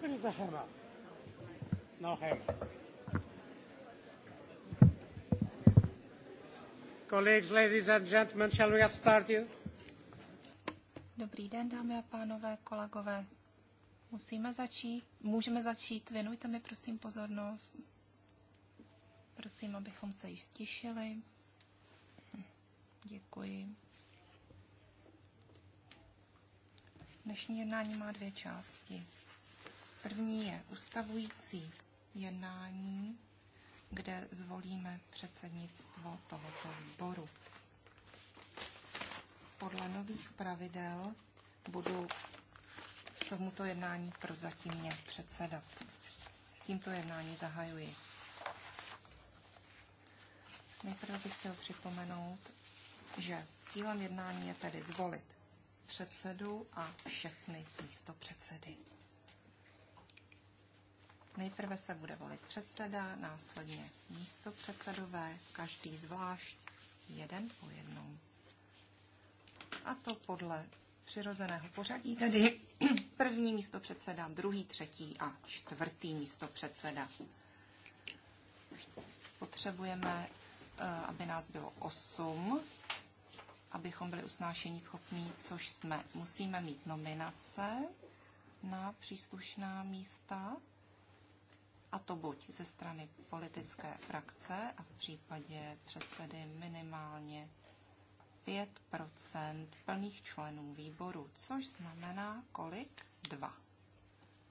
Where is the hammer? No hammer. Colleagues, ladies and gentlemen, shall we get started? Dobrý den, dámy a pánové, kolegové. Musíme začít, můžeme začít, věnujte mi prosím pozornost. Prosím, abychom se již stišili. Děkuji. Dnešní jednání má dvě části. První je ustavující jednání, kde zvolíme předsednictvo tohoto výboru. Podle nových pravidel budu tomuto jednání prozatímně předsedat. Tímto jednání zahajuji. Nejprve bych chtěl připomenout, že cílem jednání je tedy zvolit předsedu a všechny místopředsedy. Nejprve se bude volit předseda, následně místo předsedové, každý zvlášť, jeden po jednom. A to podle přirozeného pořadí, tedy první místo předseda, druhý, třetí a čtvrtý místo předseda. Potřebujeme, eh, aby nás bylo osm, abychom byli usnášení schopní, což jsme. Musíme mít nominace na příslušná místa a to buď ze strany politické frakce a v případě předsedy minimálně 5 plných členů výboru, což znamená kolik? Dva.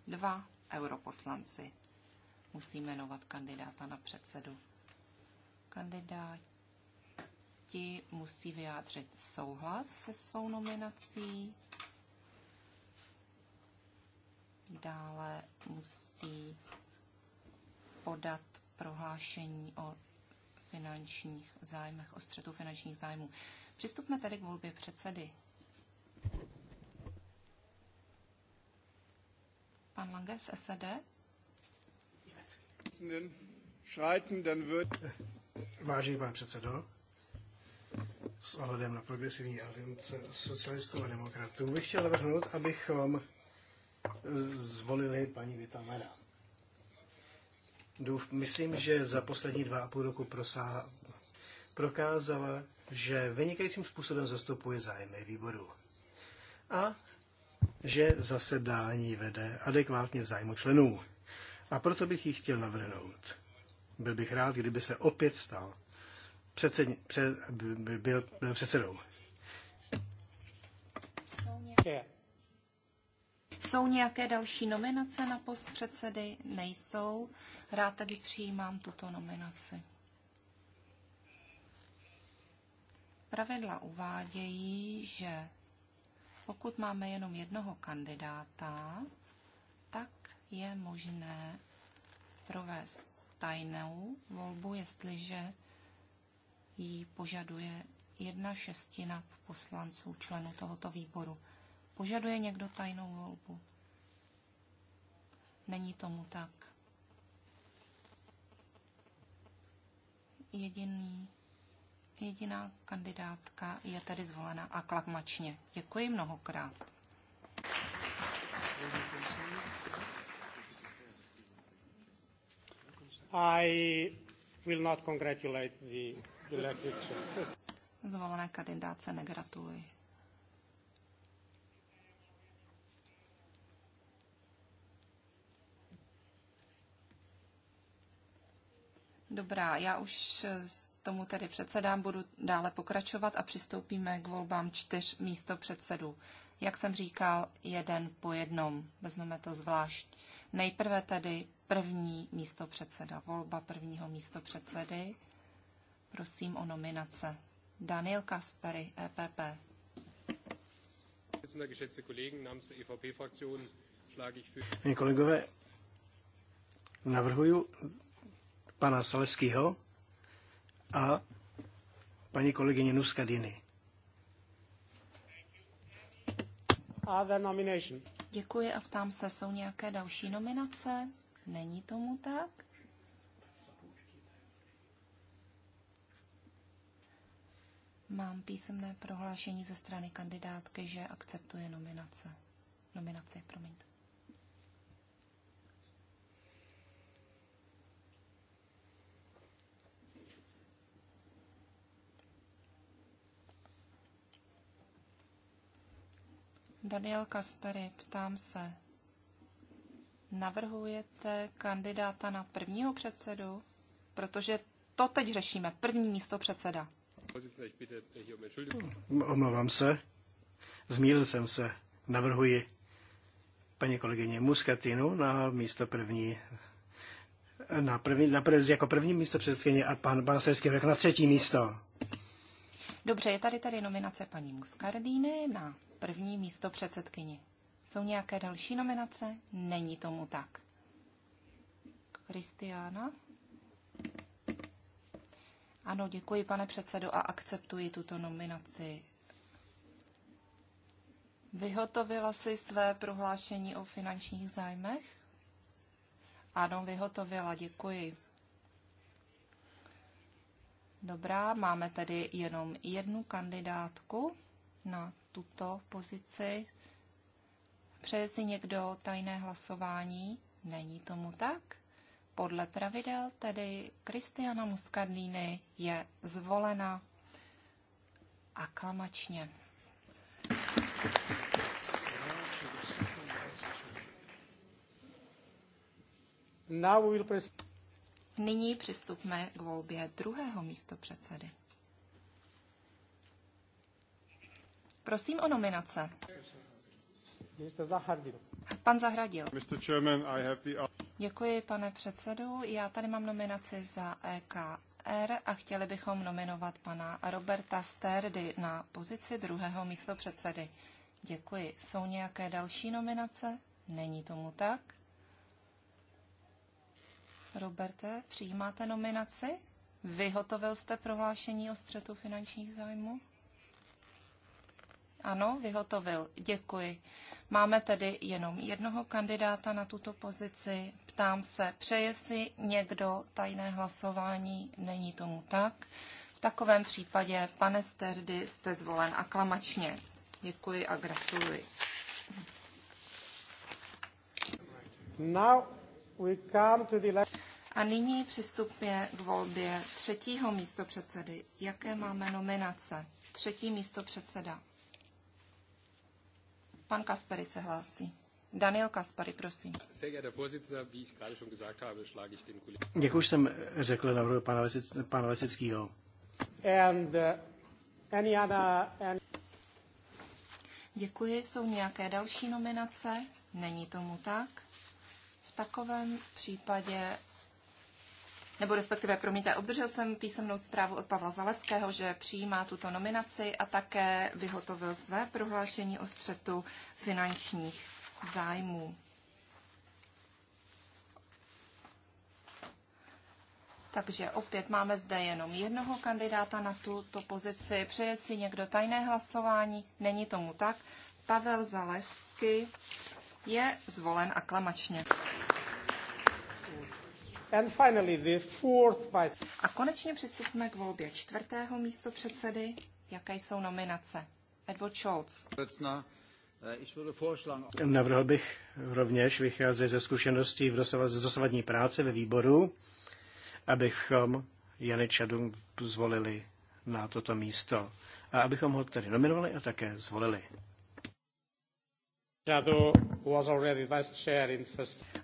Dva europoslanci. Musí jmenovat kandidáta na předsedu. Kandidáti musí vyjádřit souhlas se svou nominací. Dále musí podat prohlášení o finančních zájmech, o střetu finančních zájmů. Přistupme tedy k volbě předsedy. Pan Lange z SED. Vážený pan předsedo, s ohledem na progresivní aliance socialistů a demokratů bych chtěl navrhnout, abychom zvolili paní Vita Medán. Důf, myslím, že za poslední dva a půl roku prosáhla, prokázala, že vynikajícím způsobem zastupuje zájmy výboru a že zasedání vede adekvátně v zájmu členů. A proto bych ji chtěl navrhnout. Byl bych rád, kdyby se opět stal předsed, před, byl, byl předsedou. Yeah. Jsou nějaké další nominace na post předsedy? Nejsou. Rád tedy přijímám tuto nominaci. Pravidla uvádějí, že pokud máme jenom jednoho kandidáta, tak je možné provést tajnou volbu, jestliže ji požaduje jedna šestina poslanců členů tohoto výboru. Požaduje někdo tajnou volbu? Není tomu tak. Jediný, jediná kandidátka je tedy zvolena a klakmačně. Děkuji mnohokrát. I will not congratulate the the Zvolené kandidáce negratuluji. Dobrá, já už eh, tomu tedy předsedám, budu dále pokračovat a přistoupíme k volbám čtyř místo předsedů. Jak jsem říkal, jeden po jednom. Vezmeme to zvlášť. Nejprve tedy první místo předseda, volba prvního místo předsedy. Prosím o nominace. Daniel Kaspery, EPP. Kolegové, navrhuju pana Saleského a paní kolegyně Nuskadiny. Děkuji a ptám se, jsou nějaké další nominace? Není tomu tak? Mám písemné prohlášení ze strany kandidátky, že akceptuje nominace. Nominace, promiňte. Daniel Kaspery, ptám se, navrhujete kandidáta na prvního předsedu? Protože to teď řešíme, první místo předseda. Omlouvám se, zmílil jsem se, navrhuji paní kolegyně Muskatinu na místo první na první, na první, jako první místo předsedkyně a pan, pan jako na třetí místo. Dobře, je tady tady nominace paní Muscardini na první místo předsedkyni. Jsou nějaké další nominace? Není tomu tak. Kristiána? Ano, děkuji, pane předsedo, a akceptuji tuto nominaci. Vyhotovila si své prohlášení o finančních zájmech? Ano, vyhotovila, děkuji. Dobrá, máme tedy jenom jednu kandidátku na tuto pozici. Přeje si někdo tajné hlasování? Není tomu tak? Podle pravidel tedy Kristiana Muscardini je zvolena aklamačně. Nyní přistupme k volbě druhého místo předsedy. Prosím o nominace. Pan Zahradil. Děkuji, pane předsedu. Já tady mám nominaci za EKR a chtěli bychom nominovat pana Roberta Sterdy na pozici druhého místopředsedy. Děkuji. Jsou nějaké další nominace? Není tomu tak. Roberte, přijímáte nominaci? Vyhotovil jste prohlášení o střetu finančních zájmů? Ano, vyhotovil. Děkuji. Máme tedy jenom jednoho kandidáta na tuto pozici. Ptám se, přeje si někdo tajné hlasování? Není tomu tak. V takovém případě, pane Sterdy, jste zvolen aklamačně. Děkuji a gratuluji. Now we come to the... A nyní přistupuje k volbě třetího místopředsedy. Jaké máme nominace? Třetí místopředseda. Pan Kaspery se hlásí. Daniel Kaspary, prosím. Jak už jsem řekl, navrhuji pana, Lesic, pana Lesického. And, uh, any other, any... Děkuji. Jsou nějaké další nominace? Není tomu tak. V takovém případě nebo respektive, promiňte, obdržel jsem písemnou zprávu od Pavla Zaleského, že přijímá tuto nominaci a také vyhotovil své prohlášení o střetu finančních zájmů. Takže opět máme zde jenom jednoho kandidáta na tuto pozici. Přeje si někdo tajné hlasování? Není tomu tak. Pavel Zalevsky je zvolen aklamačně. And finally the fourth vice. A konečně přistupme k volbě čtvrtého místo předsedy. Jaké jsou nominace? Edward Scholz. Eh, Navrhl bych rovněž vycházet ze zkušeností v z dosavadní práce ve výboru, abychom Jany Čadung zvolili na toto místo a abychom ho tedy nominovali a také zvolili.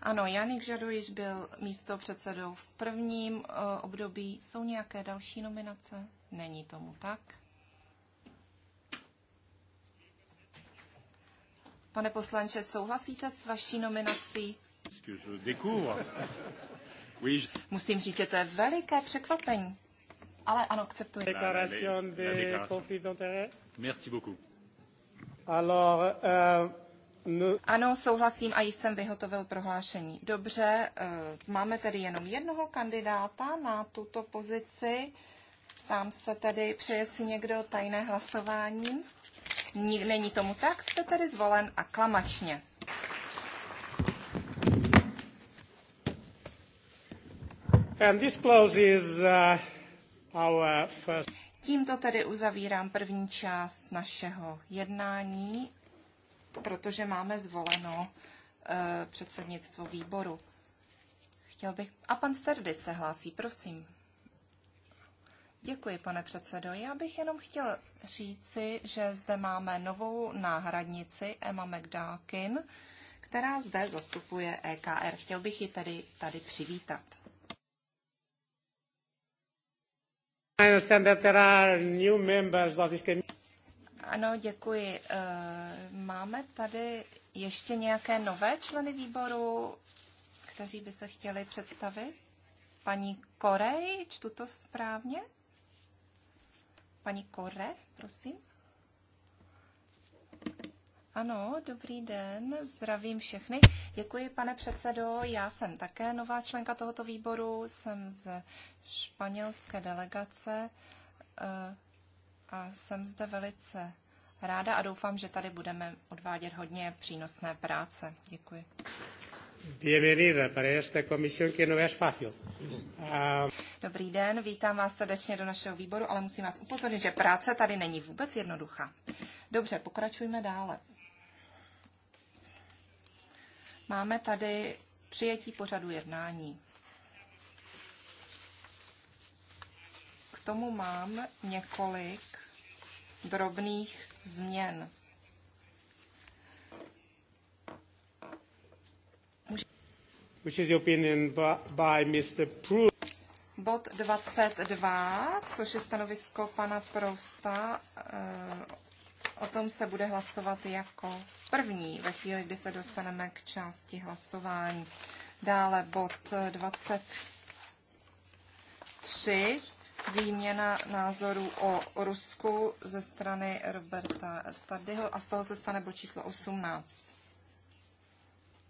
Ano, Janik Žadojiš byl místo předsedou v prvním uh, období. Jsou nějaké další nominace? Není tomu tak. Pane poslanče, souhlasíte s vaší nominací? Musím říct, že to je veliké překvapení. Ale ano, akceptuji. de conflit d'intérêt. Merci beaucoup. Alors, euh, No. Ano, souhlasím a již jsem vyhotovil prohlášení. Dobře, eh, máme tedy jenom jednoho kandidáta na tuto pozici. Tam se tedy přeje si někdo tajné hlasování. Není tomu tak, jste tedy zvolen aklamačně. And this closes, uh, our first... Tímto tedy uzavírám první část našeho jednání protože máme zvoleno eh, předsednictvo výboru. Chtěl bych... A pan Serdis se hlásí, prosím. Děkuji, pane předsedo. Já bych jenom chtěl říci, že zde máme novou náhradnici Emma McDákin, která zde zastupuje EKR. Chtěl bych ji tedy tady přivítat. I understand that there are new members of this committee. Ano, děkuji. Eh, máme tady ještě nějaké nové členy výboru, kteří by se chtěli představit? Paní Korej, čtu to správně? Paní Kore, prosím. Ano, dobrý den, zdravím všechny. Děkuji, pane předsedo. Já jsem také nová členka tohoto výboru, jsem z španělské delegace eh, a jsem zde velice ráda a doufám, že tady budeme odvádět hodně přínosné práce. Děkuji. Bienvenida para esta comisión que no es fácil. Ah. Dobrý den, vítám vás srdečně do našeho výboru, ale musím vás upozornit, že práce tady není vůbec jednoduchá. Dobře, pokračujme dále. Máme tady přijetí pořadu jednání. K tomu mám několik drobných změn. Which is opinion by Mr. Proust. Bod 22, což je stanovisko pana Prousta, eh, o tom se bude hlasovat jako první ve chvíli, kdy se dostaneme k části hlasování. Dále bod 23, výměna názorů o Rusku ze strany Roberta Stadyho a z toho se stane bod číslo 18.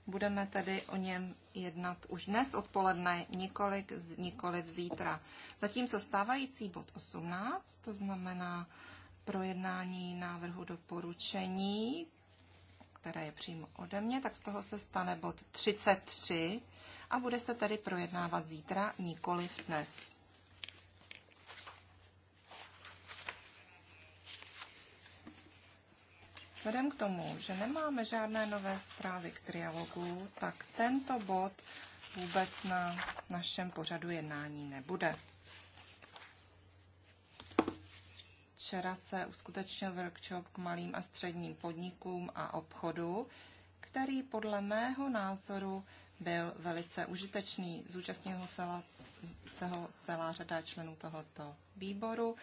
Budeme tedy o něm jednat už dnes odpoledne, několik, nikoliv zítra. Zatímco stávající bod 18, to znamená projednání návrhu doporučení, které je přímo ode mě, tak z toho se stane bod 33 a bude se tedy projednávat zítra, nikoli dnes. Vzhledem k tomu, že nemáme žádné nové zprávy k trialogu, tak tento bod vůbec na našem pořadu jednání nebude. Včera se uskutečnil workshop k malým a středním podnikům a obchodu, který podle mého názoru byl velice užitečný. Zúčastnil se ho celá řada členů tohoto výboru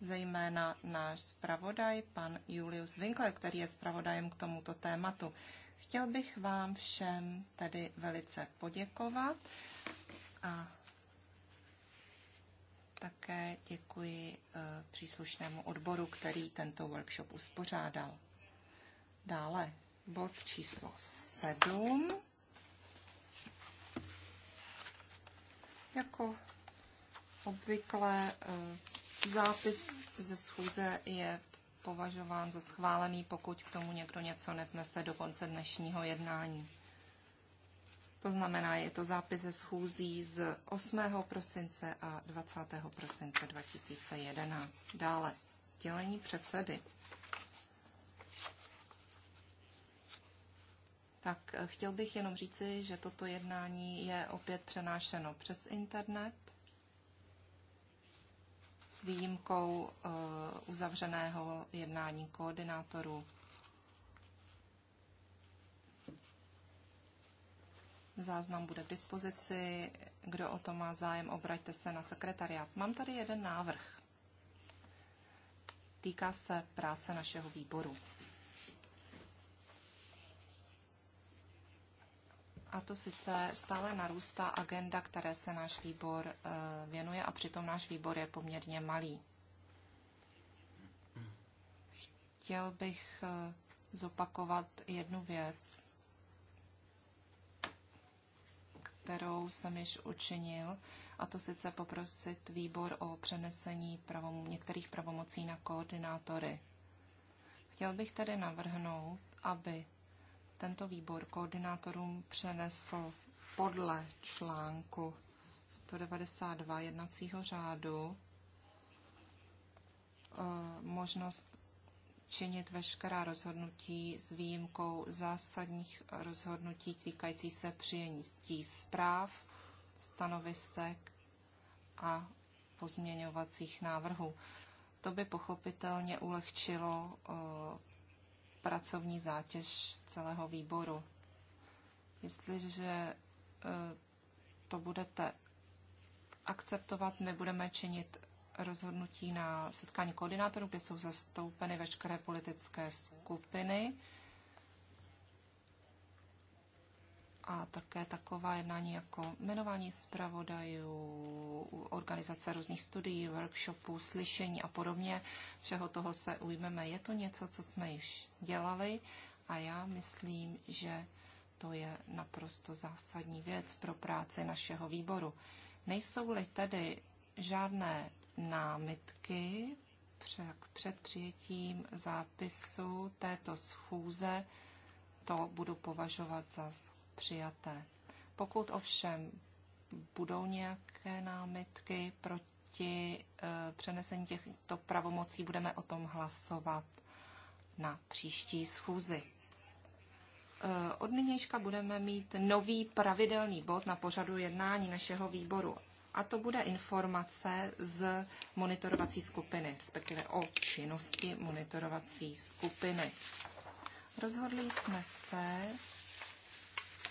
zejména náš zpravodaj, pan Julius Winkler, který je zpravodajem k tomuto tématu. Chtěl bych vám všem tedy velice poděkovat a také děkuji eh, příslušnému odboru, který tento workshop uspořádal. Dále bod číslo 7. Jako obvykle eh, Zápis ze schůze je považován za schválený, pokud k tomu někdo něco nevznese do konce dnešního jednání. To znamená, je to zápis ze schůzí z 8. prosince a 20. prosince 2011. Dále sdělení předsedy. Tak eh, chtěl bych jenom říci, že toto jednání je opět přenášeno přes internet s výjimkou eh, uzavřeného jednání koordinátorů. Záznam bude k dispozici. Kdo o to má zájem, obraťte se na sekretariát. Mám tady jeden návrh. Týká se práce našeho výboru. A to sice stále narůstá agenda, které se náš výbor eh, věnuje a přitom náš výbor je poměrně malý. Chtěl bych eh, zopakovat jednu věc, kterou jsem již učinil, a to sice poprosit výbor o přenesení pravom- některých pravomocí na koordinátory. Chtěl bych tedy navrhnout, aby tento výbor koordinátorům přenesl podle článku 192 jednacího řádu eh, možnost činit veškerá rozhodnutí s výjimkou zásadních rozhodnutí týkající se přijetí zpráv, stanovisek a pozměňovacích návrhů. To by pochopitelně ulehčilo eh, pracovní zátěž celého výboru. Jestliže e, to budete akceptovat, my budeme činit rozhodnutí na setkání koordinátorů, kde jsou zastoupeny veškeré politické skupiny. a také taková jednání jako jmenování zpravodajů, organizace různých studií, workshopů, slyšení a podobně. Všeho toho se ujmeme. Je to něco, co jsme již dělali a já myslím, že to je naprosto zásadní věc pro práci našeho výboru. Nejsou-li tedy žádné námitky před, před přijetím zápisu této schůze, to budu považovat za přijaté. Pokud ovšem budou nějaké námitky proti eh, přenesení těchto pravomocí, budeme o tom hlasovat na příští schůzi. Eh, od nynějška budeme mít nový pravidelný bod na pořadu jednání našeho výboru. A to bude informace z monitorovací skupiny, respektive o činnosti monitorovací skupiny. Rozhodli jsme se,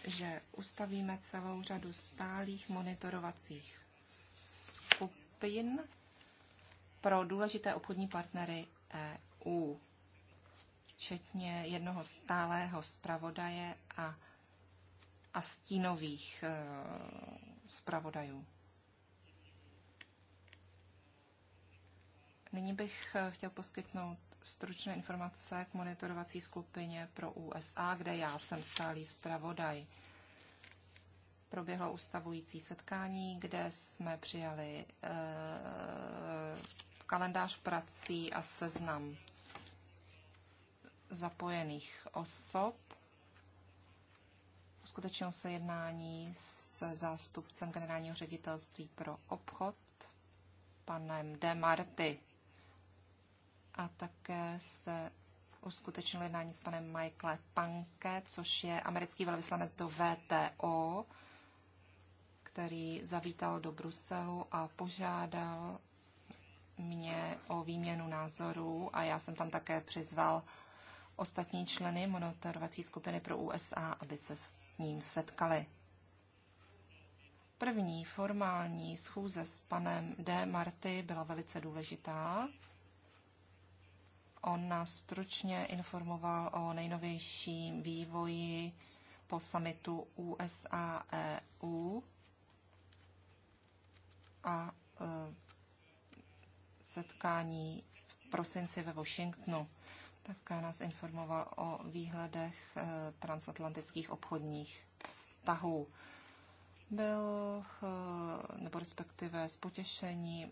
že ustavíme celou řadu stálých monitorovacích skupin pro důležité obchodní partnery EU, včetně jednoho stálého zpravodaje a, a stínových e, zpravodajů. Nyní bych e, chtěl poskytnout stručné informace k monitorovací skupině pro USA, kde já jsem stálý zpravodaj. Proběhlo ustavující setkání, kde jsme přijali e, kalendář prací a seznam zapojených osob. Uskutečnilo se jednání se zástupcem generálního ředitelství pro obchod, panem De Marty a také se uskutečnilo jednání s panem Michael Panke, což je americký velvyslanec do VTO, který zavítal do Bruselu a požádal mě o výměnu názorů a já jsem tam také přizval ostatní členy monitorovací skupiny pro USA, aby se s ním setkali. První formální schůze s panem D. Marty byla velice důležitá On nás stručně informoval o nejnovějším vývoji po samitu USA-EU a e e, setkání v prosinci ve Washingtonu. Také nás informoval o výhledech e, transatlantických obchodních vztahů. Byl, nebo respektive s potěšením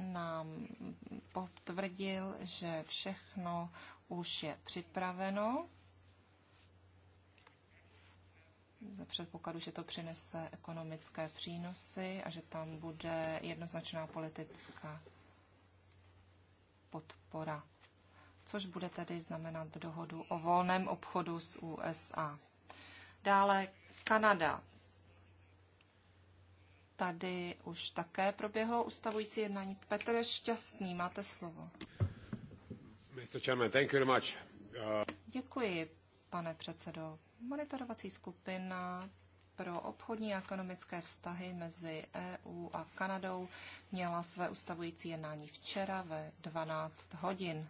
nám potvrdil, že všechno už je připraveno. Za předpokladu, že to přinese ekonomické přínosy a že tam bude jednoznačná politická podpora, což bude tedy znamenat dohodu o volném obchodu s USA. Dále Kanada. Tady už také proběhlo ustavující jednání. Petr je šťastný, máte slovo. Mr. Chairman, thank you very much. Uh... Děkuji, pane předsedo. Monitorovací skupina pro obchodní a ekonomické vztahy mezi EU a Kanadou měla své ustavující jednání včera ve 12 hodin.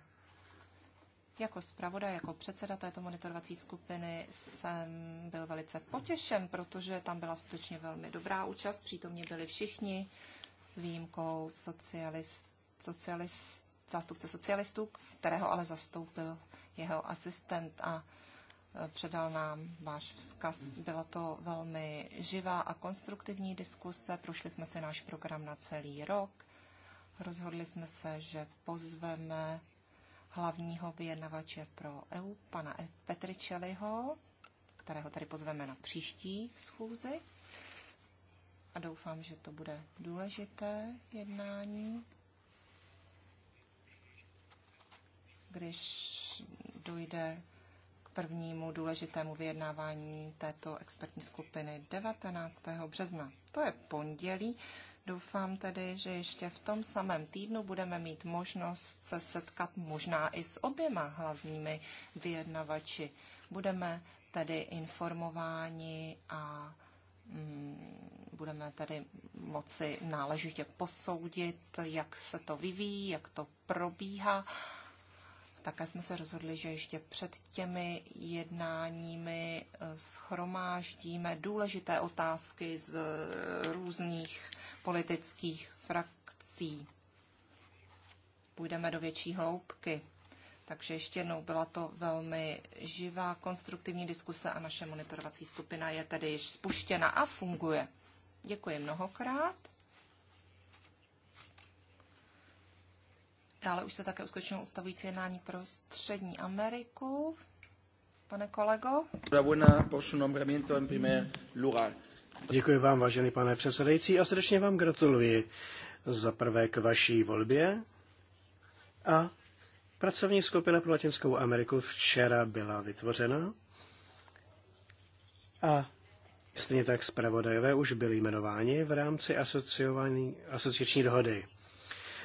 Jako zpravodaj, jako předseda této monitorovací skupiny jsem byl velice potěšen, protože tam byla skutečně velmi dobrá účast. Přítomně byli všichni s výjimkou socialist, socialist, zástupce socialistů, kterého ale zastoupil jeho asistent a e, předal nám váš vzkaz. Byla to velmi živá a konstruktivní diskuse. Prošli jsme si náš program na celý rok. Rozhodli jsme se, že pozveme hlavního vyjednavače pro EU, pana e- Petričeliho, kterého tady pozveme na příští schůzi. A doufám, že to bude důležité jednání, když dojde k prvnímu důležitému vyjednávání této expertní skupiny 19. března. To je pondělí. Doufám tedy, že ještě v tom samém týdnu budeme mít možnost se setkat možná i s oběma hlavními vyjednavači. Budeme tedy informováni a mm, budeme tedy moci náležitě posoudit, jak se to vyvíjí, jak to probíhá také jsme se rozhodli, že ještě před těmi jednáními eh, schromáždíme důležité otázky z eh, různých politických frakcí. Půjdeme do větší hloubky. Takže ještě jednou byla to velmi živá, konstruktivní diskuse a naše monitorovací skupina je tedy již spuštěna a funguje. Děkuji mnohokrát. Dále už se také uskutečnilo ustavující jednání pro Střední Ameriku. Pane kolego. Děkuji vám, vážený pane předsedající, a srdečně vám gratuluji za prvé k vaší volbě. A pracovní skupina pro Latinskou Ameriku včera byla vytvořena. A stejně tak zpravodajové už byli jmenováni v rámci asociační dohody.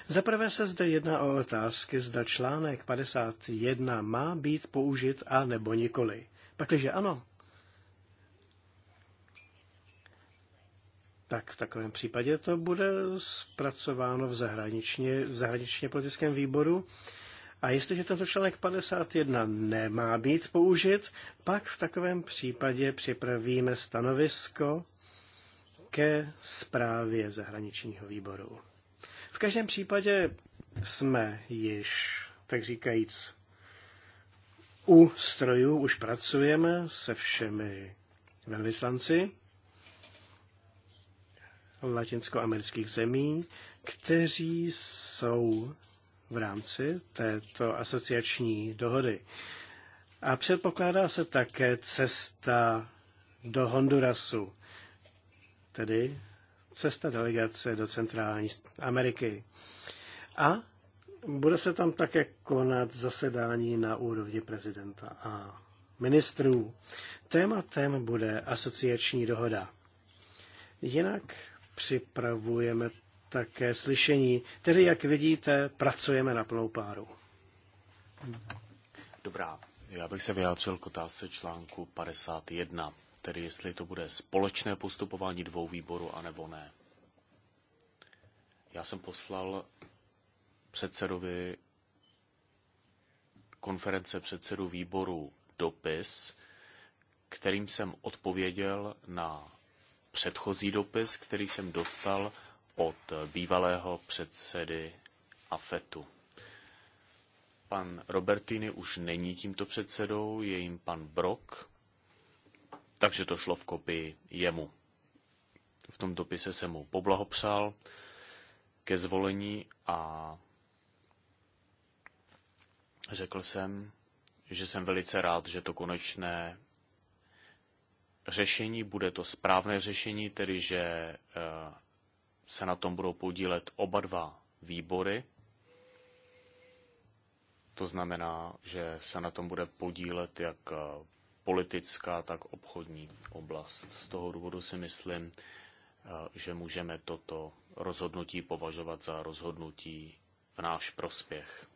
Zaprvé se zde jedná o otázky, zda článek 51 má být použit a nebo nikoli. Pakliže ano, Tak v takovém případě to bude zpracováno v, zahraničně, v zahraničně politickém výboru. A jestliže tento článek 51 nemá být použit, pak v takovém případě připravíme stanovisko ke zprávě zahraničního výboru. V každém případě jsme již, tak říkajíc, u strojů, už pracujeme se všemi velvyslanci latinskoamerických zemí, kteří jsou v rámci této asociační dohody. A předpokládá se také cesta do Hondurasu, tedy cesta delegace do Centrální Ameriky. A bude se tam také konat zasedání na úrovni prezidenta a ministrů. Tématem bude asociační dohoda. Jinak připravujeme také slyšení. Tedy, jak vidíte, pracujeme na plnou páru. Dobrá, já bych se vyjádřil k otázce článku 51 tedy jestli to bude společné postupování dvou výborů, anebo ne. Já jsem poslal předsedovi konference předsedu výboru dopis, kterým jsem odpověděl na předchozí dopis, který jsem dostal od bývalého předsedy AFETu. Pan Robertini už není tímto předsedou, je jim pan Brok, takže to šlo v kopii jemu. V tom dopise jsem mu poblahopřál ke zvolení a řekl jsem, že jsem velice rád, že to konečné řešení bude to správné řešení, tedy že eh, se na tom budou podílet oba dva výbory. To znamená, že se na tom bude podílet jak eh, politická, tak obchodní oblast. Z toho důvodu si myslím, eh, že můžeme toto rozhodnutí považovat za rozhodnutí v náš prospěch.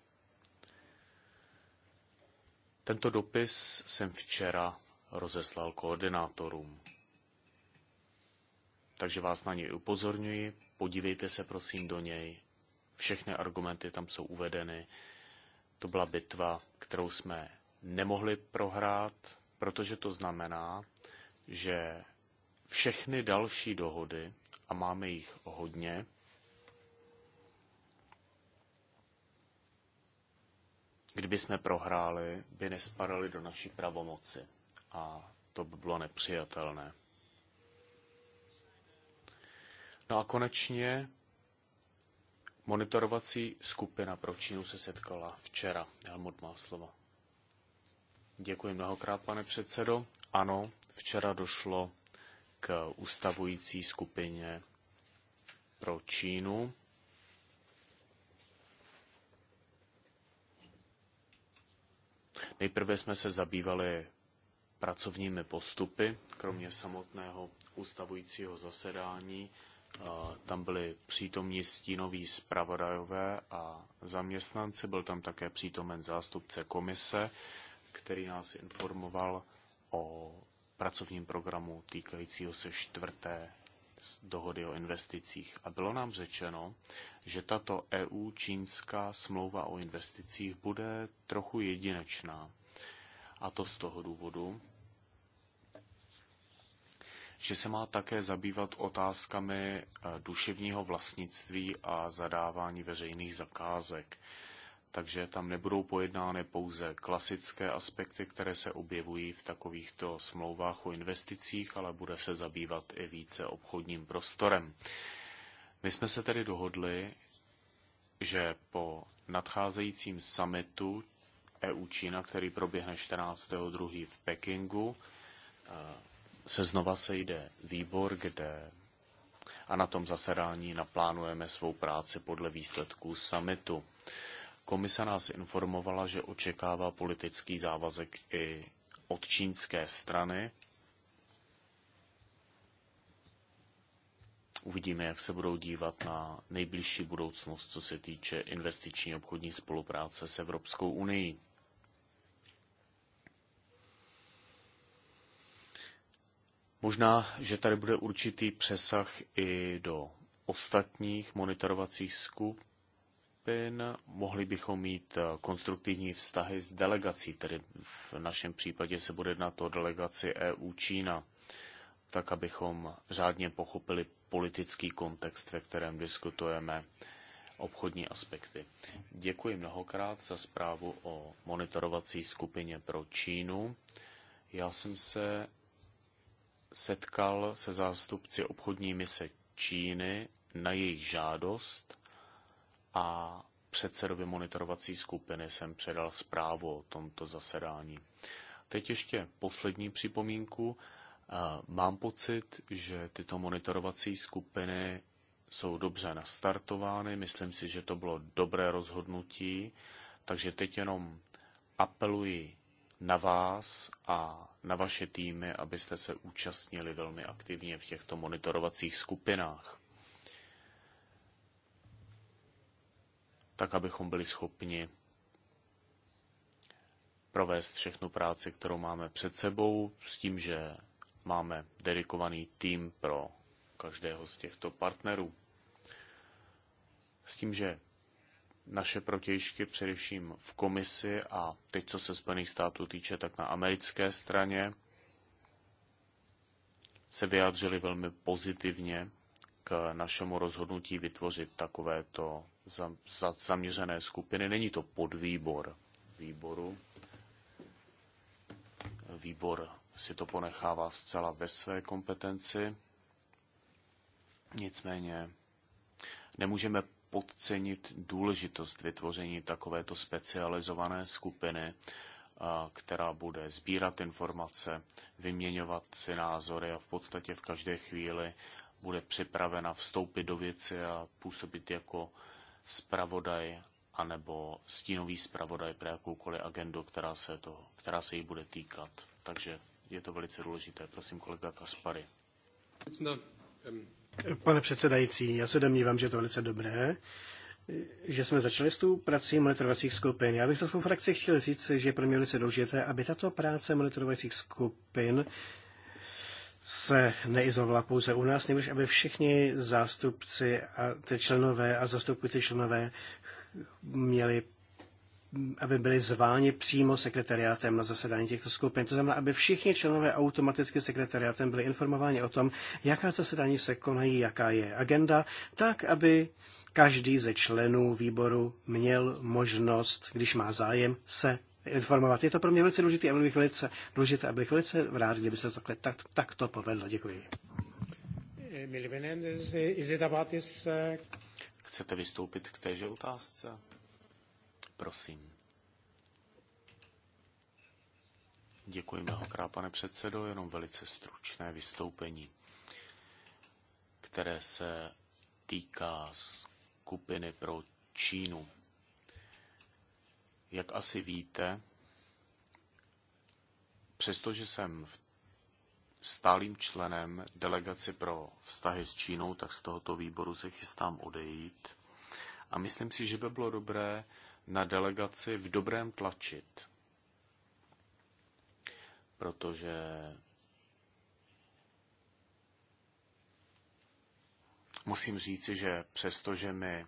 Tento dopis jsem včera rozeslal koordinátorům. Takže vás na něj upozorňuji, podívejte se prosím do něj. Všechny argumenty tam jsou uvedeny. To byla bitva, kterou jsme nemohli prohrát, protože to znamená, že všechny další dohody, a máme jich hodně, kdyby jsme prohráli, by nespadaly do naší pravomoci. A to by bylo nepřijatelné. No a konečně monitorovací skupina pro Čínu se setkala včera. Helmut má slovo. Děkuji mnohokrát, pane předsedo. Ano, včera došlo k ustavující skupině pro Čínu. Nejprve jsme se zabývali pracovními postupy, kromě samotného ustavujícího zasedání. Tam byli přítomní stínoví zpravodajové a zaměstnanci, byl tam také přítomen zástupce komise který nás informoval o pracovním programu týkajícího se čtvrté dohody o investicích. A bylo nám řečeno, že tato EU-čínská smlouva o investicích bude trochu jedinečná. A to z toho důvodu, že se má také zabývat otázkami eh, duševního vlastnictví a zadávání veřejných zakázek takže tam nebudou pojednány pouze klasické aspekty, které se objevují v takovýchto smlouvách o investicích, ale bude se zabývat i více obchodním prostorem. My jsme se tedy dohodli, že po nadcházejícím summitu EU Čína, který proběhne 14.2. v Pekingu, eh, se znova sejde výbor, kde a na tom zasedání naplánujeme svou práci podle výsledků summitu. Komise nás informovala, že očekává politický závazek i od čínské strany. Uvidíme, jak se budou dívat na nejbližší budoucnost, co se týče investiční obchodní spolupráce s Evropskou unii. Možná, že tady bude určitý přesah i do ostatních monitorovacích skup, skupin. Mohli bychom mít eh, konstruktivní vztahy s delegací, tedy v našem případě se bude jednat o delegaci EU Čína, tak abychom řádně pochopili politický kontext, ve kterém diskutujeme obchodní aspekty. Děkuji mnohokrát za zprávu o monitorovací skupině pro Čínu. Já jsem se setkal se zástupci obchodní mise Číny na jejich žádost a předsedovi monitorovací skupiny jsem předal zprávu o tomto zasedání. Teď ještě poslední připomínku. Eh, mám pocit, že tyto monitorovací skupiny jsou dobře nastartovány. Myslím si, že to bylo dobré rozhodnutí, takže teď jenom apeluji na vás a na vaše týmy, abyste se účastnili velmi aktivně v těchto monitorovacích skupinách. tak abychom byli schopni provést všechnu práci, kterou máme před sebou, s tím, že máme dedikovaný tým pro každého z těchto partnerů. S tím, že naše protějšky především v komisi a teď, co se Spojených států týče, tak na americké straně se vyjádřili velmi pozitivně k našemu rozhodnutí vytvořit takovéto za, za zaměřené skupiny. Není to podvýbor výboru. Výbor si to ponechává zcela ve své kompetenci. Nicméně nemůžeme podcenit důležitost vytvoření takovéto specializované skupiny, která bude sbírat informace, vyměňovat si názory a v podstatě v každé chvíli bude připravena vstoupit do věci a působit jako zpravodaj anebo stínový zpravodaj pro jakoukoliv agendu, která se, to, která se jí bude týkat. Takže je to velice důležité. Prosím, kolega Kaspary. Pane předsedající, já se domnívám, že je to velice dobré, že jsme začali s tou prací monitorovacích skupin. Já bych za svou frakci chtěl říct, že je pro mě velice důležité, aby tato práce monitorovacích skupin se neizolovala pouze u nás, nebož aby všichni zástupci a ty členové a zastupující členové měli aby byli zváni přímo sekretariátem na zasedání těchto skupin. To znamená, aby všichni členové automaticky sekretariátem byli informováni o tom, jaká zasedání se konají, jaká je agenda, tak, aby každý ze členů výboru měl možnost, když má zájem, se informovat. Je to pro mě velice důležité a bych velice důležité a bych velice rád, kdyby se to takhle tak, tak to povedlo. Děkuji. Uh, Chcete vystoupit k téže otázce? Prosím. Děkuji mnohokrát, pane předsedo, jenom velice stručné vystoupení, které se týká skupiny pro Čínu. Jak asi víte, přestože jsem stálým členem delegace pro vztahy s Čínou, tak z tohoto výboru se chystám odejít. A myslím si, že by bylo dobré na delegaci v dobrém tlačit. Protože musím říci, že přestože mi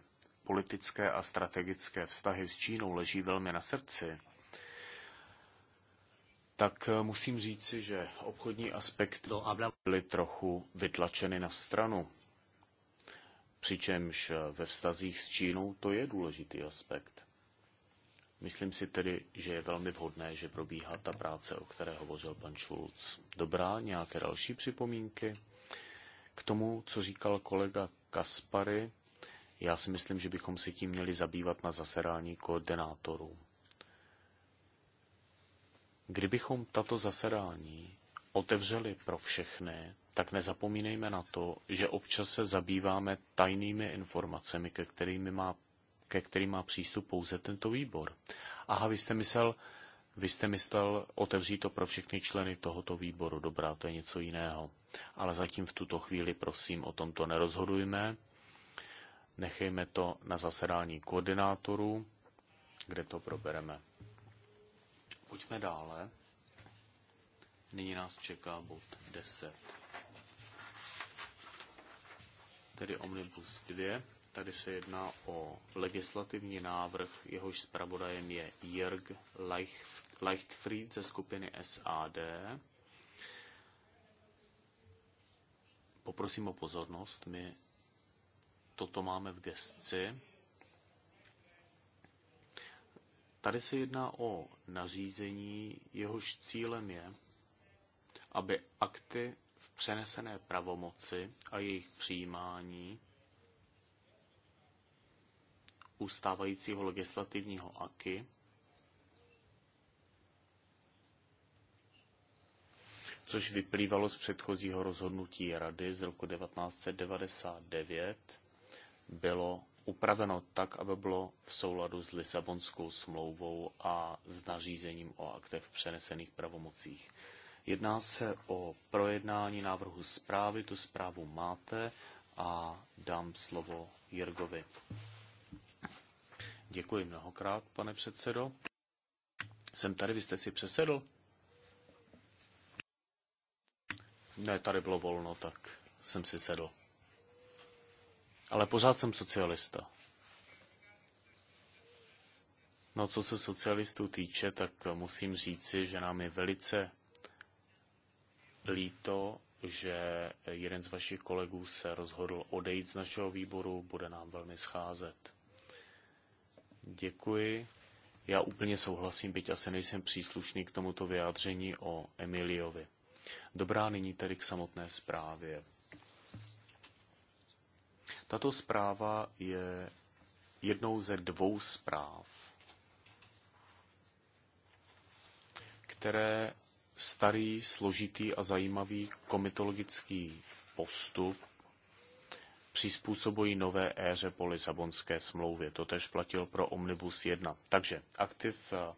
politické a strategické vztahy s Čínou leží velmi na srdci, tak eh, musím říci, že obchodní aspekty byly trochu vytlačeny na stranu. Přičemž eh, ve vztazích s Čínou to je důležitý aspekt. Myslím si tedy, že je velmi vhodné, že probíhá ta práce, o které hovořil pan Šulc. Dobrá, nějaké další připomínky? K tomu, co říkal kolega Kaspary, já si myslím, že bychom se tím měli zabývat na zasedání koordinátorů. Kdybychom tato zasedání otevřeli pro všechny, tak nezapomínejme na to, že občas se zabýváme tajnými informacemi, ke, kterým má, ke kterým má přístup pouze tento výbor. Aha, vy jste myslel, vy jste myslel otevřít to pro všechny členy tohoto výboru. Dobrá, to je něco jiného. Ale zatím v tuto chvíli prosím o tomto nerozhodujme. Nechejme to na zasedání koordinátorů, kde to probereme. Pojďme dále. Nyní nás čeká bod 10. Tedy Omnibus 2. Tady se jedná o legislativní návrh, jehož zpravodajem je Jörg Leichtfried ze skupiny SAD. Poprosím o pozornost, my toto máme v gesci. Tady se jedná o nařízení, jehož cílem je, aby akty v přenesené pravomoci a jejich přijímání ustávajícího legislativního aky což vyplývalo z předchozího rozhodnutí Rady z roku 1999, bylo upraveno tak, aby bylo v souladu s Lisabonskou smlouvou a s nařízením o aktech přenesených pravomocích. Jedná se o projednání návrhu zprávy, tu zprávu máte a dám slovo Jirgovi. Děkuji mnohokrát, pane předsedo. Jsem tady, vy jste si přesedl? Ne, tady bylo volno, tak jsem si sedl ale pořád jsem socialista. No, co se socialistů týče, tak musím říci, že nám je velice líto, že jeden z vašich kolegů se rozhodl odejít z našeho výboru, bude nám velmi scházet. Děkuji. Já úplně souhlasím, byť asi nejsem příslušný k tomuto vyjádření o Emiliovi. Dobrá, nyní tedy k samotné zprávě. Tato zpráva je jednou ze dvou zpráv, které starý, složitý a zajímavý komitologický postup přizpůsobují nové éře po Lisabonské smlouvě. To tež platil pro Omnibus 1. Takže aktiv eh,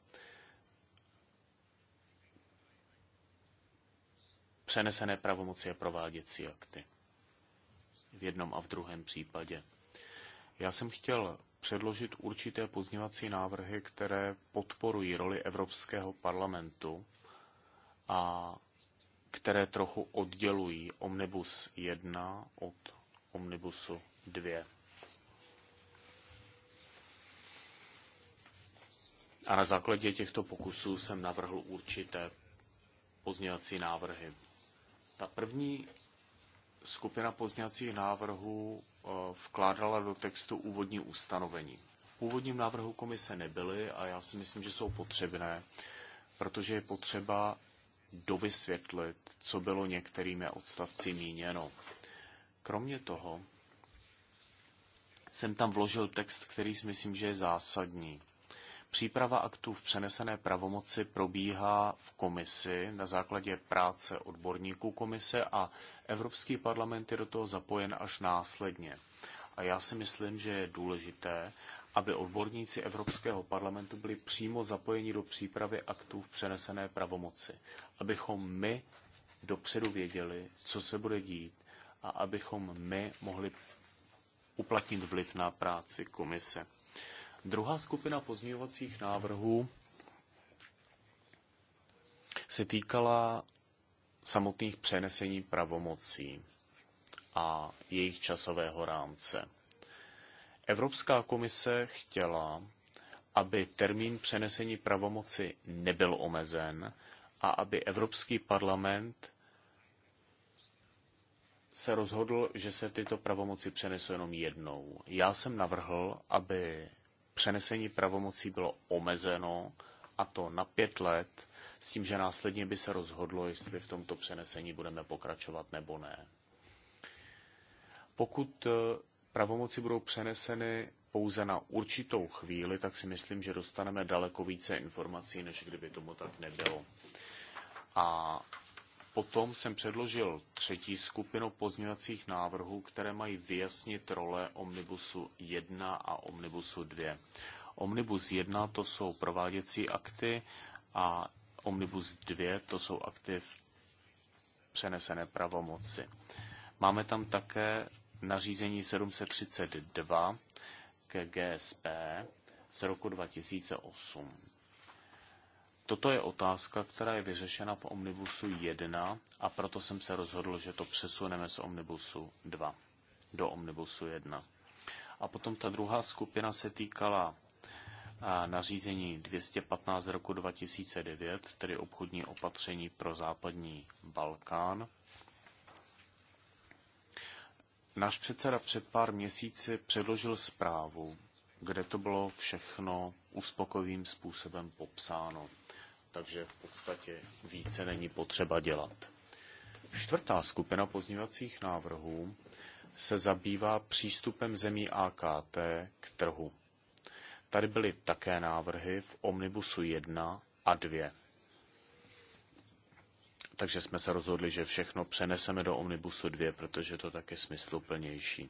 přenesené pravomoci a prováděcí akty v jednom a v druhém případě. Já jsem chtěl předložit určité pozněvací návrhy, které podporují roli Evropského parlamentu a které trochu oddělují Omnibus 1 od Omnibusu 2. A na základě těchto pokusů jsem navrhl určité pozněvací návrhy. Ta první skupina pozněcích návrhů eh, vkládala do textu úvodní ustanovení. V původním návrhu komise nebyly a já si myslím, že jsou potřebné, protože je potřeba dovysvětlit, co bylo některými odstavci míněno. Kromě toho jsem tam vložil text, který si myslím, že je zásadní. Příprava aktů v přenesené pravomoci probíhá v komisi na základě práce odborníků komise a Evropský parlament je do toho zapojen až následně. A já si myslím, že je důležité, aby odborníci Evropského parlamentu byli přímo zapojeni do přípravy aktů v přenesené pravomoci, abychom my dopředu věděli, co se bude dít a abychom my mohli uplatnit vliv na práci komise. Druhá skupina pozměňovacích návrhů se týkala samotných přenesení pravomocí a jejich časového rámce. Evropská komise chtěla, aby termín přenesení pravomoci nebyl omezen a aby Evropský parlament se rozhodl, že se tyto pravomoci přenesou jenom jednou. Já jsem navrhl, aby přenesení pravomocí bylo omezeno, a to na pět let, s tím, že následně by se rozhodlo, jestli v tomto přenesení budeme pokračovat nebo ne. Pokud e, pravomoci budou přeneseny pouze na určitou chvíli, tak si myslím, že dostaneme daleko více informací, než kdyby tomu tak nebylo. A Potom jsem předložil třetí skupinu pozměňovacích návrhů, které mají vyjasnit role Omnibusu 1 a Omnibusu 2. Omnibus 1 to jsou prováděcí akty a Omnibus 2 to jsou akty v přenesené pravomoci. Máme tam také nařízení 732 ke GSP z roku 2008. Toto je otázka, která je vyřešena v Omnibusu 1 a proto jsem se rozhodl, že to přesuneme z Omnibusu 2 do Omnibusu 1. A potom ta druhá skupina se týkala nařízení 215 roku 2009, tedy obchodní opatření pro západní Balkán. Náš předseda před pár měsíci předložil zprávu, kde to bylo všechno uspokojivým způsobem popsáno takže v podstatě více není potřeba dělat. Čtvrtá skupina pozměňovacích návrhů se zabývá přístupem zemí AKT k trhu. Tady byly také návrhy v Omnibusu 1 a 2. Takže jsme se rozhodli, že všechno přeneseme do Omnibusu 2, protože to tak je smysluplnější.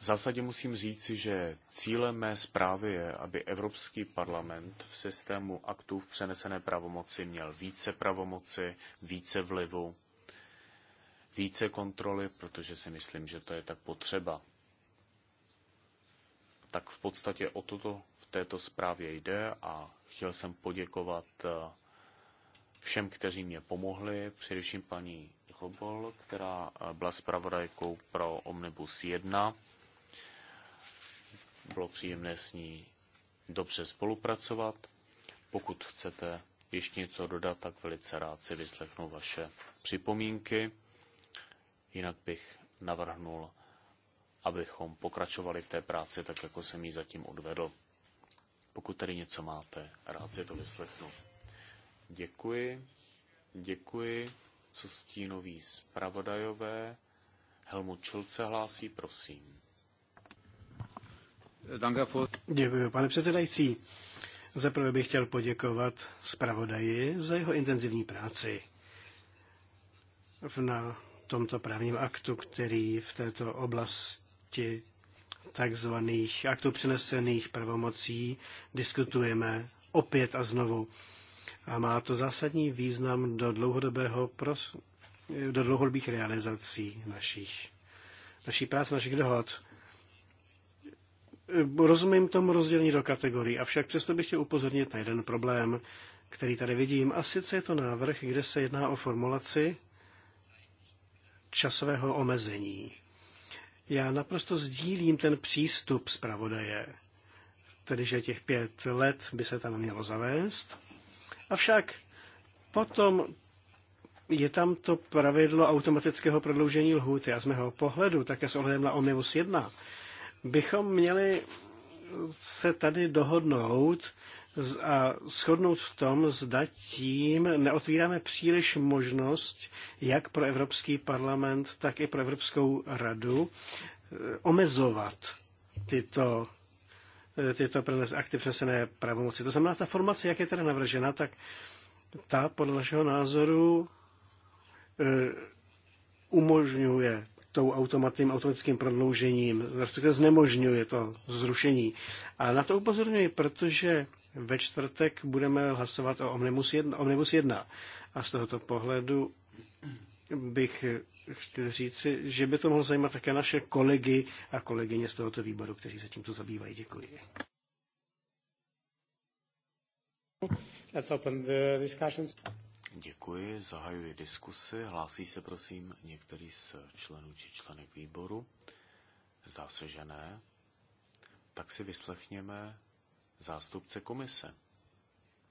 V zásadě musím říci, že cílem mé zprávy je, aby Evropský parlament v systému aktů v přenesené pravomoci měl více pravomoci, více vlivu, více kontroly, protože si myslím, že to je tak potřeba. Tak v podstatě o toto v této zprávě jde a chtěl jsem poděkovat eh, všem, kteří mě pomohli, především paní Hobol, která eh, byla zpravodajkou pro Omnibus 1 bylo příjemné s ní dobře spolupracovat. Pokud chcete ještě něco dodat, tak velice rád si vyslechnu vaše připomínky. Jinak bych navrhnul, abychom pokračovali v té práci tak, jako jsem ji zatím odvedl. Pokud tady něco máte, rád si to vyslechnu. Děkuji, děkuji, co stínoví zpravodajové. Helmut Čulce hlásí, prosím. Děkuji, pane předsedající. Zaprvé bych chtěl poděkovat zpravodaji za jeho intenzivní práci na tomto právním aktu, který v této oblasti takzvaných aktů přenesených pravomocí diskutujeme opět a znovu. A má to zásadní význam do, dlouhodobého pros- do dlouhodobých realizací našich, naší práce, našich dohod. Eh, rozumím tomu rozdělení do kategorií, avšak přesto bych chtěl upozornit na jeden problém, který tady vidím. A sice je to návrh, kde se jedná o formulaci časového omezení. Já naprosto sdílím ten přístup zpravodaje, tedy že těch pět let by se tam mělo zavést. Avšak potom je tam to pravidlo automatického prodloužení lhůty a z mého pohledu, také s ohledem na Omnibus 1, bychom měli se tady dohodnout a shodnout v tom, zda tím neotvíráme příliš možnost, jak pro Evropský parlament, tak i pro Evropskou radu, eh, omezovat tyto eh, tyto prenes akty přenesené pravomoci. To znamená, ta formace, jak je teda navržena, tak ta podle našeho názoru eh, umožňuje tou automatým, automatickým prodloužením, respektive znemožňuje to zrušení. A na to upozorňuji, protože ve čtvrtek budeme hlasovat o Omnibus 1. Omnibus 1. A z tohoto pohledu bych chtěl říci, že by to mohlo zajímat také naše kolegy a kolegyně z tohoto výboru, kteří se tímto zabývají. Děkuji. Let's open the discussions. Děkuji, zahajuji diskusy. Hlásí se prosím některý z členů či členek výboru? Zdá se, že ne. Tak si vyslechněme zástupce komise.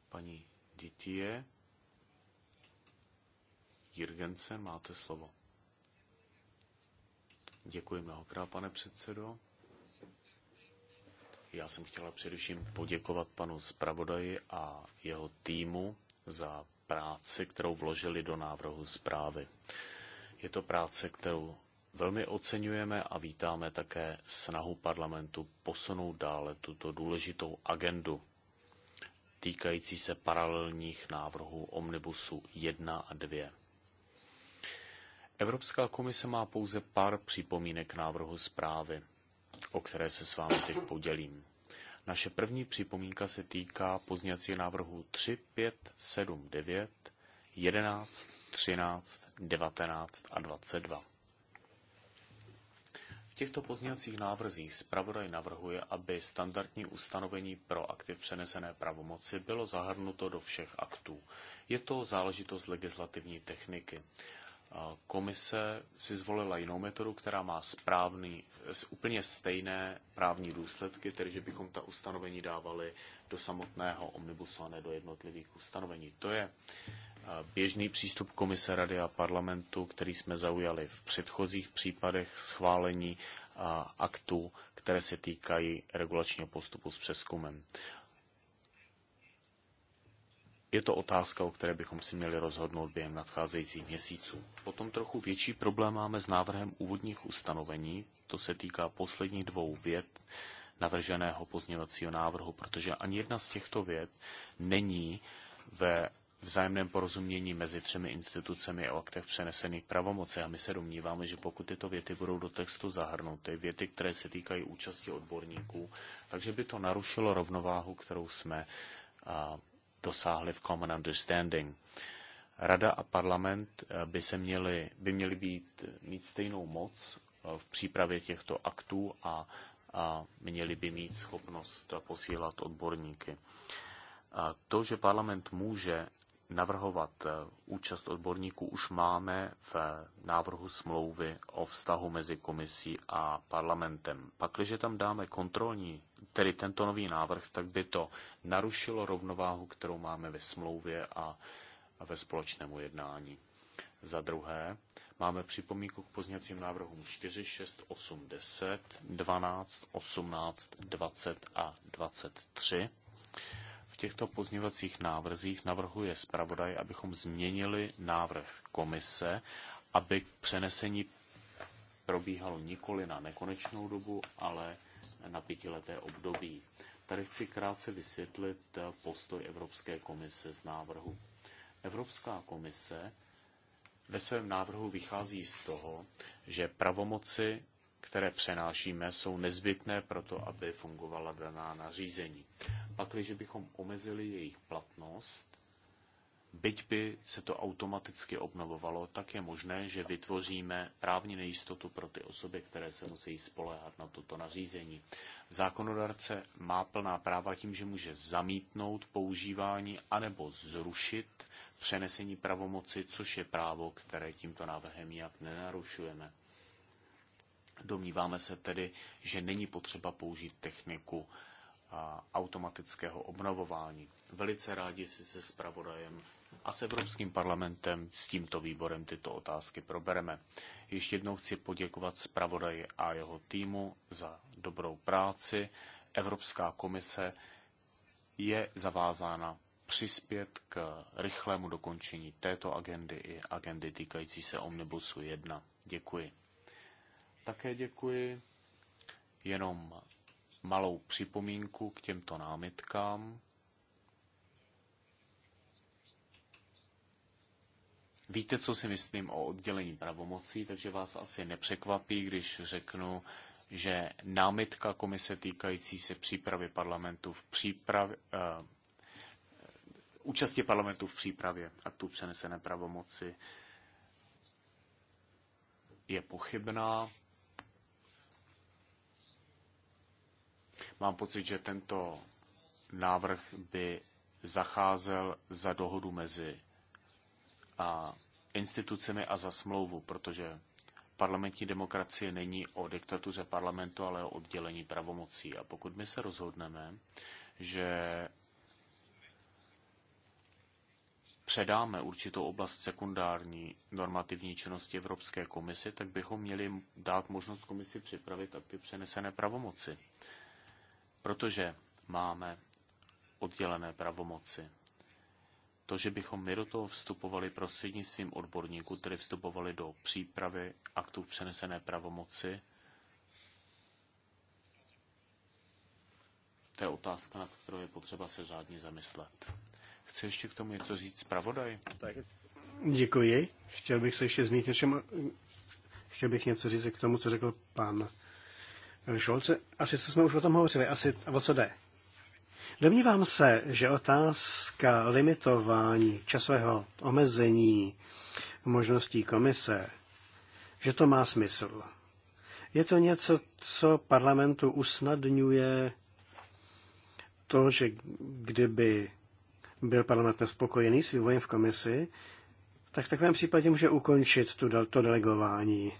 Paní Ditie Jirgensen, máte slovo. Děkuji mnohokrát, pane předsedo. Já jsem chtěla především poděkovat panu zpravodaji a jeho týmu za práci, kterou vložili do návrhu zprávy. Je to práce, kterou velmi oceňujeme a vítáme také snahu parlamentu posunout dále tuto důležitou agendu týkající se paralelních návrhů Omnibusu 1 a 2. Evropská komise má pouze pár připomínek návrhu zprávy, o které se s vámi teď podělím. Naše první připomínka se týká pozněcí návrhů 3, 5, 7, 9, 11, 13, 19 a 22. V těchto pozněcích návrzích zpravodaj navrhuje, aby standardní ustanovení pro aktiv přenesené pravomoci bylo zahrnuto do všech aktů. Je to záležitost legislativní techniky. Komise si zvolila jinou metodu, která má správný, úplně stejné právní důsledky, tedy že bychom ta ustanovení dávali do samotného omnibusu a ne do jednotlivých ustanovení. To je eh, běžný přístup Komise Rady a parlamentu, který jsme zaujali v předchozích případech schválení eh, aktů, které se týkají regulačního postupu s přeskumem je to otázka, o které bychom si měli rozhodnout během nadcházejících měsíců. Potom trochu větší problém máme s návrhem úvodních ustanovení, to se týká posledních dvou věd navrženého pozměvacího návrhu, protože ani jedna z těchto věd není ve vzájemném porozumění mezi třemi institucemi o aktech přenesených pravomoci. A my se domníváme, že pokud tyto věty budou do textu zahrnuty, věty, které se týkají účasti odborníků, takže by to narušilo rovnováhu, kterou jsme a, dosáhli v common understanding. Rada a parlament eh, by, se měli, by měli být, mít stejnou moc eh, v přípravě těchto aktů a, a měli by mít schopnost posílat odborníky. A to, že parlament může navrhovat eh, účast odborníků, už máme v návrhu smlouvy o vztahu mezi komisí a parlamentem. Pakliže tam dáme kontrolní tedy tento nový návrh, tak by to narušilo rovnováhu, kterou máme ve smlouvě a ve společnému jednání. Za druhé, máme připomínku k pozněcím návrhům 4, 6, 8, 10, 12, 18, 20 a 23. V těchto pozněvacích návrzích navrhuje zpravodaj, abychom změnili návrh komise, aby přenesení probíhalo nikoli na nekonečnou dobu, ale na pětileté období. Tady chci krátce vysvětlit eh, postoj Evropské komise z návrhu. Evropská komise ve svém návrhu vychází z toho, že pravomoci, které přenášíme, jsou nezbytné pro to, aby fungovala daná nařízení. Pakliže bychom omezili jejich platnost, byť by se to automaticky obnovovalo, tak je možné, že vytvoříme právní nejistotu pro ty osoby, které se musí spolehat na toto nařízení. Zákonodárce má plná práva tím, že může zamítnout používání anebo zrušit přenesení pravomoci, což je právo, které tímto návrhem nijak nenarušujeme. Domníváme se tedy, že není potřeba použít techniku automatického obnovování. Velice rádi si se zpravodajem a s Evropským parlamentem, s tímto výborem tyto otázky probereme. Ještě jednou chci poděkovat zpravodaji a jeho týmu za dobrou práci. Evropská komise je zavázána přispět k rychlému dokončení této agendy i agendy týkající se Omnibusu 1. Děkuji. Také děkuji. Jenom malou připomínku k těmto námitkám. Víte, co si myslím o oddělení pravomocí, takže vás asi nepřekvapí, když řeknu, že námitka komise týkající se přípravy parlamentu v přípravě, uh, účasti parlamentu v přípravě aktu přenesené pravomoci je pochybná. Mám pocit, že tento návrh by zacházel za dohodu mezi a institucemi a za smlouvu, protože parlamentní demokracie není o diktatuře parlamentu, ale o oddělení pravomocí. A pokud my se rozhodneme, že předáme určitou oblast sekundární normativní činnosti Evropské komisi, tak bychom měli dát možnost komisi připravit ty přenesené pravomoci. Protože máme oddělené pravomoci. To, že bychom my do toho vstupovali prostřednictvím odborníků, tedy vstupovali do přípravy aktů přenesené pravomoci, to je otázka, na kterou je potřeba se řádně zamyslet. Chce ještě k tomu něco říct zpravodaj? Děkuji. Chtěl bych se ještě zmínit něčem, chtěl bych něco říct k tomu, co řekl pan Šolce. Asi co jsme už o tom hovořili, asi o co jde. Domnívám se, že otázka limitování časového omezení možností komise, že to má smysl. Je to něco, co parlamentu usnadňuje to, že kdyby byl parlament nespokojený s vývojem v komisi, tak v takovém případě může ukončit tu, to delegování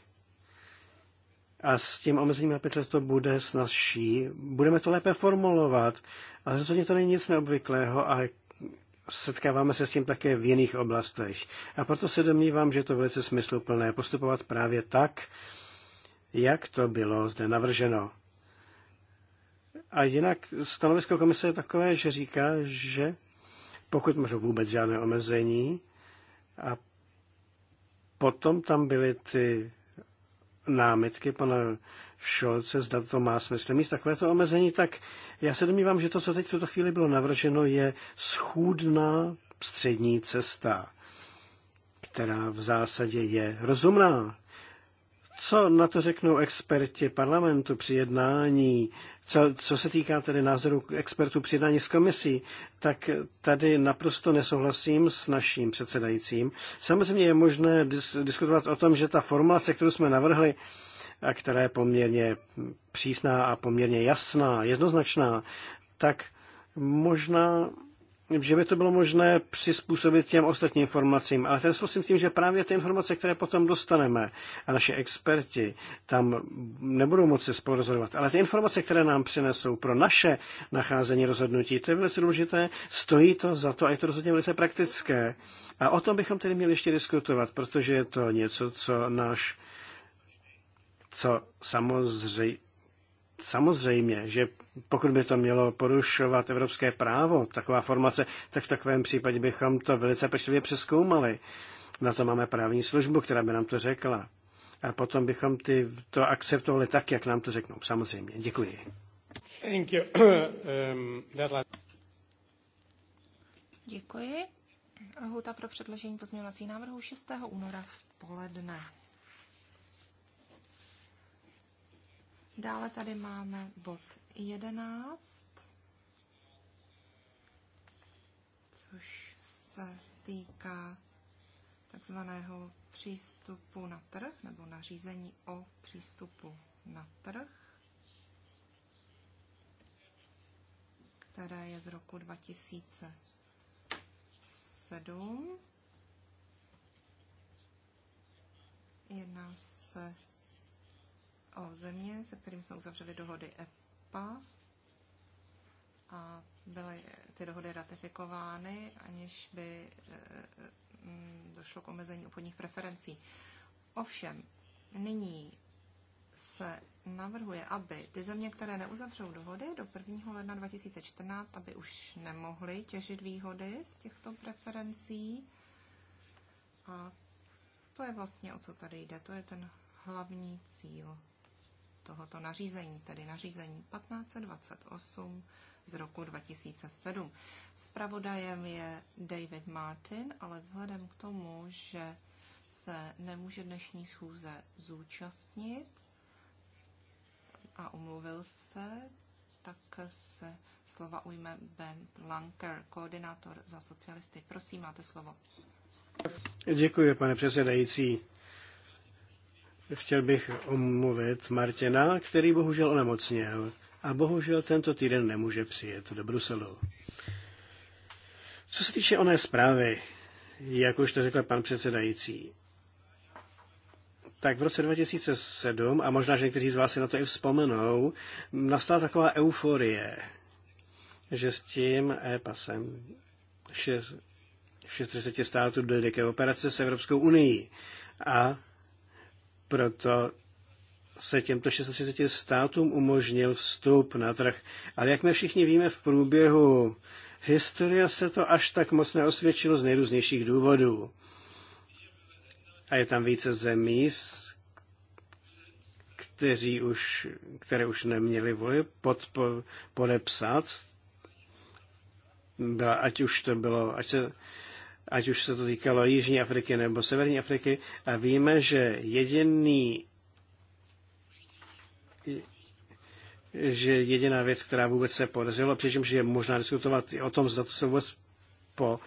a s tím omezením na pět let to bude snazší. Budeme to lépe formulovat, ale rozhodně to není nic neobvyklého a setkáváme se s tím také v jiných oblastech. A proto se domnívám, že je to velice smysluplné postupovat právě tak, jak to bylo zde navrženo. A jinak stanovisko komise je takové, že říká, že pokud možno vůbec žádné omezení, a potom tam byly ty námitky pana Šolce, zda to má smysl mít takovéto omezení, tak já se domnívám, že to, co teď v tuto chvíli bylo navrženo, je schůdná střední cesta, která v zásadě je rozumná. Co na to řeknou experti parlamentu při jednání? Co, co se týká tedy názoru expertů při jednání s komisí, tak tady naprosto nesouhlasím s naším předsedajícím. Samozřejmě je možné dis- diskutovat o tom, že ta formulace, kterou jsme navrhli, a která je poměrně přísná a poměrně jasná, jednoznačná, tak možná že by to bylo možné přizpůsobit těm ostatním informacím. Ale ten souhlasím tím, že právě ty informace, které potom dostaneme a naši experti tam nebudou moci spolurozhodovat, ale ty informace, které nám přinesou pro naše nacházení rozhodnutí, to je velice důležité, stojí to za to a je to rozhodně velice praktické. A o tom bychom tedy měli ještě diskutovat, protože je to něco, co náš co samozřejmě Samozřejmě, že pokud by to mělo porušovat evropské právo, taková formace, tak v takovém případě bychom to velice pečlivě přeskoumali. Na to máme právní službu, která by nám to řekla. A potom bychom ty, to akceptovali tak, jak nám to řeknou. Samozřejmě. Děkuji. Thank you. um, Děkuji. Lhuta pro předložení pozměňovací návrhu 6. února v poledne. Dále tady máme bod 11, což se týká takzvaného přístupu na trh nebo nařízení o přístupu na trh, které je z roku 2007. Jedná se o země, se kterým jsme uzavřeli dohody EPA a byly ty dohody ratifikovány, aniž by e, e, mm, došlo k omezení obchodních preferencí. Ovšem, nyní se navrhuje, aby ty země, které neuzavřou dohody do 1. ledna 2014, aby už nemohly těžit výhody z těchto preferencí. A to je vlastně o co tady jde, to je ten hlavní cíl tohoto nařízení, tedy nařízení 1528 z roku 2007. Spravodajem je David Martin, ale vzhledem k tomu, že se nemůže dnešní schůze zúčastnit a umluvil se, tak se slova ujme Ben Lanker, koordinátor za socialisty. Prosím, máte slovo. Děkuji, pane předsedající chtěl bych omluvit Martina, který bohužel onemocněl a bohužel tento týden nemůže přijet do Bruselu. Co se týče oné zprávy, jak už to řekl pan předsedající, tak v roce 2007, a možná, že někteří z vás si na to i vzpomenou, nastala taková euforie, že s tím e-pasem 6, 6 států dojde ke operace s Evropskou unii. A proto se těmto 630 státům umožnil vstup na trh. Ale jak my všichni víme v průběhu historie se to až tak moc neosvědčilo z nejrůznějších důvodů. A je tam více zemí, kteří už, které už neměli voli pod, po, podepsat. Byla, ať už to bylo, ať se, ať už se to týkalo Jižní Afriky nebo Severní Afriky, a víme, že jediný že jediná věc, která vůbec se podařila, že je možná diskutovat o tom, zda to se vůbec po,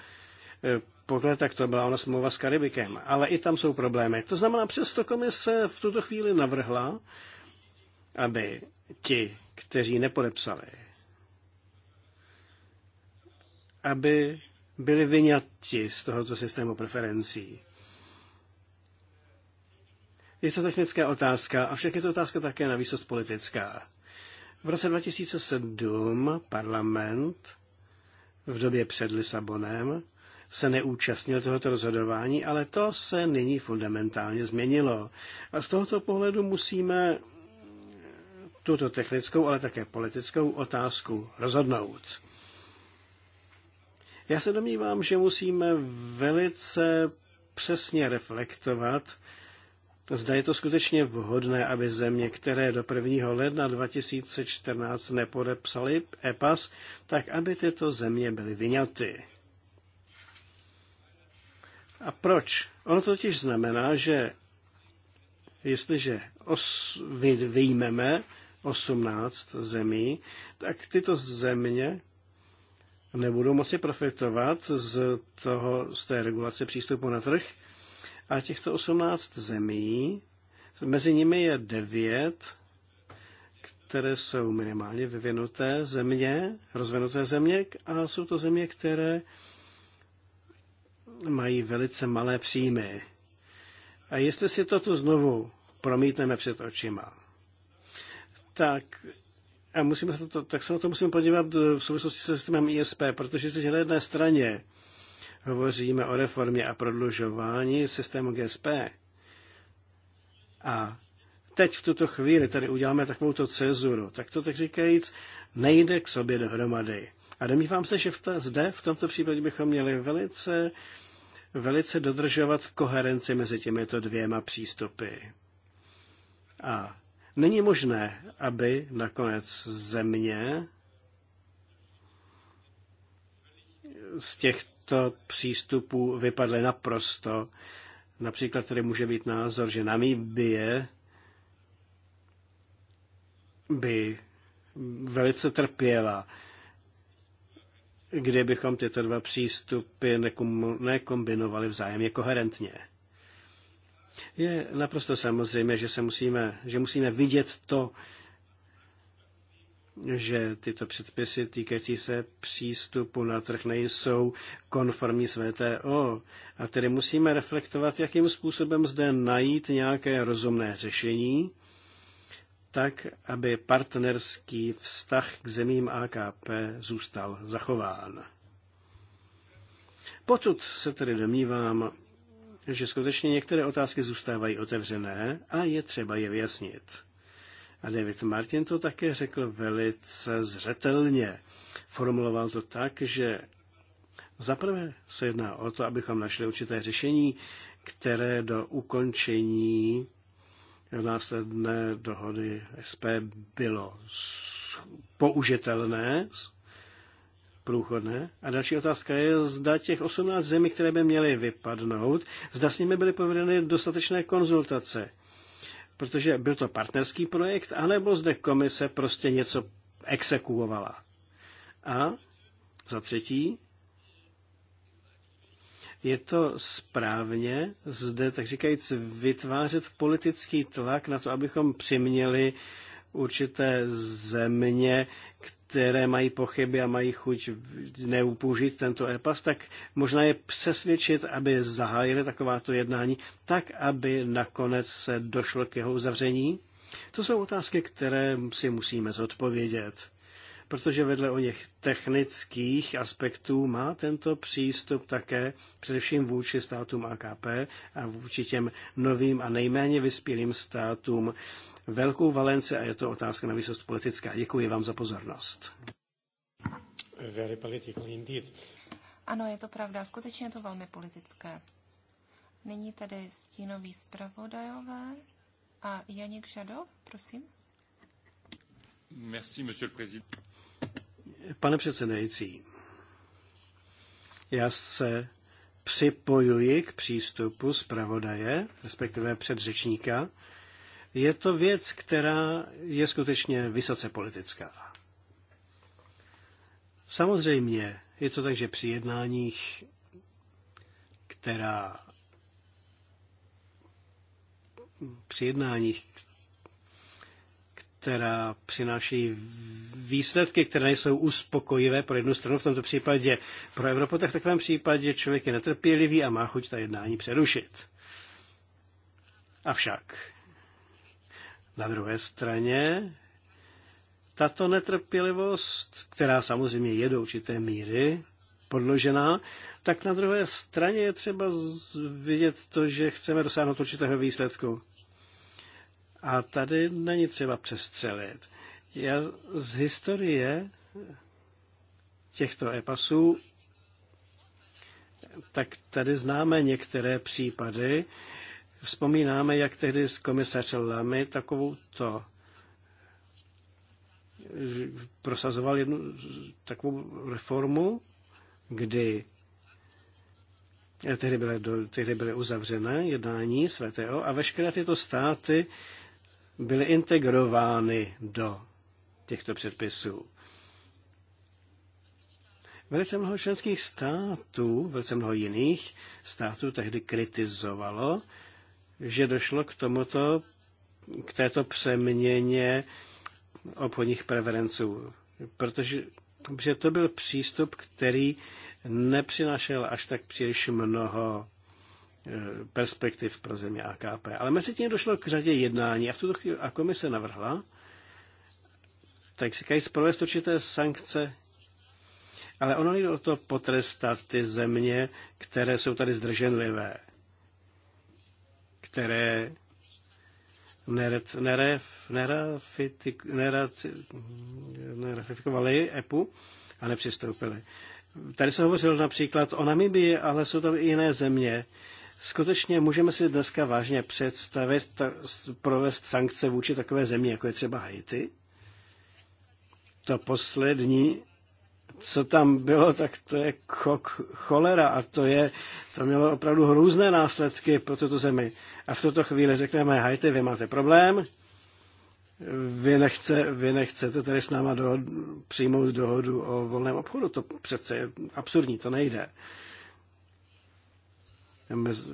eh, poklad, tak to byla ona smlouva s Karibikem. Ale i tam jsou problémy. To znamená, přesto komise v tuto chvíli navrhla, aby ti, kteří nepodepsali, aby byli vyňati z tohoto systému preferencí. Je to technická otázka, avšak je to otázka také na výsost politická. V roce 2007 parlament v době před Lisabonem se neúčastnil tohoto rozhodování, ale to se nyní fundamentálně změnilo. A z tohoto pohledu musíme tuto technickou, ale také politickou otázku rozhodnout. Já se domnívám, že musíme velice přesně reflektovat, Zda je to skutečně vhodné, aby země, které do 1. ledna 2014 nepodepsaly EPAS, tak aby tyto země byly vyňaty. A proč? Ono totiž znamená, že jestliže os, vyjmeme 18 zemí, tak tyto země nebudou moci profitovat z, toho, z té regulace přístupu na trh. A těchto 18 zemí, mezi nimi je 9, které jsou minimálně vyvinuté země, rozvinuté země a jsou to země, které mají velice malé příjmy. A jestli si toto znovu promítneme před očima, tak a musíme to, tak se na to musíme podívat eh, v souvislosti se systémem ISP, protože se na jedné straně hovoříme o reformě a prodlužování systému GSP a teď v tuto chvíli tady uděláme takovouto cezuru, tak to tak říkajíc nejde k sobě dohromady. A domnívám se, že v to, zde, v tomto případě, bychom měli velice, velice dodržovat koherenci mezi těmito dvěma přístupy. A Není možné, aby nakonec země z těchto přístupů vypadly naprosto. Například tady může být názor, že Namíbie by velice trpěla, kdybychom tyto dva přístupy nekombinovali vzájemně koherentně. Je naprosto samozřejmé, že, se musíme, že musíme vidět to, že tyto předpisy týkající se přístupu na trh nejsou konformní s VTO. A tedy musíme reflektovat, jakým způsobem zde najít nějaké rozumné řešení, tak, aby partnerský vztah k zemím AKP zůstal zachován. Potud se tedy domnívám, takže skutečně některé otázky zůstávají otevřené a je třeba je vyjasnit. A David Martin to také řekl velice zřetelně. Formuloval to tak, že zaprvé se jedná o to, abychom našli určité řešení, které do ukončení následné dohody SP bylo použitelné, průchodné. A další otázka je, zda těch 18 zemí, které by měly vypadnout, zda s nimi byly provedeny dostatečné konzultace. Protože byl to partnerský projekt, anebo zde komise prostě něco exekuovala. A za třetí, je to správně zde, tak říkajíc, vytvářet politický tlak na to, abychom přiměli určité země, které mají pochyby a mají chuť neupoužít tento e-pas, tak možná je přesvědčit, aby zahájili takováto jednání, tak aby nakonec se došlo k jeho uzavření? To jsou otázky, které si musíme zodpovědět protože vedle o něch technických aspektů má tento přístup také především vůči státům AKP a vůči těm novým a nejméně vyspělým státům. Velkou Valenci a je to otázka na výsost politická. Děkuji vám za pozornost. Very political indeed. Ano, je to pravda, skutečně je to velmi politické. Nyní tedy stínový zpravodajové a Janik Žado, prosím. Merci, monsieur le Pane předsedající, já se připojuji k přístupu zpravodaje, respektive předřečníka, je to věc, která je skutečně vysoce politická. Samozřejmě je to tak, že při jednáních, která při jednáních, která přináší výsledky, které nejsou uspokojivé pro jednu stranu, v tomto případě pro Evropu, tak v takovém případě člověk je netrpělivý a má chuť ta jednání přerušit. Avšak na druhé straně tato netrpělivost, která samozřejmě je do určité míry podložená, tak na druhé straně je třeba vidět to, že chceme dosáhnout určitého výsledku. A tady není třeba přestřelit. Já z historie těchto epasů, tak tady známe některé případy, Vzpomínáme, jak tehdy s komisař Lamy takovou to prosazoval jednu takovou reformu, kdy tehdy byly, do, tehdy byly uzavřené jednání svatého a veškeré tyto státy byly integrovány do těchto předpisů. Velice mnoho členských států, velice mnoho jiných států tehdy kritizovalo že došlo k tomuto, k této přeměně obchodních preferenců. Protože, protože to byl přístup, který nepřinašel až tak příliš mnoho eh, perspektiv pro země AKP. Ale mezi tím došlo k řadě jednání a v tuto chvíli a komise navrhla, tak si kají zprovést určité sankce, ale ono jde o to potrestat ty země, které jsou tady zdrženlivé které neratifikovaly EPU a nepřistoupili. Tady se hovořilo například o Namibii, ale jsou tam i jiné země. Skutečně můžeme si dneska vážně představit, ta, provést sankce vůči takové zemi, jako je třeba Haiti? To poslední co tam bylo, tak to je kok, cholera a to, je, to mělo opravdu hrůzné následky pro tuto zemi. A v tuto chvíli řekneme, hajte, vy máte problém, vy, nechce, vy nechcete tady s náma dohod, přijmout dohodu o volném obchodu. To přece je absurdní, to nejde. Mez,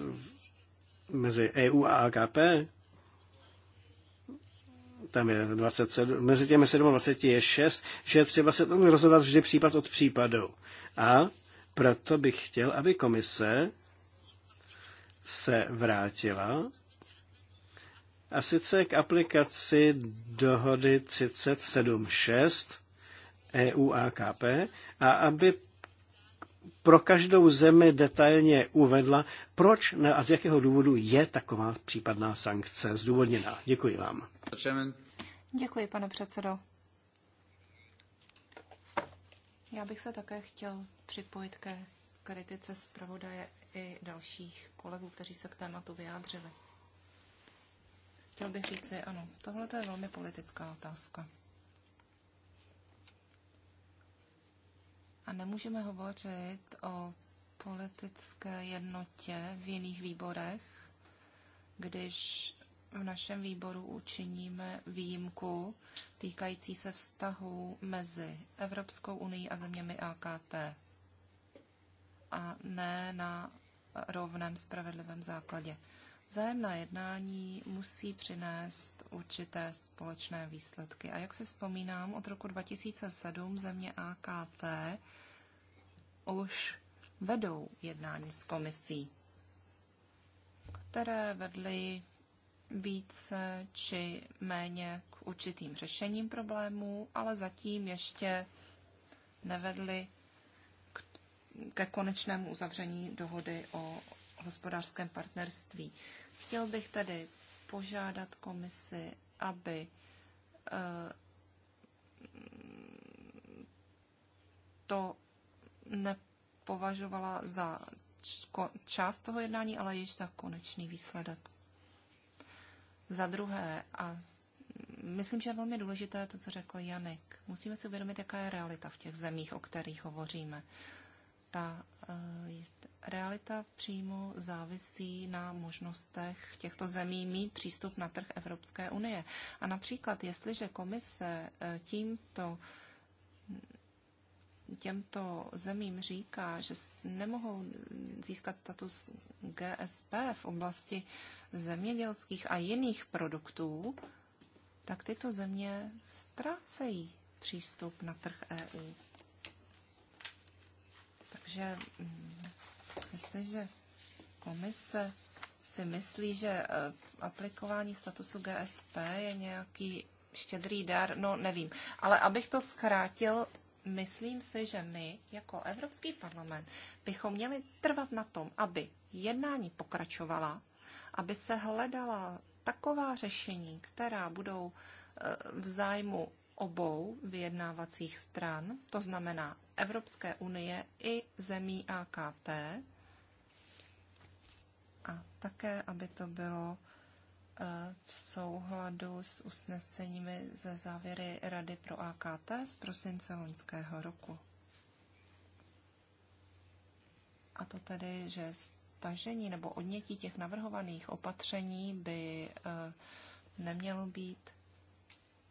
mezi EU a AKP tam je 27, mezi těmi 27 je 6, že je třeba se tam rozhodovat vždy případ od případu. A proto bych chtěl, aby komise se vrátila a sice k aplikaci dohody 37.6 EU AKP a aby pro každou zemi detailně uvedla, proč a z jakého důvodu je taková případná sankce zdůvodněná. Děkuji vám. Děkuji, pane předsedo. Já bych se také chtěl připojit ke kritice zpravodaje i dalších kolegů, kteří se k tématu vyjádřili. Chtěl bych říct si, ano, tohle je velmi politická otázka. A nemůžeme hovořit o politické jednotě v jiných výborech, když v našem výboru učiníme výjimku týkající se vztahu mezi Evropskou unii a zeměmi AKT a ne na rovném spravedlivém základě. Vzájemná jednání musí přinést určité společné výsledky. A jak se vzpomínám, od roku 2007 země AKT už vedou jednání s komisí, které vedly více či méně k určitým řešením problémů, ale zatím ještě nevedly k, ke konečnému uzavření dohody o hospodářském partnerství. Chtěl bych tedy požádat komisi, aby eh, to nepovažovala za část toho jednání, ale již za konečný výsledek. Za druhé, a myslím, že je velmi důležité to, co řekl Janek, musíme si uvědomit, jaká je realita v těch zemích, o kterých hovoříme. Ta eh, realita přímo závisí na možnostech těchto zemí mít přístup na trh Evropské unie. A například, jestliže komise eh, tímto těmto zemím říká, že nemohou získat status GSP v oblasti zemědělských a jiných produktů, tak tyto země ztrácejí přístup na trh EU. Takže mm, myslím, že komise si myslí, že e, aplikování statusu GSP je nějaký štědrý dar, no nevím. Ale abych to zkrátil, myslím si, že my jako Evropský parlament bychom měli trvat na tom, aby jednání pokračovala aby se hledala taková řešení, která budou eh, v zájmu obou vyjednávacích stran, to znamená Evropské unie i zemí AKT, a také, aby to bylo eh, v souhladu s usneseními ze závěry Rady pro AKT z prosince loňského roku. A to tedy, že stažení nebo odnětí těch navrhovaných opatření by e, nemělo být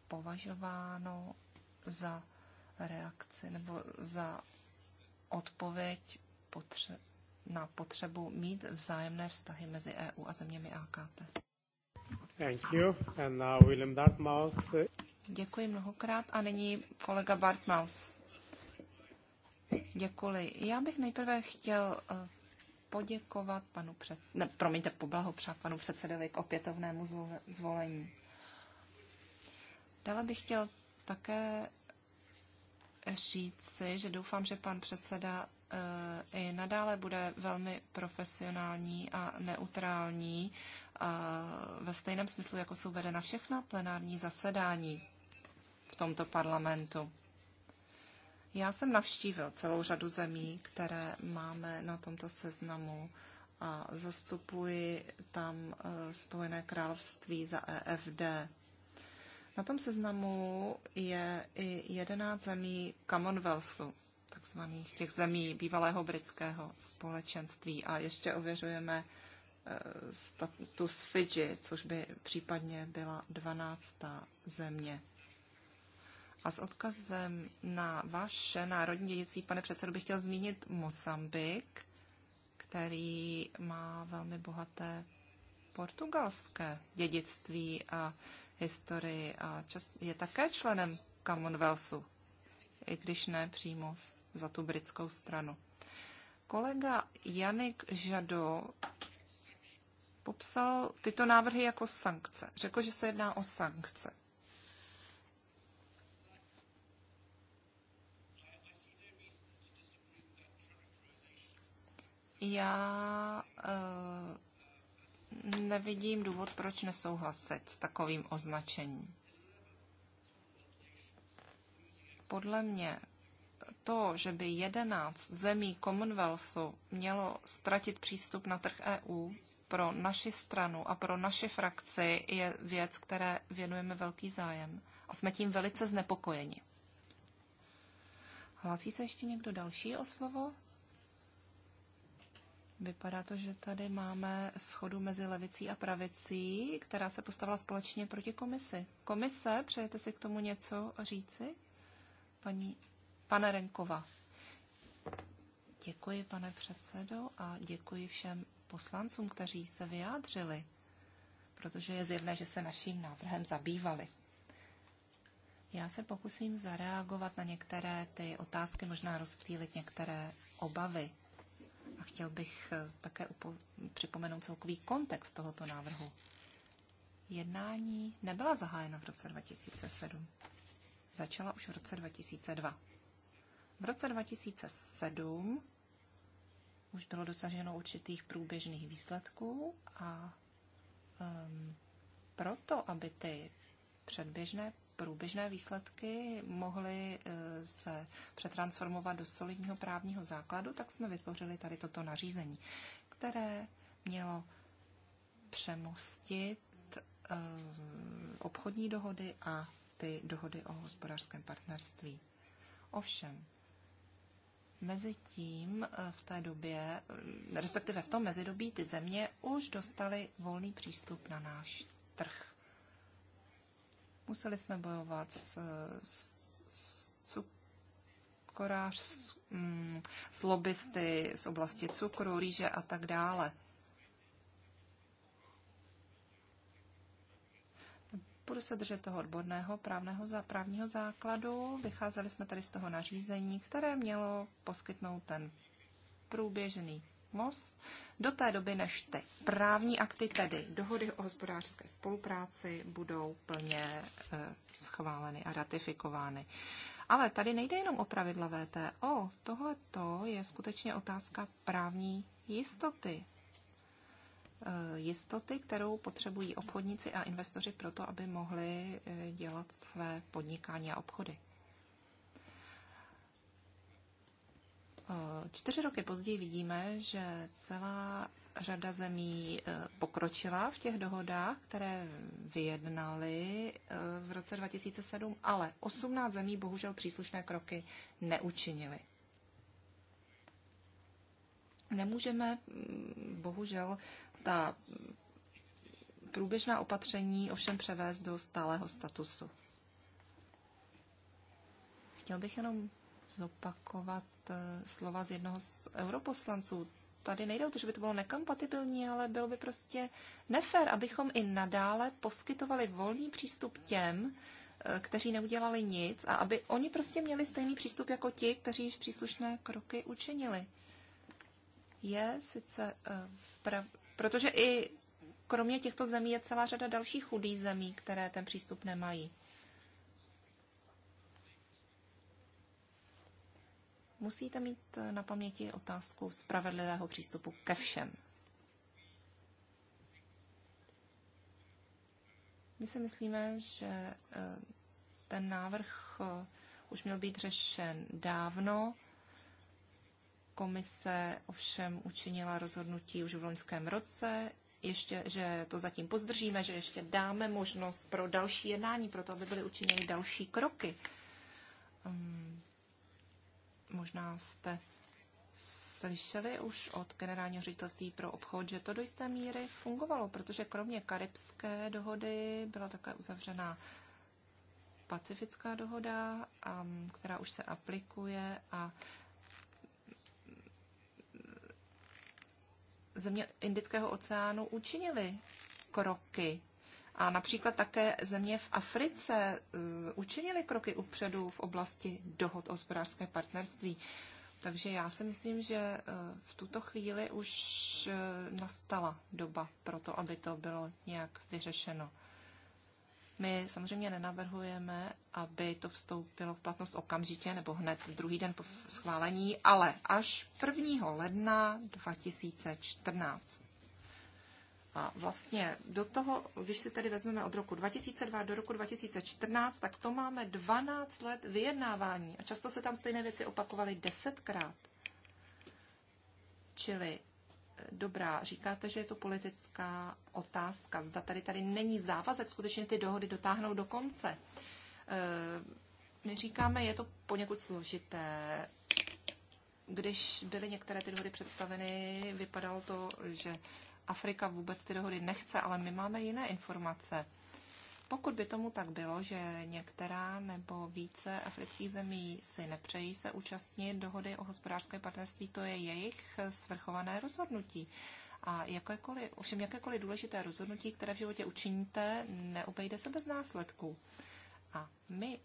považováno za reakci nebo za odpověď potře- na potřebu mít vzájemné vztahy mezi EU a zeměmi AKT. Thank you. And now William Dartmouth. Děkuji mnohokrát a nyní kolega Bartmaus. Děkuji. Já bych nejprve chtěl e, poděkovat panu před, ne, promiňte, poblahopřát panu předsedovi k opětovnému zvolení. Dále bych chtěl také říci, že doufám, že pan předseda eh, i nadále bude velmi profesionální a neutrální eh, ve stejném smyslu, jako jsou vedena všechna plenární zasedání v tomto parlamentu. Já jsem navštívil celou řadu zemí, které máme na tomto seznamu a zastupuji tam eh, Spojené království za EFD. Na tom seznamu je i 11 zemí Commonwealthu, takzvaných těch zemí bývalého britského společenství a ještě ověřujeme eh, status Fidži, což by případně byla 12. země. A s odkazem na vaše národní dědictví, pane předsedo, bych chtěl zmínit Mosambik, který má velmi bohaté portugalské dědictví a historii a čas je také členem Commonwealthu, i když ne přímo za tu britskou stranu. Kolega Janik Žado popsal tyto návrhy jako sankce. Řekl, že se jedná o sankce. Já e, nevidím důvod, proč nesouhlasit s takovým označením. Podle mě to, že by 11 zemí Commonwealthu mělo ztratit přístup na trh EU, pro naši stranu a pro naši frakci je věc, které věnujeme velký zájem. A jsme tím velice znepokojeni. Hlásí se ještě někdo další o slovo? Vypadá to, že tady máme schodu mezi levicí a pravicí, která se postavila společně proti komisi. Komise, přejete si k tomu něco říci? Paní, pane Renkova. Děkuji, pane předsedo, a děkuji všem poslancům, kteří se vyjádřili, protože je zjevné, že se naším návrhem zabývali. Já se pokusím zareagovat na některé ty otázky, možná rozptýlit některé obavy chtěl bych eh, také připomenout celkový kontext tohoto návrhu. Jednání nebyla zahájena v roce 2007. Začala už v roce 2002. V roce 2007 už bylo dosaženo určitých průběžných výsledků a um, proto, aby ty předběžné průběžné výsledky mohly eh, se přetransformovat do solidního právního základu, tak jsme vytvořili tady toto nařízení, které mělo přemostit eh, obchodní dohody a ty dohody o hospodářském partnerství. Ovšem, Mezitím eh, v té době, respektive v tom mezidobí, ty země už dostaly volný přístup na náš trh. Museli jsme bojovat s, s, s cukrář, s, mm, s lobbysty z oblasti cukru, rýže a tak dále. Budu se držet toho odborného právného za právního základu. Vycházeli jsme tady z toho nařízení, které mělo poskytnout ten průběžný most do té doby, než ty právní akty, tedy dohody o hospodářské spolupráci, budou plně eh, schváleny a ratifikovány. Ale tady nejde jenom o pravidla VTO, tohle je skutečně otázka právní jistoty. Eh, jistoty, kterou potřebují obchodníci a investoři proto, aby mohli eh, dělat své podnikání a obchody. Eh, čtyři roky později vidíme, že celá řada zemí eh, pokročila v těch dohodách, které vyjednali eh, v roce 2007, ale 18 zemí bohužel příslušné kroky neučinili. Nemůžeme mm, bohužel ta průběžná opatření ovšem převést do stálého statusu. Chtěl bych jenom zopakovat Eh, slova z jednoho z europoslanců. Tady nejde o to, že by to bylo nekompatibilní, ale bylo by prostě nefér, abychom i nadále poskytovali volný přístup těm, eh, kteří neudělali nic a aby oni prostě měli stejný přístup jako ti, kteří již příslušné kroky učinili. Je sice eh, prav... Protože i kromě těchto zemí je celá řada dalších chudých zemí, které ten přístup nemají. musíte mít eh, na paměti otázku spravedlivého přístupu ke všem. My si myslíme, že eh, ten návrh eh, už měl být řešen dávno. Komise ovšem učinila rozhodnutí už v loňském roce, ještě, že to zatím pozdržíme, že ještě dáme možnost pro další jednání, pro to, aby byly učiněny další kroky. Ehm, Možná jste slyšeli už od generálního ředitelství pro obchod, že to do jisté míry fungovalo, protože kromě karibské dohody byla také uzavřena pacifická dohoda, která už se aplikuje a země Indického oceánu učinili kroky a například také země v Africe eh, učinily kroky upředu v oblasti dohod o hospodářské partnerství. Takže já si myslím, že eh, v tuto chvíli už eh, nastala doba pro to, aby to bylo nějak vyřešeno. My samozřejmě nenavrhujeme, aby to vstoupilo v platnost okamžitě nebo hned druhý den po schválení, ale až 1. ledna 2014. A vlastně do toho, když si tedy vezmeme od roku 2002 do roku 2014, tak to máme 12 let vyjednávání a často se tam stejné věci opakovaly desetkrát. Čili eh, dobrá, říkáte, že je to politická otázka, zda tady tady není závazek skutečně ty dohody dotáhnout do konce. Eh, my říkáme, je to poněkud složité. Když byly některé ty dohody představeny, vypadalo to, že Afrika vůbec ty dohody nechce, ale my máme jiné informace. Pokud by tomu tak bylo, že některá nebo více afrických zemí si nepřejí se účastnit dohody o hospodářské partnerství, to je jejich svrchované rozhodnutí. A jakékoliv, ovšem jakékoliv důležité rozhodnutí, které v životě učiníte, neobejde se bez následků. A my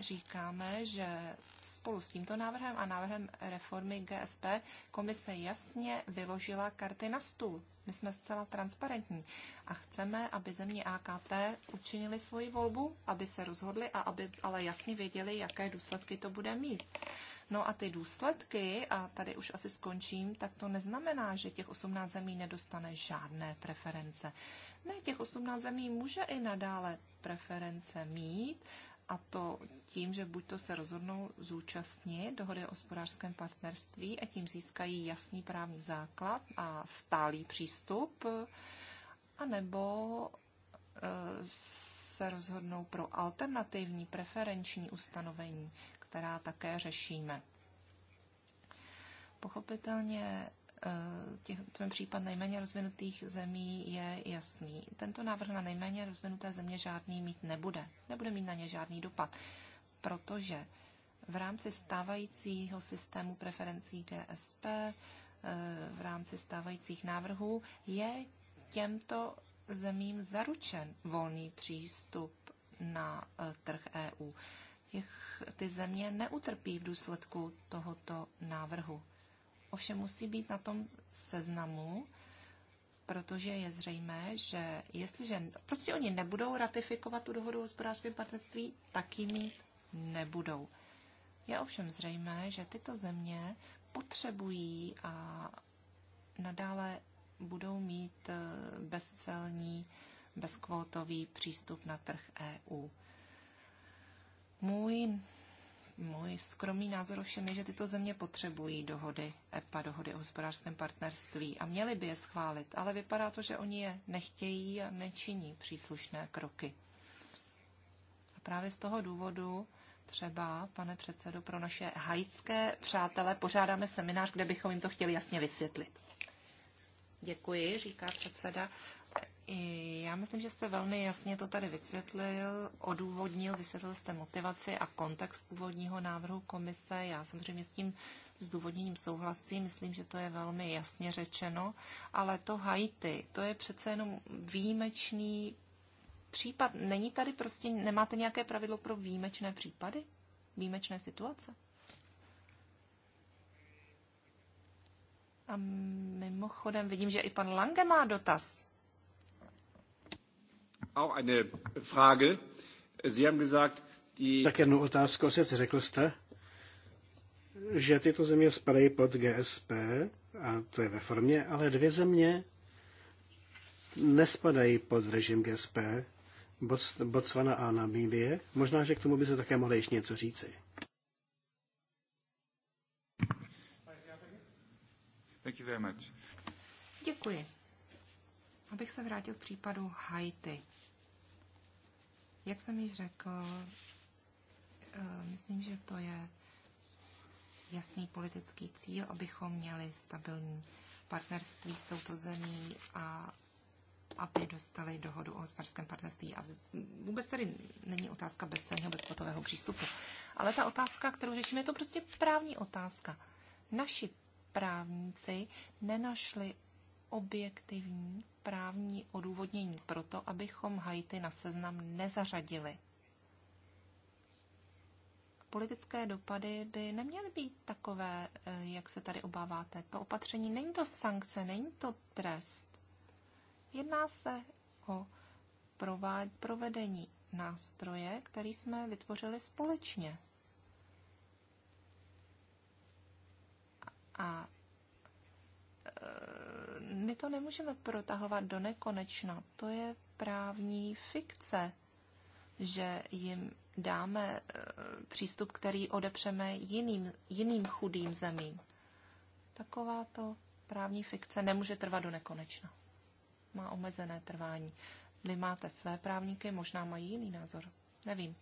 říkáme, že spolu s tímto návrhem a návrhem reformy GSP komise jasně vyložila karty na stůl. My jsme zcela transparentní a chceme, aby země AKT učinili svoji volbu, aby se rozhodli a aby ale jasně věděli, jaké důsledky to bude mít. No a ty důsledky, a tady už asi skončím, tak to neznamená, že těch 18 zemí nedostane žádné preference. Ne, těch 18 zemí může i nadále preference mít a to tím, že buď to se rozhodnou zúčastnit dohody o hospodářském partnerství a tím získají jasný právní základ a stálý přístup, anebo e, se rozhodnou pro alternativní preferenční ustanovení, která také řešíme. Pochopitelně Eh, těch, ten případ nejméně rozvinutých zemí je jasný. Tento návrh na nejméně rozvinuté země žádný mít nebude. Nebude mít na ně žádný dopad, protože v rámci stávajícího systému preferencí GSP, eh, v rámci stávajících návrhů, je těmto zemím zaručen volný přístup na eh, trh EU. Těch, ty země neutrpí v důsledku tohoto návrhu ovšem musí být na tom seznamu, protože je zřejmé, že jestliže prostě oni nebudou ratifikovat tu dohodu o hospodářském partnerství, tak ji mít nebudou. Je ovšem zřejmé, že tyto země potřebují a nadále budou mít eh, bezcelní, bezkvótový přístup na trh EU. Můj můj skromný názor ovšem je, že tyto země potřebují dohody EPA, dohody o hospodářském partnerství a měly by je schválit, ale vypadá to, že oni je nechtějí a nečiní příslušné kroky. A právě z toho důvodu třeba, pane předsedo, pro naše haitské přátelé pořádáme seminář, kde bychom jim to chtěli jasně vysvětlit. Děkuji, říká předseda. Já myslím, že jste velmi jasně to tady vysvětlil, odůvodnil, vysvětlil jste motivaci a kontext původního návrhu komise. Já samozřejmě s tím zdůvodněním souhlasím, myslím, že to je velmi jasně řečeno, ale to Haiti, to je přece jenom výjimečný případ. Není tady prostě, nemáte nějaké pravidlo pro výjimečné případy? Výjimečné situace? A mimochodem vidím, že i pan Lange má dotaz. Tak jednu otázku asi řekl jste, že tyto země spadají pod GSP, a to je ve formě, ale dvě země nespadají pod režim GSP, Botswana a Namíbie. Možná, že k tomu by se také mohli ještě něco říci. Děkuji. Abych se vrátil k případu Haiti. Jak jsem již řekl, eh, myslím, že to je jasný politický cíl, abychom měli stabilní partnerství s touto zemí a aby dostali dohodu o hospodářském partnerství. A vůbec tady není otázka bezcenného, bezpotového přístupu. Ale ta otázka, kterou řešíme, je to prostě právní otázka. Naši právníci nenašli objektivní právní odůvodnění pro to, abychom Haiti na seznam nezařadili. Politické dopady by neměly být takové, eh, jak se tady obáváte. To opatření není to sankce, není to trest. Jedná se o provedení nástroje, který jsme vytvořili společně. A my to nemůžeme protahovat do nekonečna. To je právní fikce, že jim dáme eh, přístup, který odepřeme jiným, jiným chudým zemím. Taková to právní fikce nemůže trvat do nekonečna. Má omezené trvání. Vy máte své právníky, možná mají jiný názor. Nevím.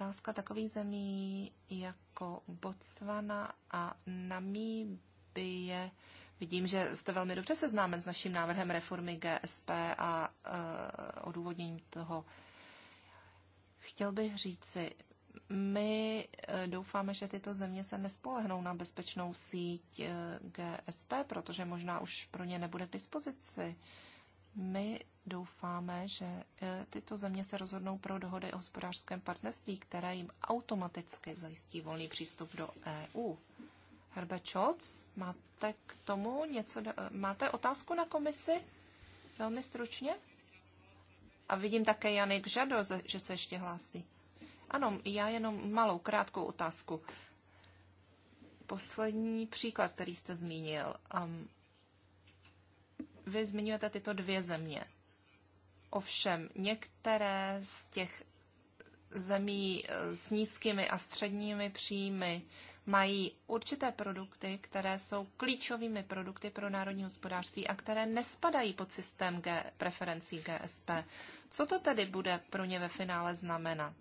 otázka takových zemí jako Botswana a Namíbie. Vidím, že jste velmi dobře seznámen s naším návrhem reformy GSP a uh, odůvodněním toho. Chtěl bych říci, my eh, doufáme, že tyto země se nespolehnou na bezpečnou síť eh, GSP, protože možná už pro ně nebude k dispozici. My doufáme, že e, tyto země se rozhodnou pro dohody o hospodářském partnerství, které jim automaticky zajistí volný přístup do EU. Herbe Scholz, máte k tomu něco, máte otázku na komisi? Velmi stručně? A vidím také Janik Žado, že se ještě hlásí. Ano, já jenom malou, krátkou otázku. Poslední příklad, který jste zmínil. Um, vy zmiňujete tyto dvě země. Ovšem některé z těch zemí eh, s nízkými a středními příjmy mají určité produkty, které jsou klíčovými produkty pro národní hospodářství a které nespadají pod systém G, preferencí GSP. Co to tedy bude pro ně ve finále znamenat?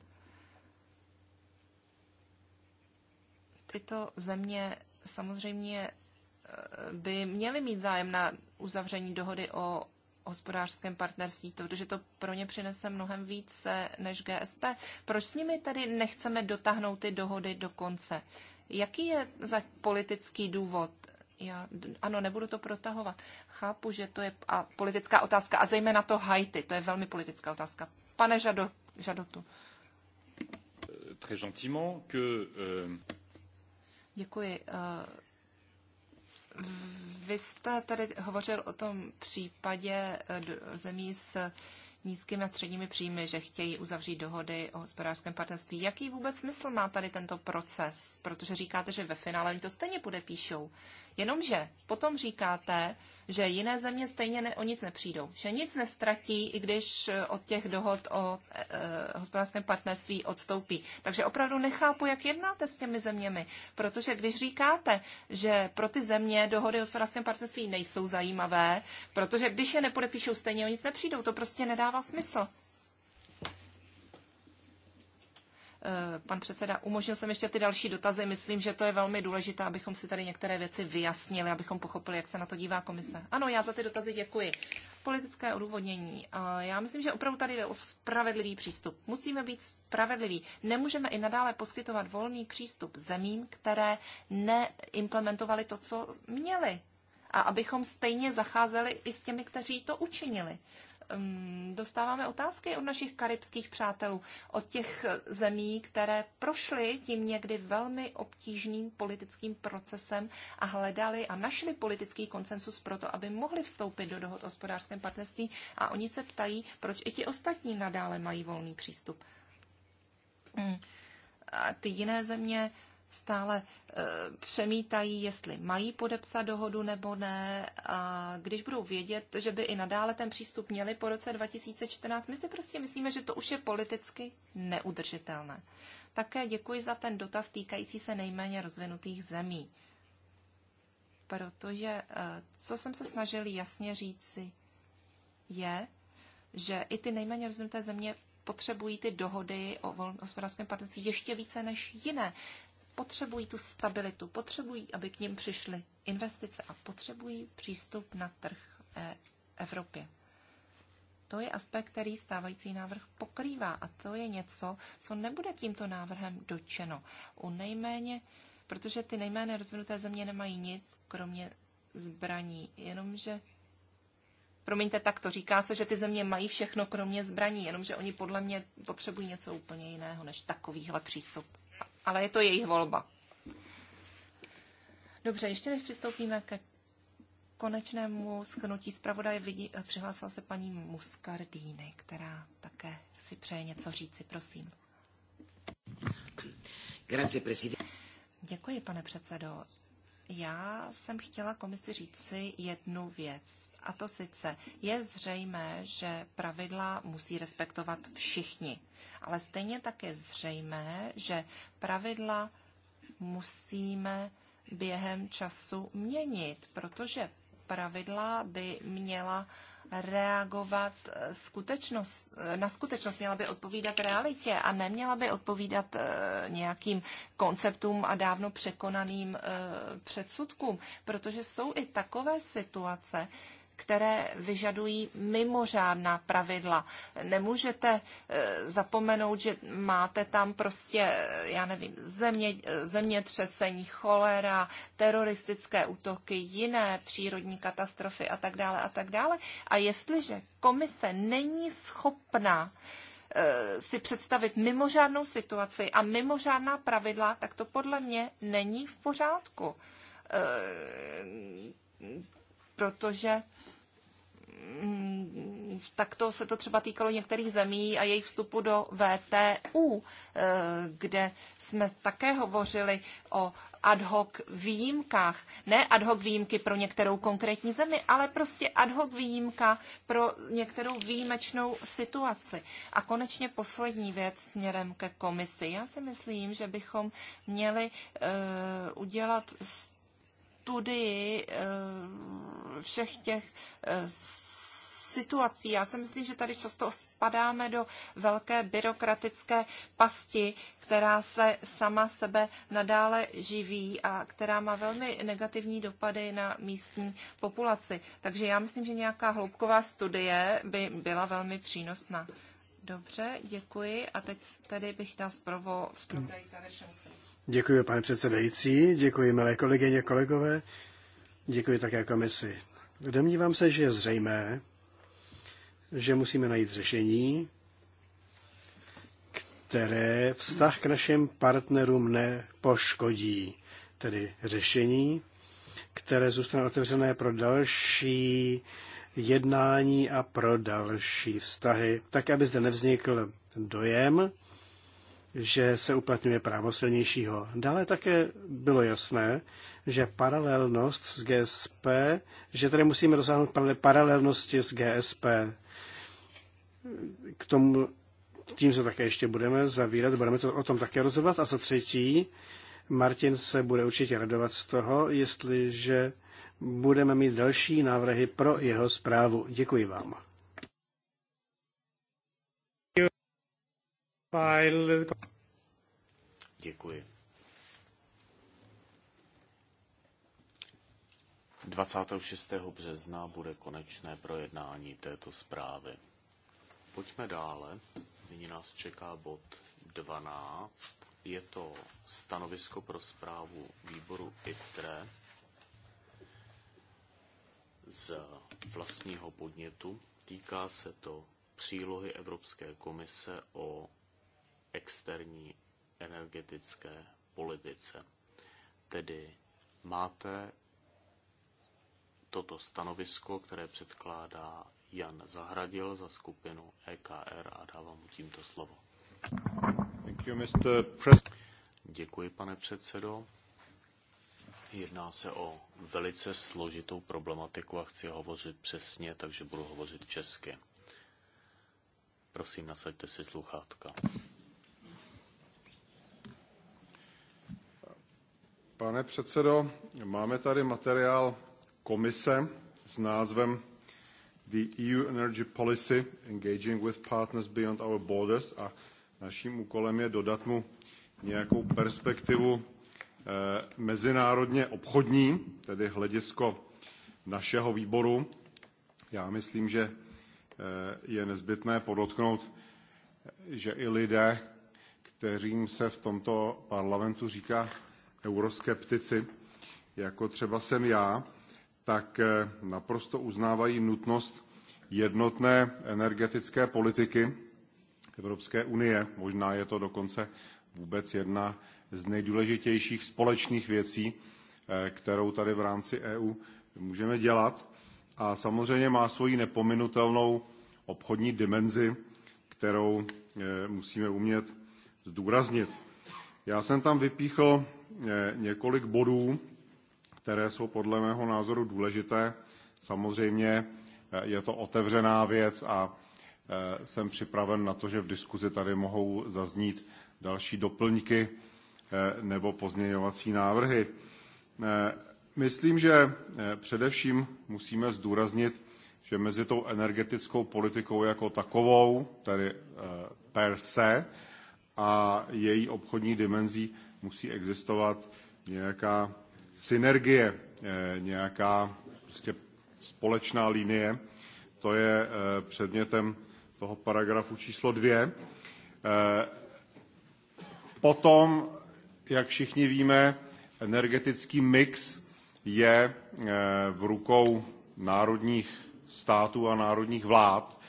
Tyto země samozřejmě eh, by měly mít zájem na uzavření dohody o hospodářském partnerství, protože to pro ně přinese mnohem více než GSP. Proč s nimi tedy nechceme dotáhnout ty dohody do konce? Jaký je za politický důvod? Já, ano, nebudu to protahovat. Chápu, že to je a politická otázka, a zejména to Haiti, to je velmi politická otázka. Pane Žado, Žadotu. Très gentiment que, euh, Děkuji. Uh vy jste tady hovořil o tom případě eh, zemí s nízkými a středními příjmy, že chtějí uzavřít dohody o hospodářském partnerství. Jaký vůbec smysl má tady tento proces? Protože říkáte, že ve finále oni to stejně podepíšou. Jenomže potom říkáte, že jiné země stejně ne, o nic nepřijdou. Že nic nestratí, i když eh, od těch dohod o e, hospodářském partnerství odstoupí. Takže opravdu nechápu, jak jednáte s těmi zeměmi. Protože když říkáte, že pro ty země dohody o hospodářském partnerství nejsou zajímavé, protože když je nepodepíšou, stejně o nic nepřijdou, to prostě nedává dává smysl. Eh, pan předseda, umožnil jsem ještě ty další dotazy. Myslím, že to je velmi důležité, abychom si tady některé věci vyjasnili, abychom pochopili, jak se na to dívá komise. Ano, já za ty dotazy děkuji. Politické odůvodnění. Eh, já myslím, že opravdu tady jde o spravedlivý přístup. Musíme být spravedliví. Nemůžeme i nadále poskytovat volný přístup zemím, které neimplementovaly to, co měly a abychom stejně zacházeli i s těmi, kteří to učinili um, dostáváme otázky od našich karibských přátelů, od těch zemí, které prošly tím někdy velmi obtížným politickým procesem a hledali a našli politický konsensus pro to, aby mohli vstoupit do dohod o hospodářském partnerství a oni se ptají, proč i ti ostatní nadále mají volný přístup. Hmm. A ty jiné země uh, stále eh, přemítají, jestli mají podepsat dohodu nebo ne. A když budou vědět, že by i nadále ten přístup měli po roce 2014, my si prostě myslíme, že to už je politicky neudržitelné. Také děkuji za ten dotaz týkající se nejméně rozvinutých zemí. Protože eh, co jsem se snažil jasně říci, je, že i ty nejméně rozvinuté země potřebují ty dohody o hospodářském partnerství ještě více než jiné potřebují tu stabilitu, potřebují, aby k ním přišly investice a potřebují přístup na trh Evropě. To je aspekt, který stávající návrh pokrývá a to je něco, co nebude tímto návrhem dočeno. U nejméně, protože ty nejméně rozvinuté země nemají nic, kromě zbraní, jenomže Promiňte, tak to říká se, že ty země mají všechno kromě zbraní, jenomže oni podle mě potřebují něco úplně jiného než takovýhle přístup ale je to jejich volba. Dobře, ještě než přistoupíme ke konečnému schnutí zpravodaje, vidí, eh, přihlásila se paní Muscardini, která také si přeje něco říci, prosím. Grazie, Děkuji, pane předsedo. Já jsem chtěla komisi říci jednu věc. A to sice je zřejmé, že pravidla musí respektovat všichni, ale stejně tak je zřejmé, že pravidla musíme během času měnit, protože pravidla by měla reagovat skutečnost, na skutečnost, měla by odpovídat realitě a neměla by odpovídat eh, nějakým konceptům a dávno překonaným eh, předsudkům, protože jsou i takové situace, které vyžadují mimořádná pravidla. Nemůžete eh, zapomenout, že máte tam prostě, eh, já nevím, země, eh, zemětřesení, cholera, teroristické útoky, jiné přírodní katastrofy a tak dále a tak dále. A jestliže komise není schopna si představit mimořádnou situaci a mimořádná pravidla, tak to podle mě není v pořádku protože mm, takto se to třeba týkalo některých zemí a jejich vstupu do VTU, eh, kde jsme také hovořili o ad hoc výjimkách. Ne ad hoc výjimky pro některou konkrétní zemi, ale prostě ad hoc výjimka pro některou výjimečnou situaci. A konečně poslední věc směrem ke komisi. Já si myslím, že bychom měli eh, udělat z studii eh, všech těch eh, situací. Já si myslím, že tady často spadáme do velké byrokratické pasti, která se sama sebe nadále živí a která má velmi negativní dopady na místní populaci. Takže já myslím, že nějaká hloubková studie by byla velmi přínosná. Dobře, děkuji. A teď tady bych nás provo... závěrečnou Děkuji, pane předsedající, děkuji, milé kolegyně, kolegové, děkuji také komisi. Domnívám se, že je zřejmé, že musíme najít řešení, které vztah k našim partnerům nepoškodí, tedy řešení, které zůstane otevřené pro další jednání a pro další vztahy, tak aby zde nevznikl dojem, že se uplatňuje právo silnějšího. Dále také bylo jasné, že paralelnost s GSP, že tady musíme dosáhnout paralelnosti s GSP. K tomu, tím se také ještě budeme zavírat, budeme to o tom také rozhodovat. A za třetí, Martin se bude určitě radovat z toho, jestliže budeme mít další návrhy pro jeho zprávu. Děkuji vám. Děkuji. 26. března bude konečné projednání této zprávy. Pojďme dále. Nyní nás čeká bod 12. Je to stanovisko pro zprávu výboru ITRE z vlastního podnětu. Týká se to přílohy Evropské komise o externí energetické politice. Tedy máte toto stanovisko, které předkládá Jan Zahradil za skupinu EKR a dávám mu tímto slovo. Děkuji, pane předsedo. Jedná se o velice složitou problematiku a chci hovořit přesně, takže budu hovořit česky. Prosím, nasaďte si sluchátka. Pane předsedo, máme tady materiál komise s názvem The EU Energy Policy Engaging with Partners Beyond Our Borders a naším úkolem je dodat mu nějakou perspektivu eh, mezinárodně obchodní, tedy hledisko našeho výboru. Já myslím, že eh, je nezbytné podotknout, že i lidé, kterým se v tomto parlamentu říká euroskeptici, jako třeba jsem já, tak eh, naprosto uznávají nutnost jednotné energetické politiky Evropské unie. Možná je to dokonce vůbec jedna z nejdůležitějších společných věcí, eh, kterou tady v rámci EU můžeme dělat. A samozřejmě má svoji nepominutelnou obchodní dimenzi, kterou eh, musíme umět zdůraznit. Já jsem tam vypíchl Eh, několik bodů, které jsou podle mého názoru důležité. Samozřejmě eh, je to otevřená věc a eh, jsem připraven na to, že v diskuzi tady mohou zaznít další doplňky nebo pozměňovací návrhy. Myslím, že především musíme zdůraznit, že mezi tou energetickou politikou jako takovou, tedy per se, a její obchodní dimenzí musí existovat nějaká synergie, eh, nějaká prostě společná linie. To je eh, předmětem toho paragrafu číslo dvě. Eh, potom, jak všichni víme, energetický mix je v rukou národních států a národních vlád.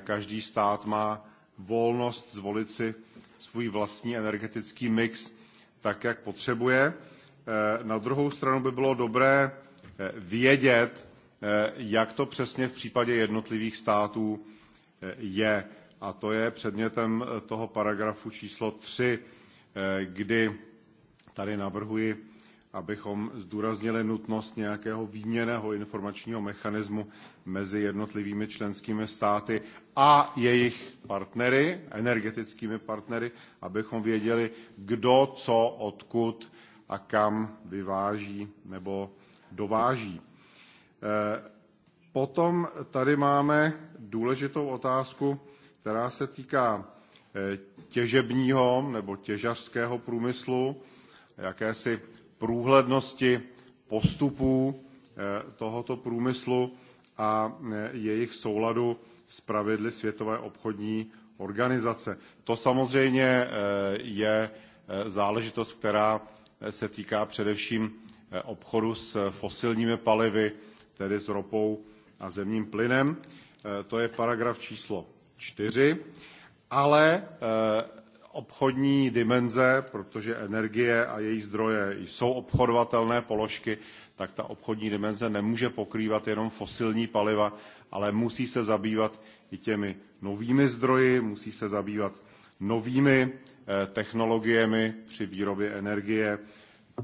Každý stát má volnost zvolit si svůj vlastní energetický mix tak, jak potřebuje. Eh, na druhou stranu by bylo dobré eh, vědět, eh, jak to přesně v případě jednotlivých států je. A to je předmětem toho paragrafu číslo 3, kdy tady navrhuji abychom zdůraznili nutnost nějakého výměného informačního mechanismu mezi jednotlivými členskými státy a jejich partnery, energetickými partnery, abychom věděli, kdo co, odkud a kam vyváží nebo dováží. Eh, potom tady máme důležitou otázku, která se týká eh, těžebního nebo těžařského průmyslu, jakési průhlednosti postupů eh, tohoto průmyslu a eh, jejich souladu s pravidly Světové obchodní organizace. To samozřejmě eh, je záležitost, která se týká především obchodu s fosilními palivy, tedy s ropou a zemním plynem. To je paragraf číslo 4. Ale obchodní dimenze, protože energie a její zdroje jsou obchodovatelné položky, tak ta obchodní dimenze nemůže pokrývat jenom fosilní paliva, ale musí se zabývat i těmi novými zdroji, musí se zabývat novými eh, technologiemi při výrobě energie.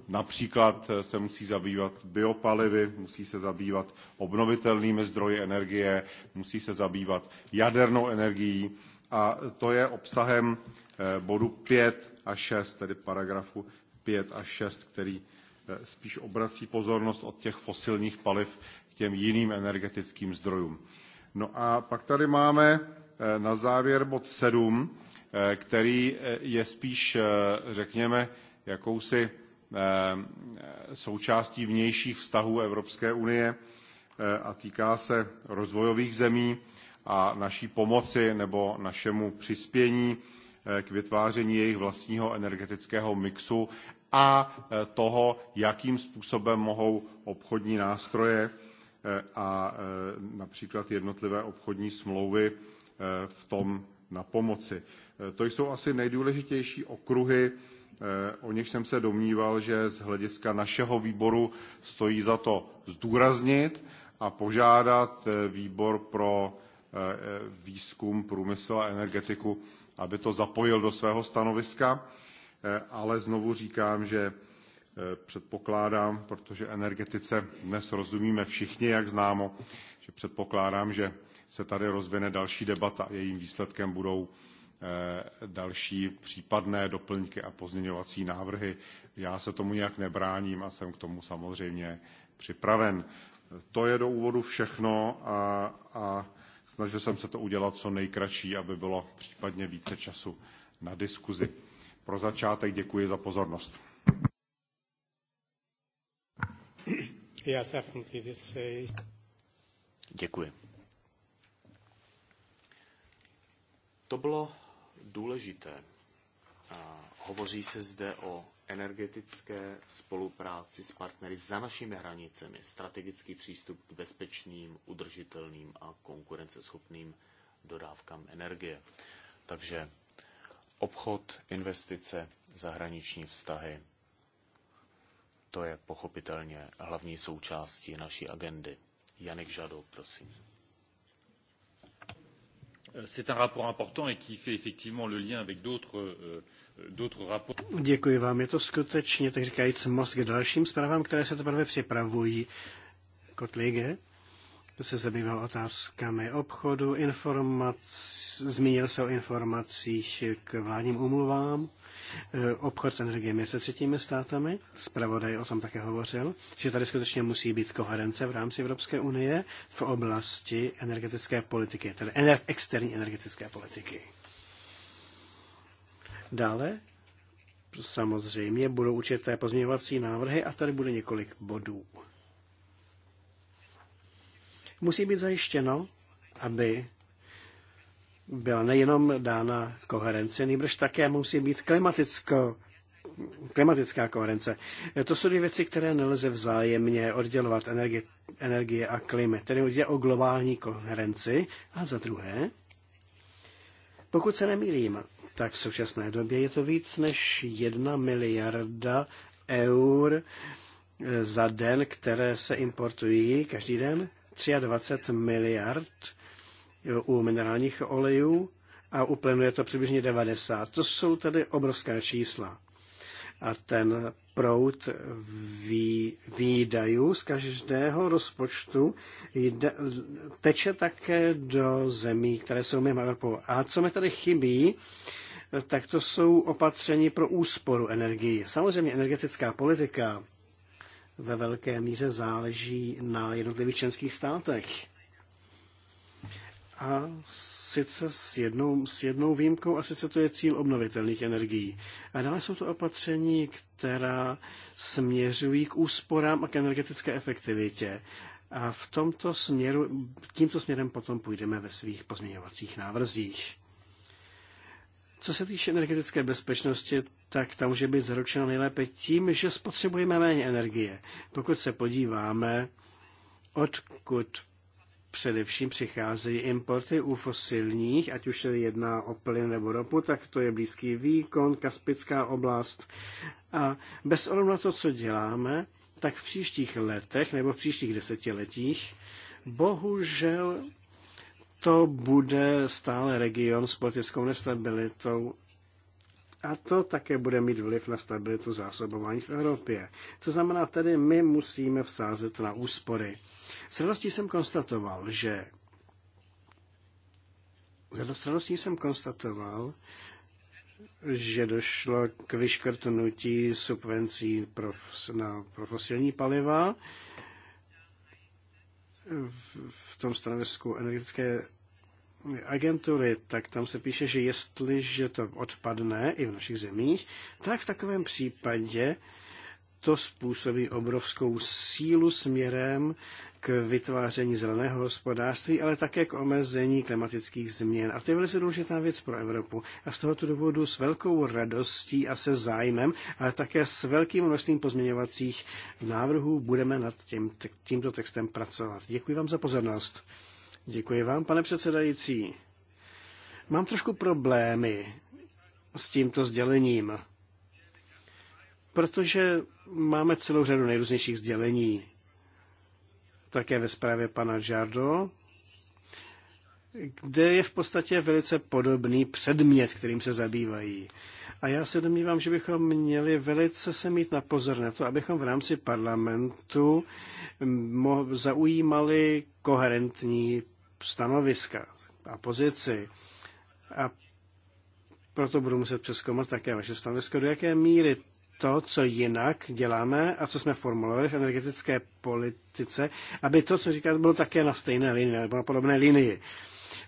Například eh, se musí zabývat biopalivy, musí se zabývat obnovitelnými zdroji energie, musí se zabývat jadernou energií a to je obsahem eh, bodu 5 a 6, tedy paragrafu 5 a 6, který eh, spíš obrací pozornost od těch fosilních paliv k těm jiným energetickým zdrojům. No a pak tady máme eh, na závěr bod 7, který je spíš, řekněme, jakousi součástí vnějších vztahů Evropské unie a týká se rozvojových zemí a naší pomoci nebo našemu přispění eh, k vytváření jejich vlastního energetického mixu a eh, toho, jakým způsobem mohou obchodní nástroje eh, a například jednotlivé obchodní smlouvy v tom na pomoci. To jsou asi nejdůležitější okruhy, o něž jsem se domníval, že z hlediska našeho výboru stojí za to zdůraznit a požádat výbor pro Eh, výzkum, průmysl a energetiku, aby to zapojil do svého stanoviska. Eh, ale znovu říkám, že eh, předpokládám, protože energetice dnes rozumíme všichni, jak známo, že předpokládám, že se tady rozvine další debata. Jejím výsledkem budou další případné doplňky a pozměňovací návrhy. Já se tomu nějak nebráním a jsem k tomu samozřejmě připraven. To je do úvodu všechno a, a Snažil jsem se to udělat co nejkratší, aby bylo případně více času na diskuzi. Pro začátek děkuji za pozornost. Uh, děkuji. To bylo důležité. Hovoří se zde o energetické spolupráci s partnery za našimi hranicemi, strategický přístup k bezpečným, udržitelným a konkurenceschopným dodávkám energie. Takže obchod, investice, zahraniční vztahy, to je pochopitelně hlavní součástí naší agendy. Janek Žadou, prosím. C'est un rapport important et qui fait effectivement le lien avec euh, d'autres rapports. Děkuji vám. Je to skutečně, tak říkajíc, most k dalším zprávám, které se teprve připravují. Kotlige se zabýval otázkami obchodu, informac, zmínil se o informacích k vládním umluvám Eh, obchod s energiemi se třetími státami. Spravodaj o tom také hovořil, že tady skutečně musí být koherence v rámci Evropské unie v oblasti energetické politiky, tedy ener- externí energetické politiky. Dále samozřejmě budou určité pozměňovací návrhy a tady bude několik bodů. Musí být zajištěno, aby byla nejenom dána koherence, nejbrž také musí být klimaticko, klimatická koherence. To jsou dvě věci, které nelze vzájemně oddělovat energie, energie a klima. Tedy jde o globální koherenci. A za druhé, pokud se nemýlím, tak v současné době je to víc než jedna miliarda eur za den, které se importují každý den. 23 miliard u minerálních olejů a u plynu je to přibližně 90. To jsou tady obrovská čísla. A ten prout vý, výdajů z každého rozpočtu jde, teče také do zemí, které jsou mimo Evropou. A co mi tady chybí, tak to jsou opatření pro úsporu energii. Samozřejmě energetická politika ve velké míře záleží na jednotlivých členských státech a sice s jednou, s jednou výjimkou, a sice to je cíl obnovitelných energií. A dále jsou to opatření, která směřují k úsporám a k energetické efektivitě. A v tomto směru, tímto směrem potom půjdeme ve svých pozměňovacích návrzích. Co se týče energetické bezpečnosti, tak ta může být zaručena nejlépe tím, že spotřebujeme méně energie. Pokud se podíváme, odkud především přicházejí importy u fosilních, ať už se jedná o plyn nebo ropu, tak to je Blízký výkon, Kaspická oblast. A bez ohledu na to, co děláme, tak v příštích letech nebo v příštích desetiletích bohužel to bude stále region s politickou nestabilitou a to také bude mít vliv na stabilitu zásobování v Evropě. To znamená, tedy my musíme vsázet na úspory. S radostí jsem konstatoval, že s radostí jsem konstatoval, že došlo k vyškrtnutí subvencí pro, na, pro fosilní paliva. V, v tom stanovisku energetické agentury, tak tam se píše, že jestliže to odpadne i v našich zemích, tak v takovém případě to způsobí obrovskou sílu směrem k vytváření zeleného hospodářství, ale také k omezení klimatických změn. A to je velice důležitá věc pro Evropu. A z tohoto důvodu s velkou radostí a se zájmem, ale také s velkým množstvím pozměňovacích návrhů budeme nad tím, tímto textem pracovat. Děkuji vám za pozornost. Děkuji vám, pane předsedající. Mám trošku problémy s tímto sdělením protože máme celou řadu nejrůznějších sdělení. Také ve zprávě pana Žardo, kde je v podstatě velice podobný předmět, kterým se zabývají. A já se domnívám, že bychom měli velice se mít na pozor na to, abychom v rámci parlamentu zaujímali koherentní stanoviska a pozici. A proto budu muset přeskoumat také vaše stanovisko, do jaké míry to, co jinak děláme a co jsme formulovali v energetické politice, aby to, co říkáte, bylo také na stejné linii nebo na podobné linii.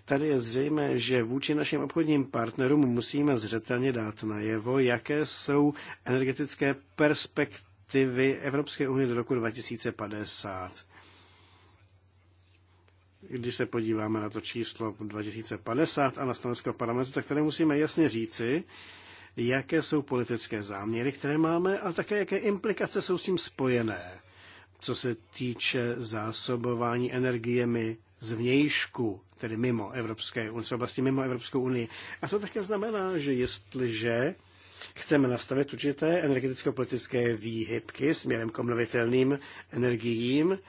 Tady je zřejmé, že vůči našim obchodním partnerům musíme zřetelně dát najevo, jaké jsou energetické perspektivy Evropské unie do roku 2050 když se podíváme na to číslo 2050 a na stanovisko parlamentu, tak tady musíme jasně říci, jaké jsou politické záměry, které máme a také jaké implikace jsou s tím spojené, co se týče zásobování energiemi z vnějšku, tedy mimo Evropské unie, vlastně oblasti mimo Evropskou unii. A to také znamená, že jestliže chceme nastavit určité energeticko-politické výhybky směrem k obnovitelným energiím,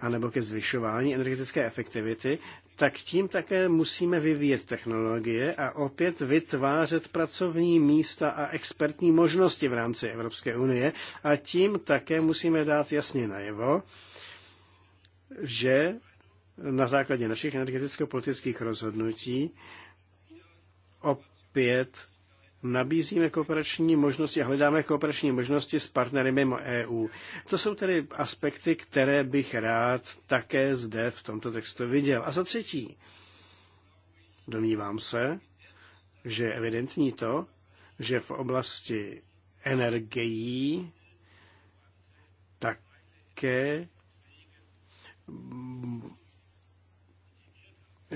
anebo ke zvyšování energetické efektivity, tak tím také musíme vyvíjet technologie a opět vytvářet pracovní místa a expertní možnosti v rámci Evropské unie a tím také musíme dát jasně najevo, že na základě našich energeticko-politických rozhodnutí opět nabízíme kooperační možnosti a hledáme kooperační možnosti s partnery mimo EU. To jsou tedy aspekty, které bych rád také zde v tomto textu viděl. A za třetí, domnívám se, že je evidentní to, že v oblasti energií také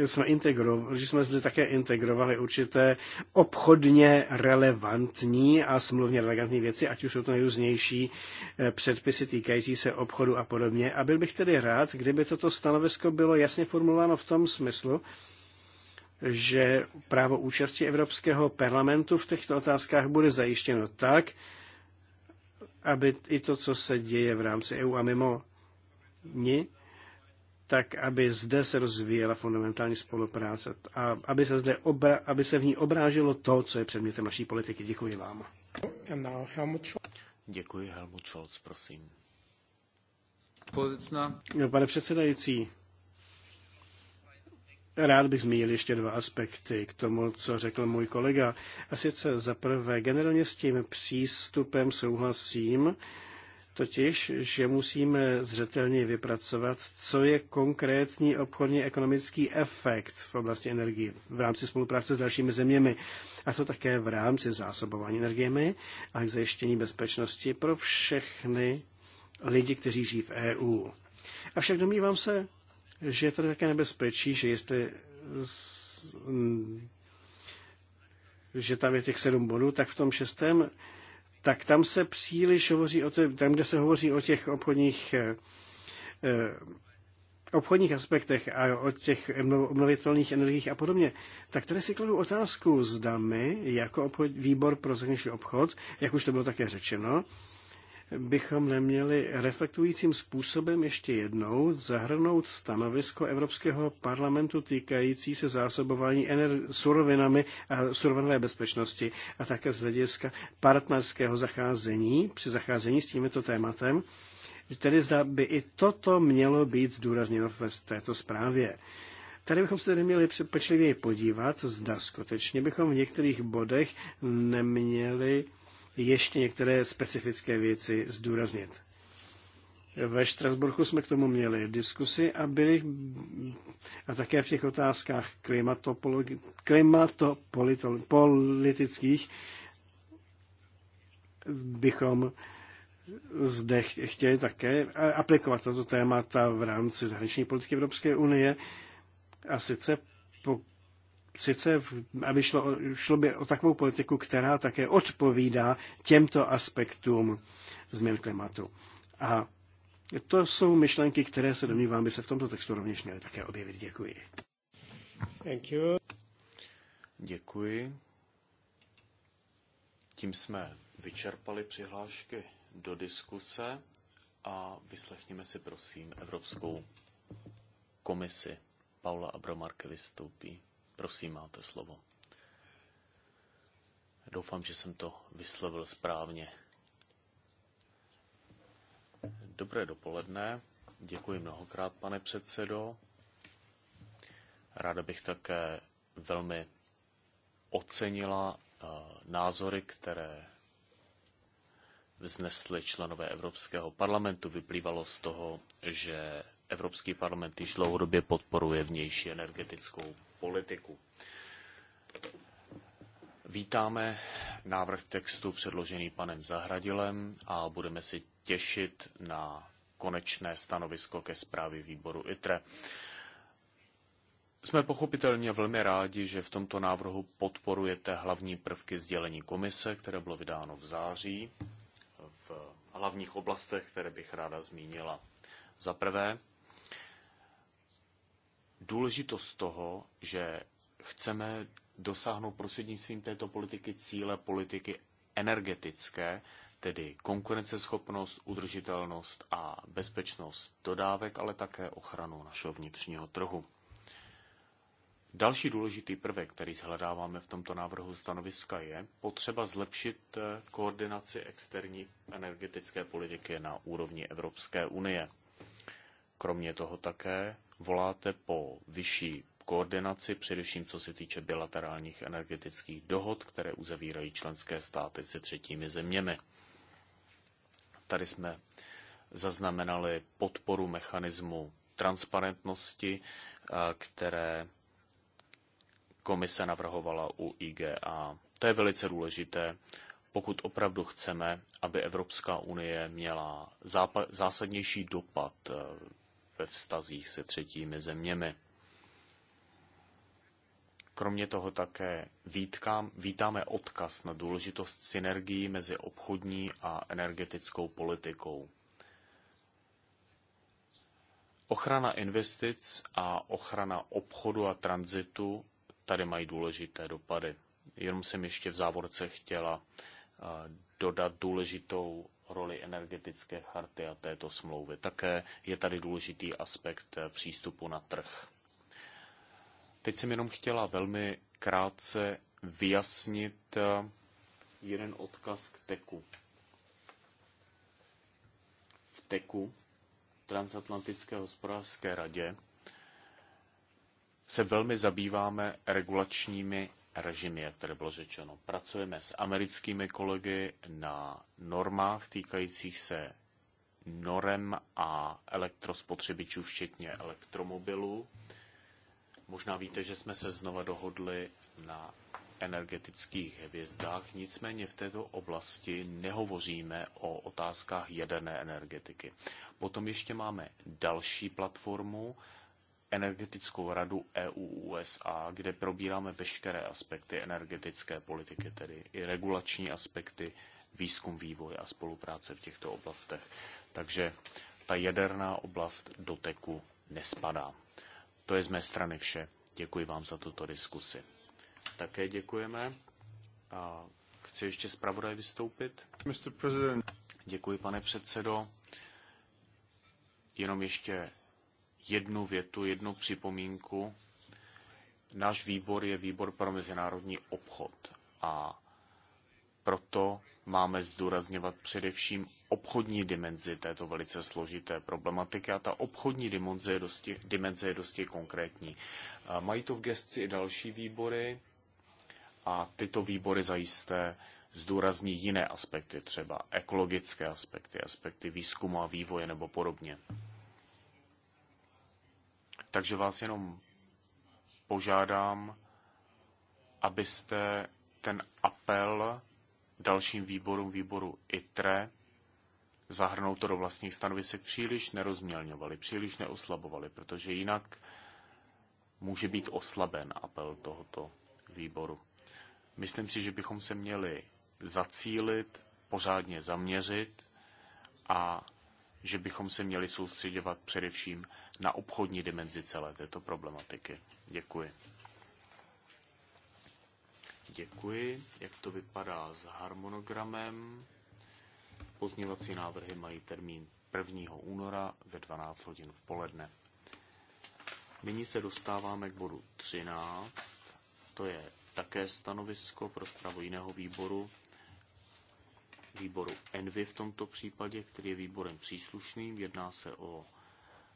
jsme, integro, že jsme zde také integrovali určité obchodně relevantní a smluvně relevantní věci, ať už jsou to nejrůznější eh, předpisy týkající se obchodu a podobně. A byl bych tedy rád, kdyby toto stanovisko bylo jasně formulováno v tom smyslu, že právo účasti Evropského parlamentu v těchto otázkách bude zajištěno tak, aby i to, co se děje v rámci EU a mimo ní, tak aby zde se rozvíjela fundamentální spolupráce a aby se, zde obra, aby se v ní obráželo to, co je předmětem naší politiky. Děkuji vám. Děkuji, Helmut Scholz, prosím. Pozicna. No, pane předsedající, rád bych zmínil ještě dva aspekty k tomu, co řekl můj kolega. A sice za prvé, generálně s tím přístupem souhlasím, totiž, že musíme zřetelně vypracovat, co je konkrétní obchodně ekonomický efekt v oblasti energie v rámci spolupráce s dalšími zeměmi a to také v rámci zásobování energiemi a k zajištění bezpečnosti pro všechny lidi, kteří žijí v EU. Avšak domnívám se, že je tady také nebezpečí, že jestli že tam je těch sedm bodů, tak v tom šestém tak tam se příliš hovoří o tom, tam, kde se hovoří o těch obchodních eh, eh, obchodních aspektech a o těch obnovitelných energiích a podobně, tak tady si kladu otázku, zda my jako obchod, výbor pro zahraniční obchod, jak už to bylo také řečeno, bychom neměli reflektujícím způsobem ještě jednou zahrnout stanovisko Evropského parlamentu týkající se zásobování ener- surovinami a surovinové bezpečnosti a také z hlediska partnerského zacházení při zacházení s tímto tématem. Tedy zda by i toto mělo být zdůrazněno v této zprávě. Tady bychom se tedy měli pečlivěji podívat, zda skutečně bychom v některých bodech neměli ještě některé specifické věci zdůraznit. Ve Štrasburku jsme k tomu měli diskusy a byli a také v těch otázkách klimatopolitických bychom zde chtěli také aplikovat tato témata v rámci zahraniční politiky Evropské unie. A sice přece, aby šlo, šlo by o takovou politiku, která také odpovídá těmto aspektům změn klimatu. A to jsou myšlenky, které se domnívám, by se v tomto textu rovněž měly také objevit. Děkuji. Thank you. Děkuji. Tím jsme vyčerpali přihlášky do diskuse a vyslechněme si prosím Evropskou komisi. Paula Abromarke vystoupí. Prosím, máte slovo. Doufám, že jsem to vyslovil správně. Dobré dopoledne. Děkuji mnohokrát, pane předsedo. Ráda bych také velmi ocenila eh, názory, které vznesli členové Evropského parlamentu. Vyplývalo z toho, že Evropský parlament již dlouhodobě podporuje vnější energetickou politiku. Vítáme návrh textu předložený panem Zahradilem a budeme si těšit na konečné stanovisko ke zprávě výboru ITRE. Jsme pochopitelně velmi rádi, že v tomto návrhu podporujete hlavní prvky sdělení komise, které bylo vydáno v září v hlavních oblastech, které bych ráda zmínila. Za prvé, důležitost toho, že chceme dosáhnout prostřednictvím této politiky cíle politiky energetické, tedy konkurenceschopnost, udržitelnost a bezpečnost dodávek, ale také ochranu našeho vnitřního trhu. Další důležitý prvek, který zhledáváme v tomto návrhu stanoviska, je potřeba zlepšit eh, koordinaci externí energetické politiky na úrovni Evropské unie. Kromě toho také voláte po vyšší koordinaci, především co se týče bilaterálních energetických dohod, které uzavírají členské státy se třetími zeměmi. Tady jsme zaznamenali podporu mechanismu transparentnosti, eh, které komise navrhovala u IGA. To je velice důležité, pokud opravdu chceme, aby Evropská unie měla zásadnější dopad eh, ve vztazích se třetími zeměmi. Kromě toho také vítkám, vítáme odkaz na důležitost synergií mezi obchodní a energetickou politikou. Ochrana investic a ochrana obchodu a tranzitu tady mají důležité dopady. Jenom jsem ještě v závorce chtěla eh, dodat důležitou roli energetické charty a této smlouvy. Také je tady důležitý aspekt eh, přístupu na trh. Teď jsem jenom chtěla velmi krátce vyjasnit eh, jeden odkaz k teku. V teku Transatlantické hospodářské radě se velmi zabýváme regulačními režimy, jak tady bylo řečeno. Pracujeme s americkými kolegy na normách týkajících se norem a elektrospotřebičů, včetně elektromobilů. Možná víte, že jsme se znova dohodli na energetických hvězdách, nicméně v této oblasti nehovoříme o otázkách jaderné energetiky. Potom ještě máme další platformu, energetickou radu EU-USA, kde probíráme veškeré aspekty energetické politiky, tedy i regulační aspekty, výzkum, vývoj a spolupráce v těchto oblastech. Takže ta jaderná oblast do teku nespadá. To je z mé strany vše. Děkuji vám za tuto diskusi. Také děkujeme. A chci ještě zpravodaj vystoupit? Děkuji, pane předsedo. Jenom ještě jednu větu, jednu připomínku. Náš výbor je výbor pro mezinárodní obchod a proto máme zdůrazňovat především obchodní dimenzi této velice složité problematiky a ta obchodní dimenze je dosti, dimenze je dosti konkrétní. Mají to v gestci i další výbory a tyto výbory zajisté zdůrazní jiné aspekty, třeba ekologické aspekty, aspekty výzkumu a vývoje nebo podobně. Takže vás jenom požádám, abyste ten apel dalším výborům výboru ITRE zahrnout to do vlastních stanovisek příliš nerozmělňovali, příliš neoslabovali, protože jinak může být oslaben apel tohoto výboru. Myslím si, že bychom se měli zacílit, pořádně zaměřit a že bychom se měli soustředovat především na obchodní dimenzi celé této problematiky. Děkuji. Děkuji. Jak to vypadá s harmonogramem? Pozněvací návrhy mají termín 1. února ve 12 hodin v poledne. Nyní se dostáváme k bodu 13. To je také stanovisko pro zprávu jiného výboru výboru ENVY v tomto případě, který je výborem příslušným. Jedná se o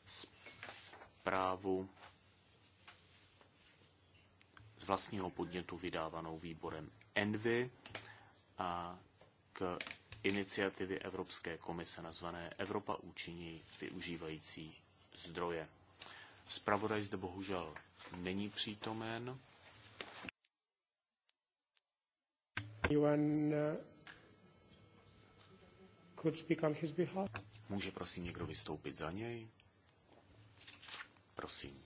zprávu z vlastního podnětu vydávanou výborem ENVY a k iniciativě Evropské komise nazvané Evropa účinní využívající zdroje. Zpravodaj zde bohužel není přítomen. Anyone uh, could speak on his behalf. Může prosím někdo vystoupit za něj? Prosím.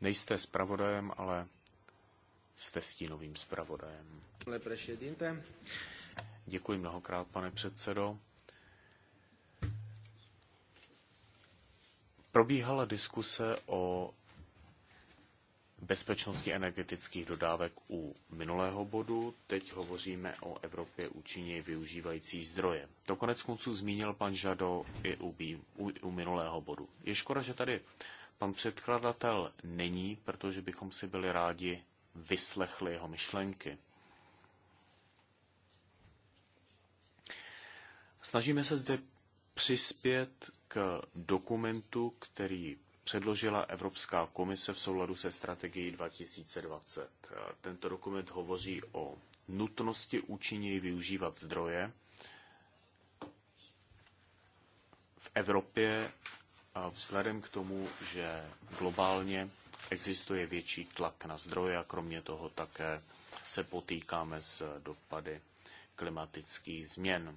Nejste zpravodajem, ale jste stínovým zpravodajem. Děkuji mnohokrát, pane předsedo. Probíhala diskuse o bezpečnosti energetických dodávek u minulého bodu. Teď hovoříme o Evropě účinně využívající zdroje. To konec konců zmínil pan Žado i u, u, u minulého bodu. Je škoda, že tady pan předkladatel není, protože bychom si byli rádi vyslechli jeho myšlenky. Snažíme se zde přispět k dokumentu, který předložila Evropská komise v souladu se strategií 2020. Tento dokument hovoří o nutnosti účinněji využívat zdroje v Evropě vzhledem k tomu, že globálně existuje větší tlak na zdroje a kromě toho také se potýkáme s dopady klimatických změn.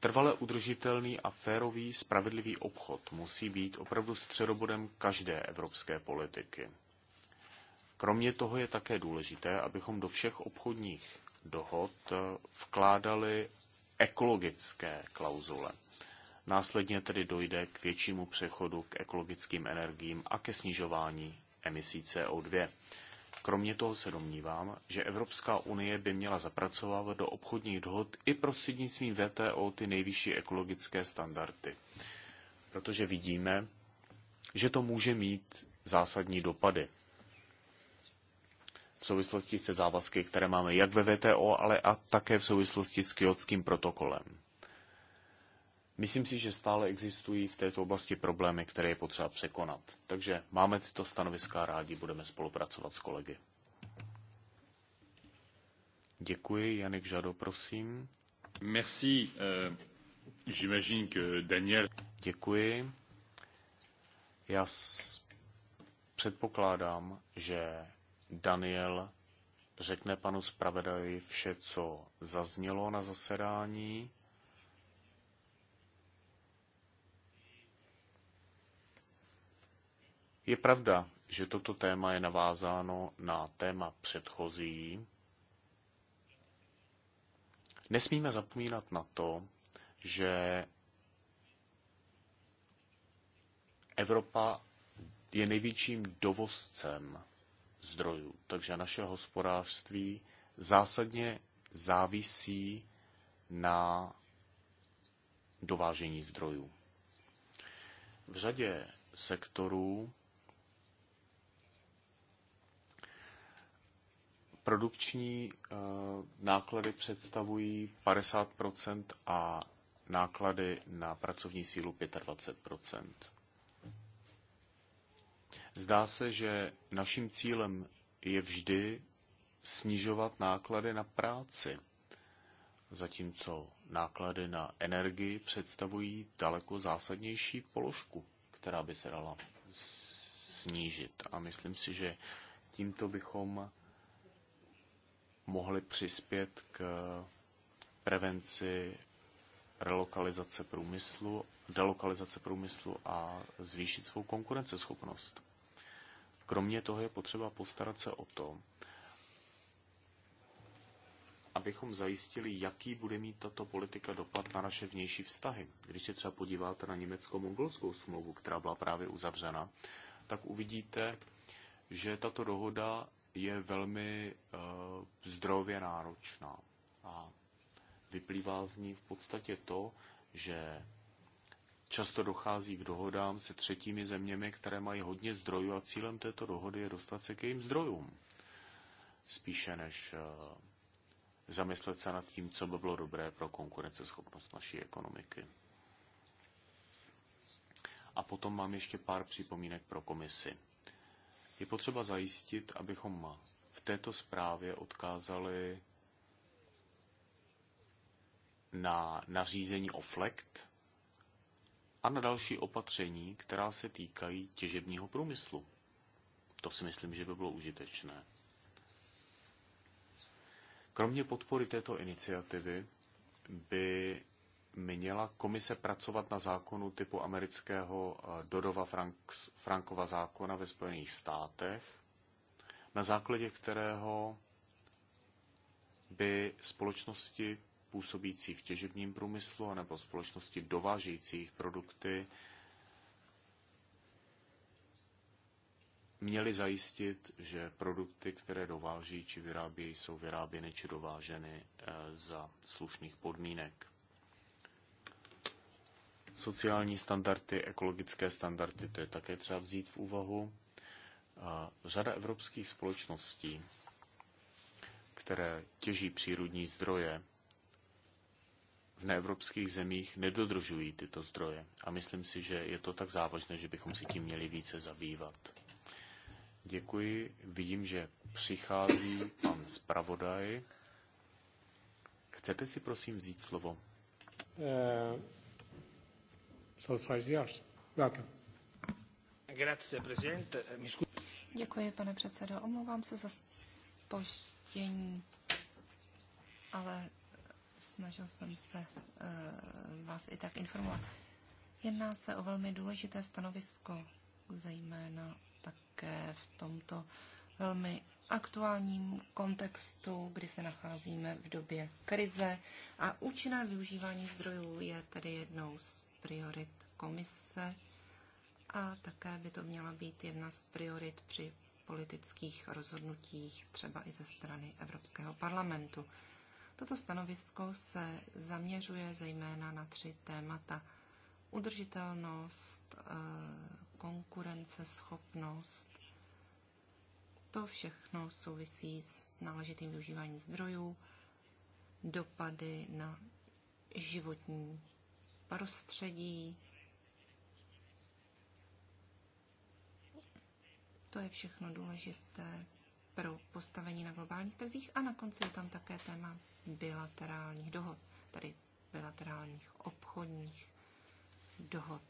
Trvale udržitelný a férový, spravedlivý obchod musí být opravdu středobodem každé evropské politiky. Kromě toho je také důležité, abychom do všech obchodních dohod eh, vkládali ekologické klauzule. Následně tedy dojde k většímu přechodu k ekologickým energiím a ke snižování emisí CO2. Kromě toho se domnívám, že Evropská unie by měla zapracovávat do obchodních dohod i prostřednictvím VTO ty nejvyšší ekologické standardy. Protože vidíme, že to může mít zásadní dopady v souvislosti se závazky, které máme jak ve VTO, ale a také v souvislosti s kyotským protokolem. Myslím si, že stále existují v této oblasti problémy, které je potřeba překonat. Takže máme tyto stanoviska a rádi budeme spolupracovat s kolegy. Děkuji. Janek Žado, prosím. Merci. Euh, j'imagine que Daniel... Děkuji. Já s... předpokládám, že Daniel řekne panu zpravodaji vše, co zaznělo na zasedání Je pravda, že toto téma je navázáno na téma předchozí. Nesmíme zapomínat na to, že Evropa je největším dovozcem zdrojů, takže naše hospodářství zásadně závisí na dovážení zdrojů. V řadě sektorů Produkční eh, náklady představují 50 a náklady na pracovní sílu 25 Zdá se, že naším cílem je vždy snižovat náklady na práci, zatímco náklady na energii představují daleko zásadnější položku, která by se dala snížit. A myslím si, že tímto bychom mohli přispět k prevenci relokalizace průmyslu, delokalizace průmyslu a zvýšit svou konkurenceschopnost. Kromě toho je potřeba postarat se o to, abychom zajistili, jaký bude mít tato politika dopad na naše vnější vztahy. Když se třeba podíváte na německo-mongolskou smlouvu, která byla právě uzavřena, tak uvidíte, že tato dohoda je velmi uh, eh, zdrově náročná a vyplývá z ní v podstatě to, že často dochází k dohodám se třetími zeměmi, které mají hodně zdrojů a cílem této dohody je dostat se k jejím zdrojům. Spíše než uh, zamyslet se nad tím, co by bylo dobré pro konkurenceschopnost naší ekonomiky. A potom mám ještě pár připomínek pro komisi. Je potřeba zajistit, abychom v této zprávě odkázali na nařízení o flekt a na další opatření, která se týkají těžebního průmyslu. To si myslím, že by bylo užitečné. Kromě podpory této iniciativy by měla komise pracovat na zákonu typu amerického eh, Dodova Frankova zákona ve Spojených státech, na základě kterého by společnosti působící v těžebním průmyslu nebo společnosti dovážejících produkty měly zajistit, že produkty, které dováží či vyrábějí, jsou vyráběny či dováženy eh, za slušných podmínek. Sociální standardy, ekologické standardy, to je také třeba vzít v úvahu. řada evropských společností, které těží přírodní zdroje, v neevropských zemích nedodržují tyto zdroje. A myslím si, že je to tak závažné, že bychom se tím měli více zabývat. Děkuji. Vidím, že přichází pan zpravodaj. Chcete si prosím vzít slovo? Eh, Eh, Děkuji, pane předsedo. Omlouvám se za spoždění, ale snažil jsem se uh, vás i tak informovat. Jedná se o velmi důležité stanovisko, zejména také v tomto velmi aktuálním kontextu, kdy se nacházíme v době krize a účinné využívání zdrojů je tedy jednou z priorit komise a také by to měla být jedna z priorit při politických rozhodnutích, třeba i ze strany Evropského parlamentu. Toto stanovisko se zaměřuje zejména na tři témata. Udržitelnost, eh, konkurenceschopnost. To všechno souvisí s náležitým využíváním zdrojů, dopady na životní prostředí. To je všechno důležité pro postavení na globálních trzích a na konci je tam také téma bilaterálních dohod, tedy bilaterálních obchodních dohod,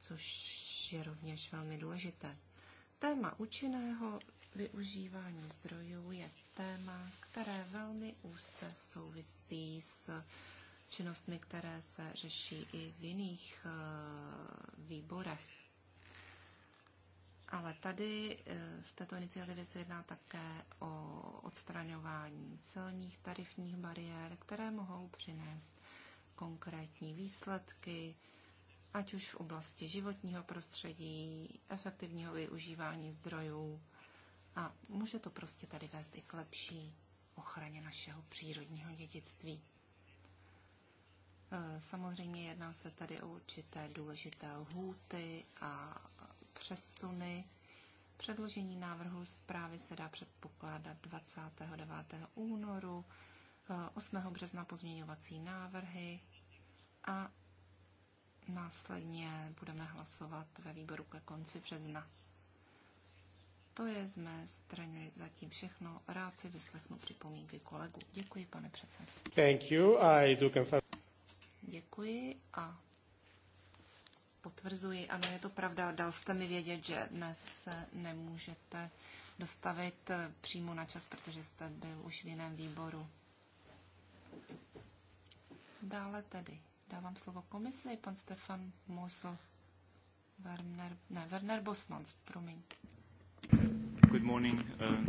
což je rovněž velmi důležité. Téma účinného využívání zdrojů je téma, které velmi úzce souvisí s činnostmi, které se řeší i v jiných eh, výborech. Ale tady eh, v této iniciativě se jedná také o odstraňování celních tarifních bariér, které mohou přinést konkrétní výsledky, ať už v oblasti životního prostředí, efektivního využívání zdrojů a může to prostě tady vést i k lepší ochraně našeho přírodního dědictví. Eh, samozřejmě jedná se tady o určité důležité lhůty a přesuny. Předložení návrhu zprávy se dá předpokládat 29. únoru, 8. Eh, března pozměňovací návrhy a následně budeme hlasovat ve výboru ke konci března. To je z mé strany zatím všechno. Rád si vyslechnu připomínky kolegů. Děkuji, pane předsedo. Thank you. I do confirm. Děkuji a potvrzuji, ano, je to pravda, dal jste mi vědět, že dnes se nemůžete dostavit eh, přímo na čas, protože jste byl už v jiném výboru. Dále tedy dávám slovo komisi, pan Stefan Mosl, Werner, ne, Werner Bosmans, promiň. Good morning. Uh...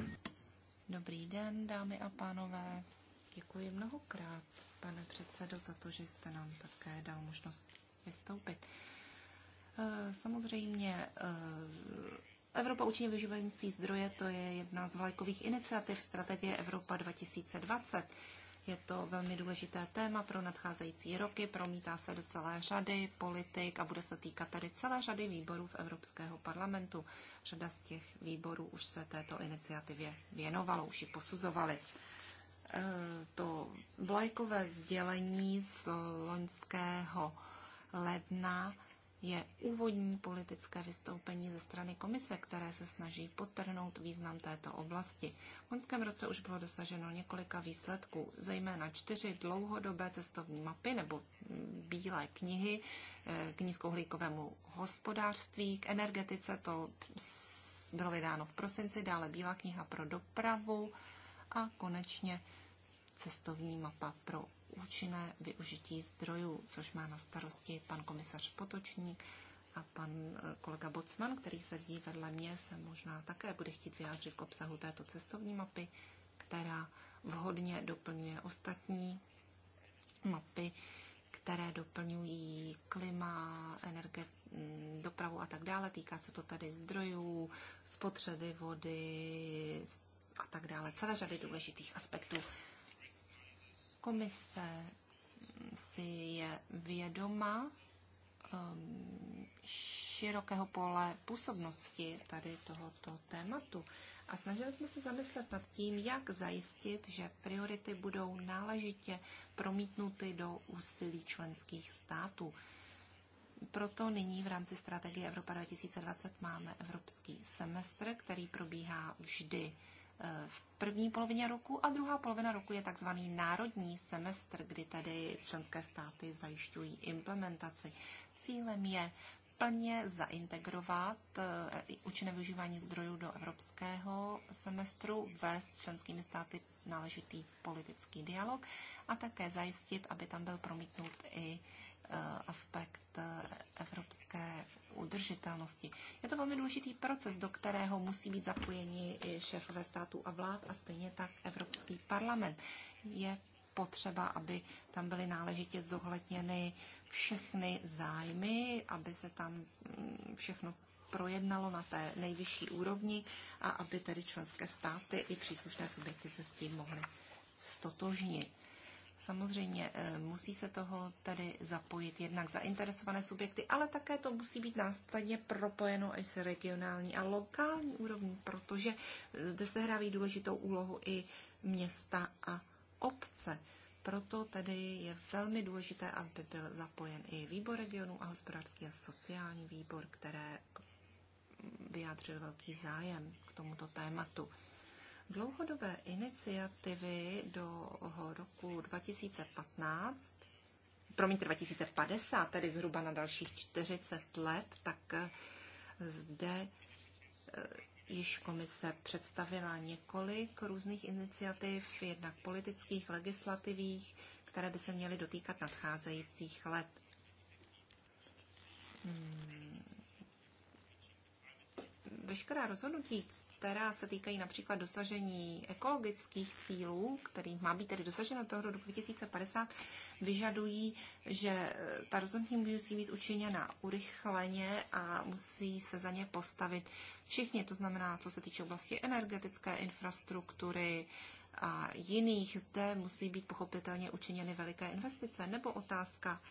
Dobrý den, dámy a pánové. Děkuji mnohokrát, pane předsedo, za to, že jste nám také dal možnost vystoupit. Eh, samozřejmě eh, Evropa účinně využívající zdroje, to je jedna z vlajkových iniciativ strategie Evropa 2020. Je to velmi důležité téma pro nadcházející roky, promítá se do celé řady politik a bude se týkat tedy celé řady výborů v Evropského parlamentu. Řada z těch výborů už se této iniciativě věnovala, už ji posuzovali to vlajkové sdělení z loňského ledna je úvodní politické vystoupení ze strany komise, které se snaží potrhnout význam této oblasti. V loňském roce už bylo dosaženo několika výsledků, zejména čtyři dlouhodobé cestovní mapy nebo bílé knihy k eh, nízkouhlíkovému hospodářství, k energetice, to bylo vydáno v prosinci, dále bílá kniha pro dopravu a konečně cestovní mapa pro účinné využití zdrojů, což má na starosti pan komisař Potočník a pan eh, kolega Bocman, který sedí vedle mě, se možná také bude chtít vyjádřit k obsahu této cestovní mapy, která vhodně doplňuje ostatní mapy, které doplňují klima, energe, mm, dopravu a tak dále. Týká se to tady zdrojů, spotřeby vody a tak dále. Celé řady důležitých aspektů Komise si je vědoma um, širokého pole působnosti tady tohoto tématu. A snažili jsme se zamyslet nad tím, jak zajistit, že priority budou náležitě promítnuty do úsilí členských států. Proto nyní v rámci strategie Evropa 2020 máme evropský semestr, který probíhá vždy v první polovině roku a druhá polovina roku je takzvaný národní semestr, kdy tedy členské státy zajišťují implementaci. Cílem je plně zaintegrovat eh, účinné využívání zdrojů do evropského semestru, vést členskými státy náležitý politický dialog a také zajistit, aby tam byl promítnut i eh, aspekt eh, evropské udržitelnosti. Je to velmi důležitý proces, do kterého musí být zapojeni i šéfové států a vlád a stejně tak Evropský parlament. Je potřeba, aby tam byly náležitě zohledněny všechny zájmy, aby se tam mm, všechno projednalo na té nejvyšší úrovni a aby tedy členské státy i příslušné subjekty se s tím mohly stotožnit. Samozřejmě eh, musí se toho tady zapojit jednak zainteresované subjekty, ale také to musí být následně propojeno i s regionální a lokální úrovní, protože zde se hraví důležitou úlohu i města a obce. Proto tedy je velmi důležité, aby byl zapojen i výbor regionu a hospodářský a sociální výbor, které vyjádřil velký zájem k tomuto tématu. Dlouhodobé iniciativy do roku 2015, promiňte 2050, tedy zhruba na dalších 40 let, tak eh, zde eh, již komise představila několik různých iniciativ, jednak politických, legislativních, které by se měly dotýkat nadcházejících let. Hmm. Veškerá rozhodnutí, která se týkají například dosažení ekologických cílů, který má být tedy dosaženo toho roku 2050, vyžadují, že eh, ta rozhodnutí musí být učiněna urychleně a musí se za ně postavit všichni, to znamená, co se týče oblasti energetické infrastruktury, a jiných zde musí být pochopitelně učiněny veliké investice, nebo otázka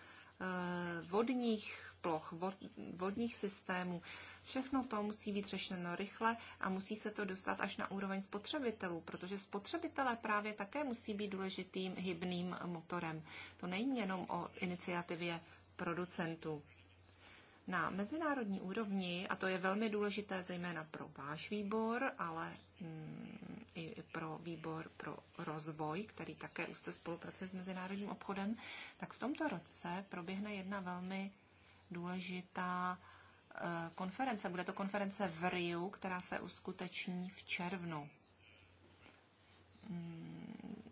Eh, vodních ploch, vodních systémů. Všechno to musí být řešeno rychle a musí se to dostat až na úroveň spotřebitelů, protože spotřebitelé právě také musí být důležitým hybným motorem. To není jenom o iniciativě producentů. Na mezinárodní úrovni, a to je velmi důležité zejména pro váš výbor, ale mm, i pro výbor pro rozvoj, který také už se spolupracuje s mezinárodním obchodem, tak v tomto roce proběhne jedna velmi důležitá eh, konference. Bude to konference v Riu, která se uskuteční v červnu. Mm.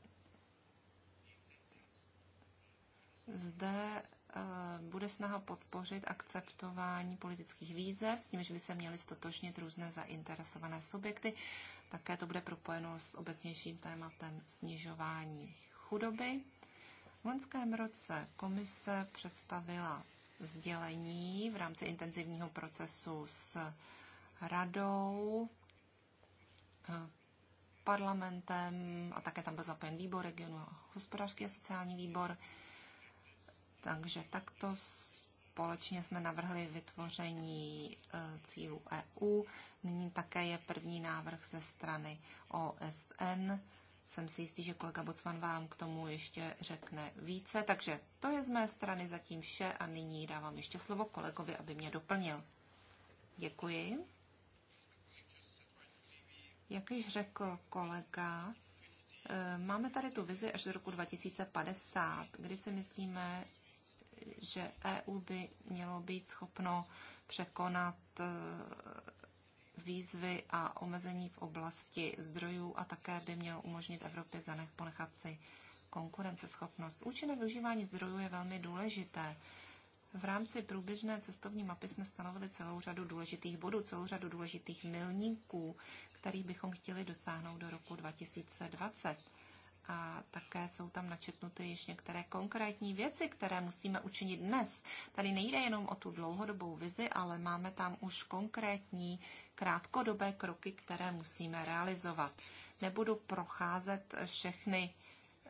Zde Eh, bude snaha podpořit akceptování politických výzev, s nimiž by se měly stotožnit různé zainteresované subjekty. Také to bude propojeno s obecnějším tématem snižování chudoby. V loňském roce komise představila sdělení v rámci intenzivního procesu s radou, eh, parlamentem a také tam byl zapojen výbor regionu a hospodářský a sociální výbor takže takto společně jsme navrhli vytvoření e, cílů EU. Nyní také je první návrh ze strany OSN. Jsem si jistý, že kolega Bocman vám k tomu ještě řekne více. Takže to je z mé strany zatím vše a nyní dávám ještě slovo kolegovi, aby mě doplnil. Děkuji. Jak již řekl kolega, e, máme tady tu vizi až do roku 2050, kdy si myslíme, že EU by mělo být schopno překonat e, výzvy a omezení v oblasti zdrojů a také by mělo umožnit Evropě zanech, ponechat si konkurenceschopnost. Účinné využívání zdrojů je velmi důležité. V rámci průběžné cestovní mapy jsme stanovili celou řadu důležitých bodů, celou řadu důležitých milníků, který bychom chtěli dosáhnout do roku 2020 a také jsou tam načetnuty již některé konkrétní věci, které musíme učinit dnes. Tady nejde jenom o tu dlouhodobou vizi, ale máme tam už konkrétní krátkodobé kroky, které musíme realizovat. Nebudu procházet všechny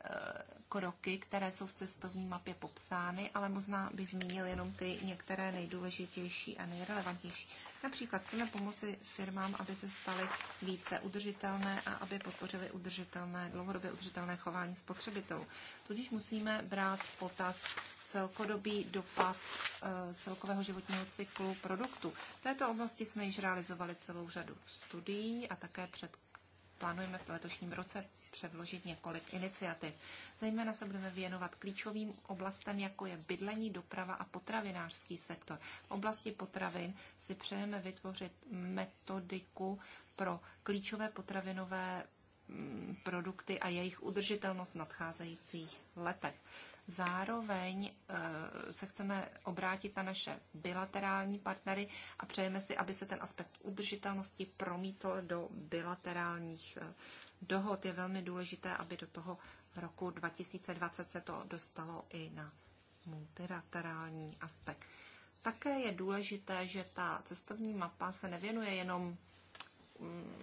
Eh, kroky, které jsou v cestovní mapě popsány, ale možná bych zmínil jenom ty některé nejdůležitější a nejrelevantnější. Například chceme pomoci firmám, aby se staly více udržitelné a aby podpořily udržitelné, dlouhodobě udržitelné chování spotřebitelů. Tudíž musíme brát v potaz celkodobý dopad eh, celkového životního cyklu produktu. V této oblasti jsme již realizovali celou řadu studií a také před plánujeme v letošním roce předložit několik iniciativ. Zejména se budeme věnovat klíčovým oblastem, jako je bydlení, doprava a potravinářský sektor. V oblasti potravin si přejeme vytvořit metodiku pro klíčové potravinové mm, produkty a jejich udržitelnost v nadcházejících letech. Zároveň eh, se chceme obrátit na naše bilaterální partnery a přejeme si, aby se ten aspekt udržitelnosti promítl do bilaterálních eh, dohod. Je velmi důležité, aby do toho roku 2020 se to dostalo i na multilaterální aspekt. Také je důležité, že ta cestovní mapa se nevěnuje jenom mm,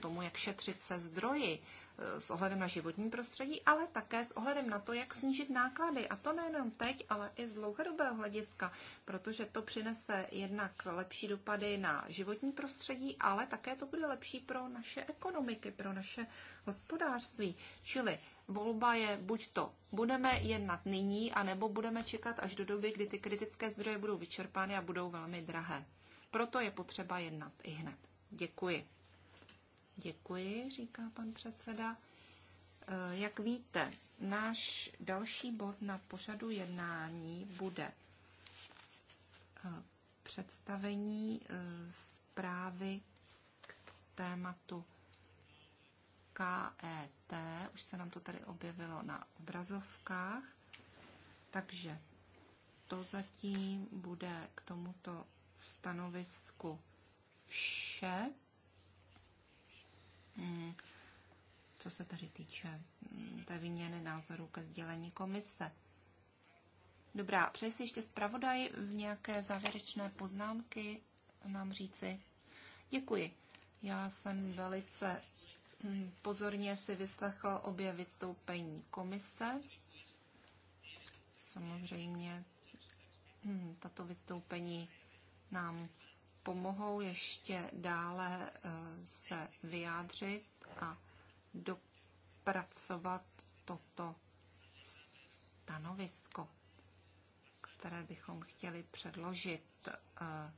tomu, jak šetřit se zdroji, Eh, s ohledem na životní prostředí, ale také s ohledem na to, jak snížit náklady. A to nejenom teď, ale i z dlouhodobého hlediska, protože to přinese jednak lepší dopady na životní prostředí, ale také to bude lepší pro naše ekonomiky, pro naše hospodářství. Čili volba je buď to budeme jednat nyní, anebo budeme čekat až do doby, kdy ty kritické zdroje budou vyčerpány a budou velmi drahé. Proto je potřeba jednat i hned. Děkuji. Děkuji, říká pan předseda. Eh, jak víte, náš další bod na pořadu jednání bude eh, představení eh, zprávy k tématu KET. Už se nám to tady objevilo na obrazovkách. Takže to zatím bude k tomuto stanovisku vše. Mm. co se tady týče mm, té výměny názorů ke sdělení komise. Dobrá, přeji si ještě zpravodaj v nějaké závěrečné poznámky nám říci. Děkuji. Já jsem velice mm, pozorně si vyslechl obě vystoupení komise. Samozřejmě tato vystoupení nám pomohou ještě dále eh, se vyjádřit a dopracovat toto stanovisko, které bychom chtěli předložit. Eh,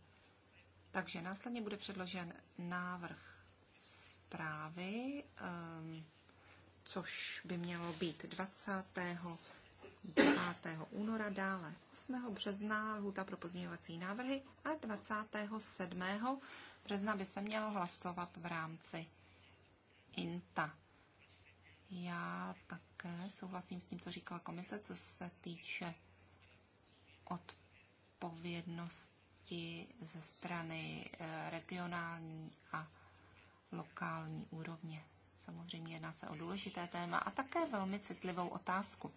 takže následně bude předložen návrh zprávy, ehm, což by mělo být 20. 5. února, dále 8. března lhůta pro pozměňovací návrhy a 27. března by se mělo hlasovat v rámci INTA. Já také souhlasím s tím, co říkala komise, co se týče odpovědnosti ze strany eh, regionální a lokální úrovně. Samozřejmě jedná se o důležité téma a také velmi citlivou otázku.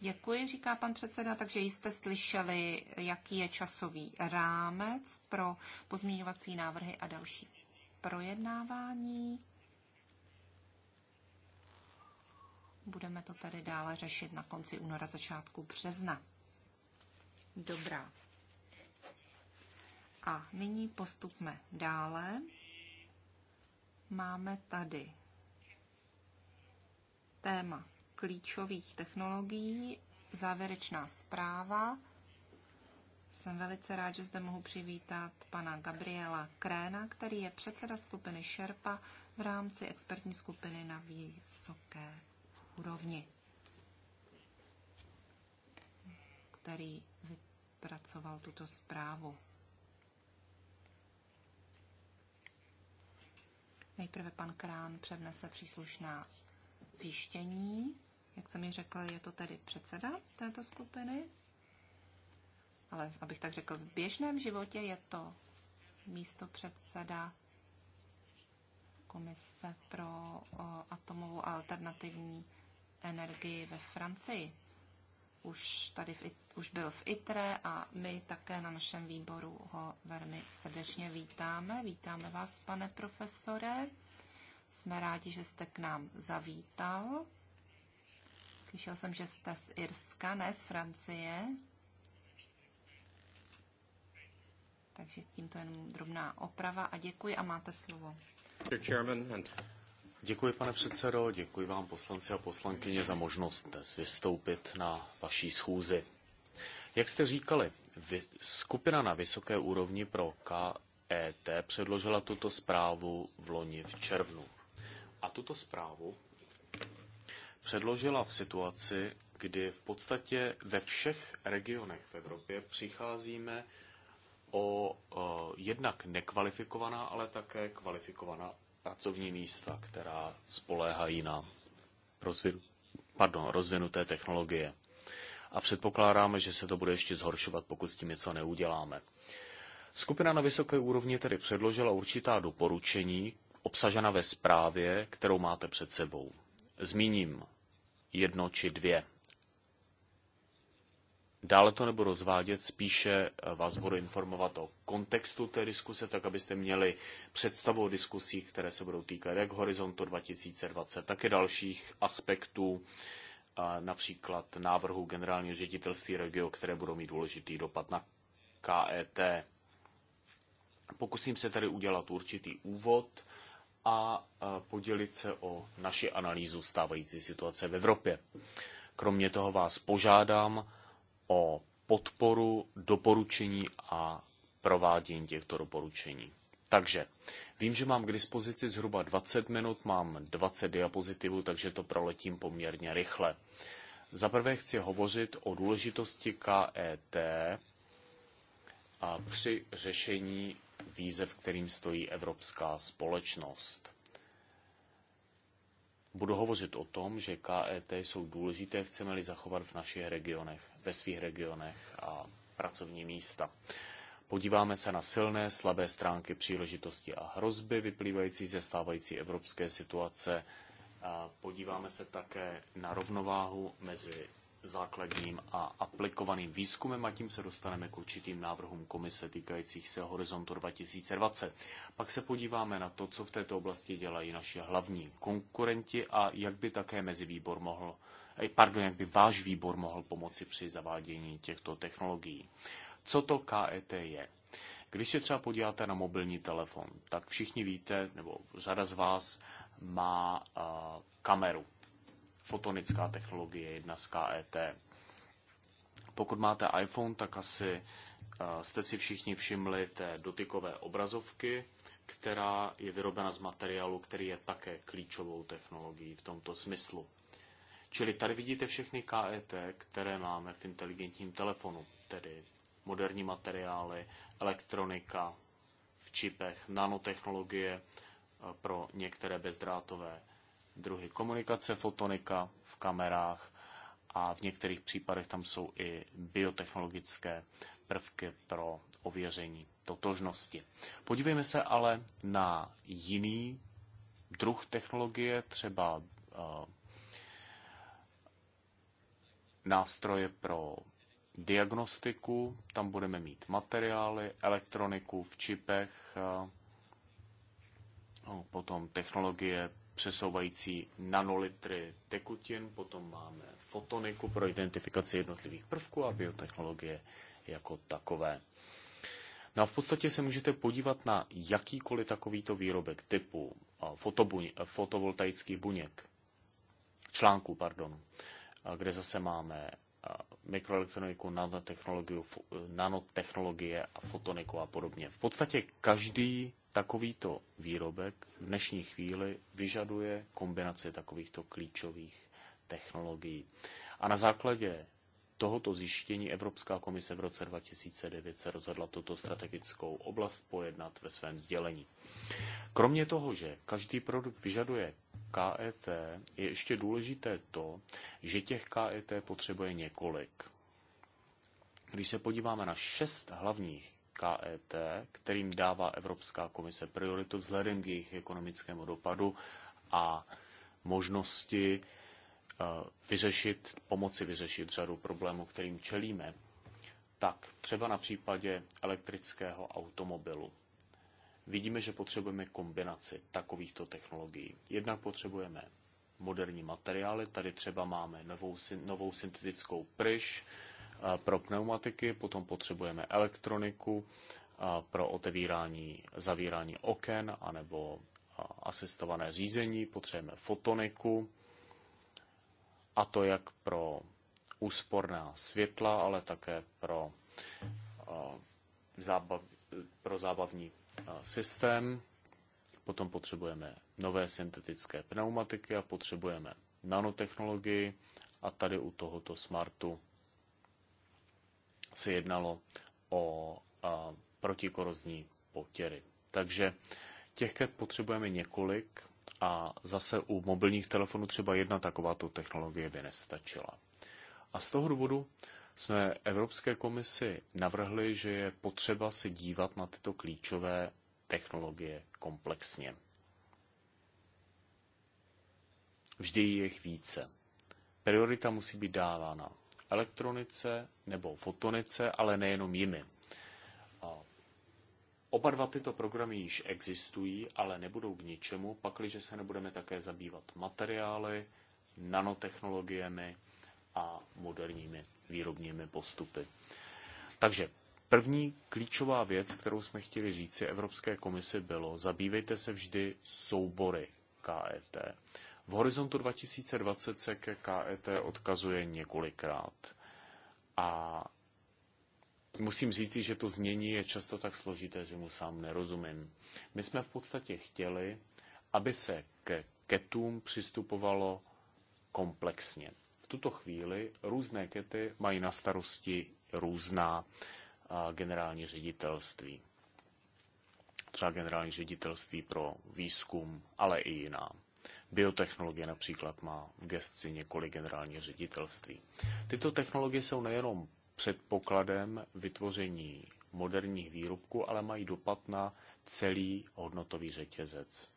Děkuji, říká pan předseda, takže jste slyšeli, jaký je časový rámec pro pozměňovací návrhy a další projednávání. Budeme to tady dále řešit na konci února, začátku března. Dobrá. A nyní postupme dále. Máme tady téma klíčových technologií, závěrečná zpráva. Jsem velice rád, že zde mohu přivítat pana Gabriela Kréna, který je předseda skupiny Šerpa v rámci expertní skupiny na vysoké úrovni, který vypracoval tuto zprávu. Nejprve pan Krán přednese příslušná zjištění jak jsem ji řekla, je to tedy předseda této skupiny, ale abych tak řekl, v běžném životě je to místo předseda Komise pro o, atomovou alternativní energii ve Francii. Už, tady v, už byl v ITRE a my také na našem výboru ho velmi srdečně vítáme. Vítáme vás, pane profesore. Jsme rádi, že jste k nám zavítal Slyšel jsem, že jste z Irska, ne z Francie. Takže tímto jenom drobná oprava a děkuji a máte slovo. Děkuji, pane předsedo, děkuji vám poslanci a poslankyně za možnost dnes vystoupit na vaší schůzi. Jak jste říkali, skupina na vysoké úrovni pro KET předložila tuto zprávu v loni v červnu. A tuto zprávu předložila v situaci, kdy v podstatě ve všech regionech v Evropě přicházíme o, o jednak nekvalifikovaná, ale také kvalifikovaná pracovní místa, která spoléhají na rozvinu, pardon, rozvinuté technologie. A předpokládáme, že se to bude ještě zhoršovat, pokud s tím něco neuděláme. Skupina na vysoké úrovni tedy předložila určitá doporučení, obsažena ve zprávě, kterou máte před sebou. Zmíním jedno či dvě. Dále to nebudu rozvádět, spíše vás budu informovat o kontextu té diskuse, tak abyste měli představu o diskusích, které se budou týkat jak Horizontu 2020, tak i dalších aspektů, například návrhu generálního ředitelství regio, které budou mít důležitý dopad na KET. Pokusím se tady udělat určitý úvod a podělit se o naši analýzu stávající situace v Evropě. Kromě toho vás požádám o podporu, doporučení a provádění těchto doporučení. Takže vím, že mám k dispozici zhruba 20 minut, mám 20 diapozitivů, takže to proletím poměrně rychle. Za prvé chci hovořit o důležitosti KET a při řešení výzev, kterým stojí evropská společnost. Budu hovořit o tom, že KET jsou důležité, chceme-li zachovat v našich regionech, ve svých regionech a pracovní místa. Podíváme se na silné, slabé stránky příležitosti a hrozby vyplývající ze stávající evropské situace. podíváme se také na rovnováhu mezi základním a aplikovaným výzkumem a tím se dostaneme k určitým návrhům komise týkajících se horizontu 2020. Pak se podíváme na to, co v této oblasti dělají naše hlavní konkurenti a jak by také mezi výbor mohl, eh, pardon, jak by váš výbor mohl pomoci při zavádění těchto technologií. Co to KET je? Když se třeba podíváte na mobilní telefon, tak všichni víte, nebo řada z vás má uh, kameru fotonická technologie, jedna z KET. Pokud máte iPhone, tak asi eh, jste si všichni všimli té dotykové obrazovky, která je vyrobena z materiálu, který je také klíčovou technologií v tomto smyslu. Čili tady vidíte všechny KET, které máme v inteligentním telefonu, tedy moderní materiály, elektronika v čipech, nanotechnologie eh, pro některé bezdrátové druhy komunikace, fotonika v kamerách a v některých případech tam jsou i biotechnologické prvky pro ověření totožnosti. Podívejme se ale na jiný druh technologie, třeba eh, nástroje pro diagnostiku, tam budeme mít materiály, elektroniku v čipech, eh, no, potom technologie přesouvající nanolitry tekutin, potom máme fotoniku pro identifikaci jednotlivých prvků a biotechnologie jako takové. No a v podstatě se můžete podívat na jakýkoliv takovýto výrobek typu eh, fotobuň, eh, fotovoltaických buněk, článků, pardon, eh, kde zase máme mikroelektroniku, nanotechnologie a fotoniku a podobně. V podstatě každý Takovýto výrobek v dnešní chvíli vyžaduje kombinaci takovýchto klíčových technologií. A na základě tohoto zjištění Evropská komise v roce 2009 se rozhodla tuto strategickou oblast pojednat ve svém sdělení. Kromě toho, že každý produkt vyžaduje KET, je ještě důležité to, že těch KET potřebuje několik. Když se podíváme na šest hlavních KET, kterým dává Evropská komise prioritu vzhledem k jejich ekonomickému dopadu a možnosti eh, vyřešit, pomoci vyřešit řadu problémů, kterým čelíme. Tak třeba na případě elektrického automobilu. Vidíme, že potřebujeme kombinaci takovýchto technologií. Jednak potřebujeme moderní materiály, tady třeba máme novou, novou syntetickou pryš, pro pneumatiky, potom potřebujeme elektroniku pro otevírání, zavírání oken anebo asistované řízení, potřebujeme fotoniku, a to jak pro úsporná světla, ale také pro, zábav, pro zábavní systém. Potom potřebujeme nové syntetické pneumatiky a potřebujeme nanotechnologii a tady u tohoto smartu se jednalo o protikorozní potěry. Takže těch ket potřebujeme několik a zase u mobilních telefonů třeba jedna takováto technologie by nestačila. A z toho důvodu jsme Evropské komisi navrhli, že je potřeba se dívat na tyto klíčové technologie komplexně. Vždy jich více. Priorita musí být dávána elektronice nebo fotonice, ale nejenom jimi. Oba dva tyto programy již existují, ale nebudou k ničemu, pakliže se nebudeme také zabývat materiály, nanotechnologiemi a moderními výrobními postupy. Takže První klíčová věc, kterou jsme chtěli říci Evropské komisi, bylo zabývejte se vždy soubory KET. V horizontu 2020 se ke KET odkazuje několikrát. A musím říct, že to znění je často tak složité, že mu sám nerozumím. My jsme v podstatě chtěli, aby se ke ketům přistupovalo komplexně. V tuto chvíli různé kety mají na starosti různá generální ředitelství. Třeba generální ředitelství pro výzkum, ale i jiná. Biotechnologie například má v gestci několik generálních ředitelství. Tyto technologie jsou nejenom předpokladem vytvoření moderních výrobků, ale mají dopad na celý hodnotový řetězec.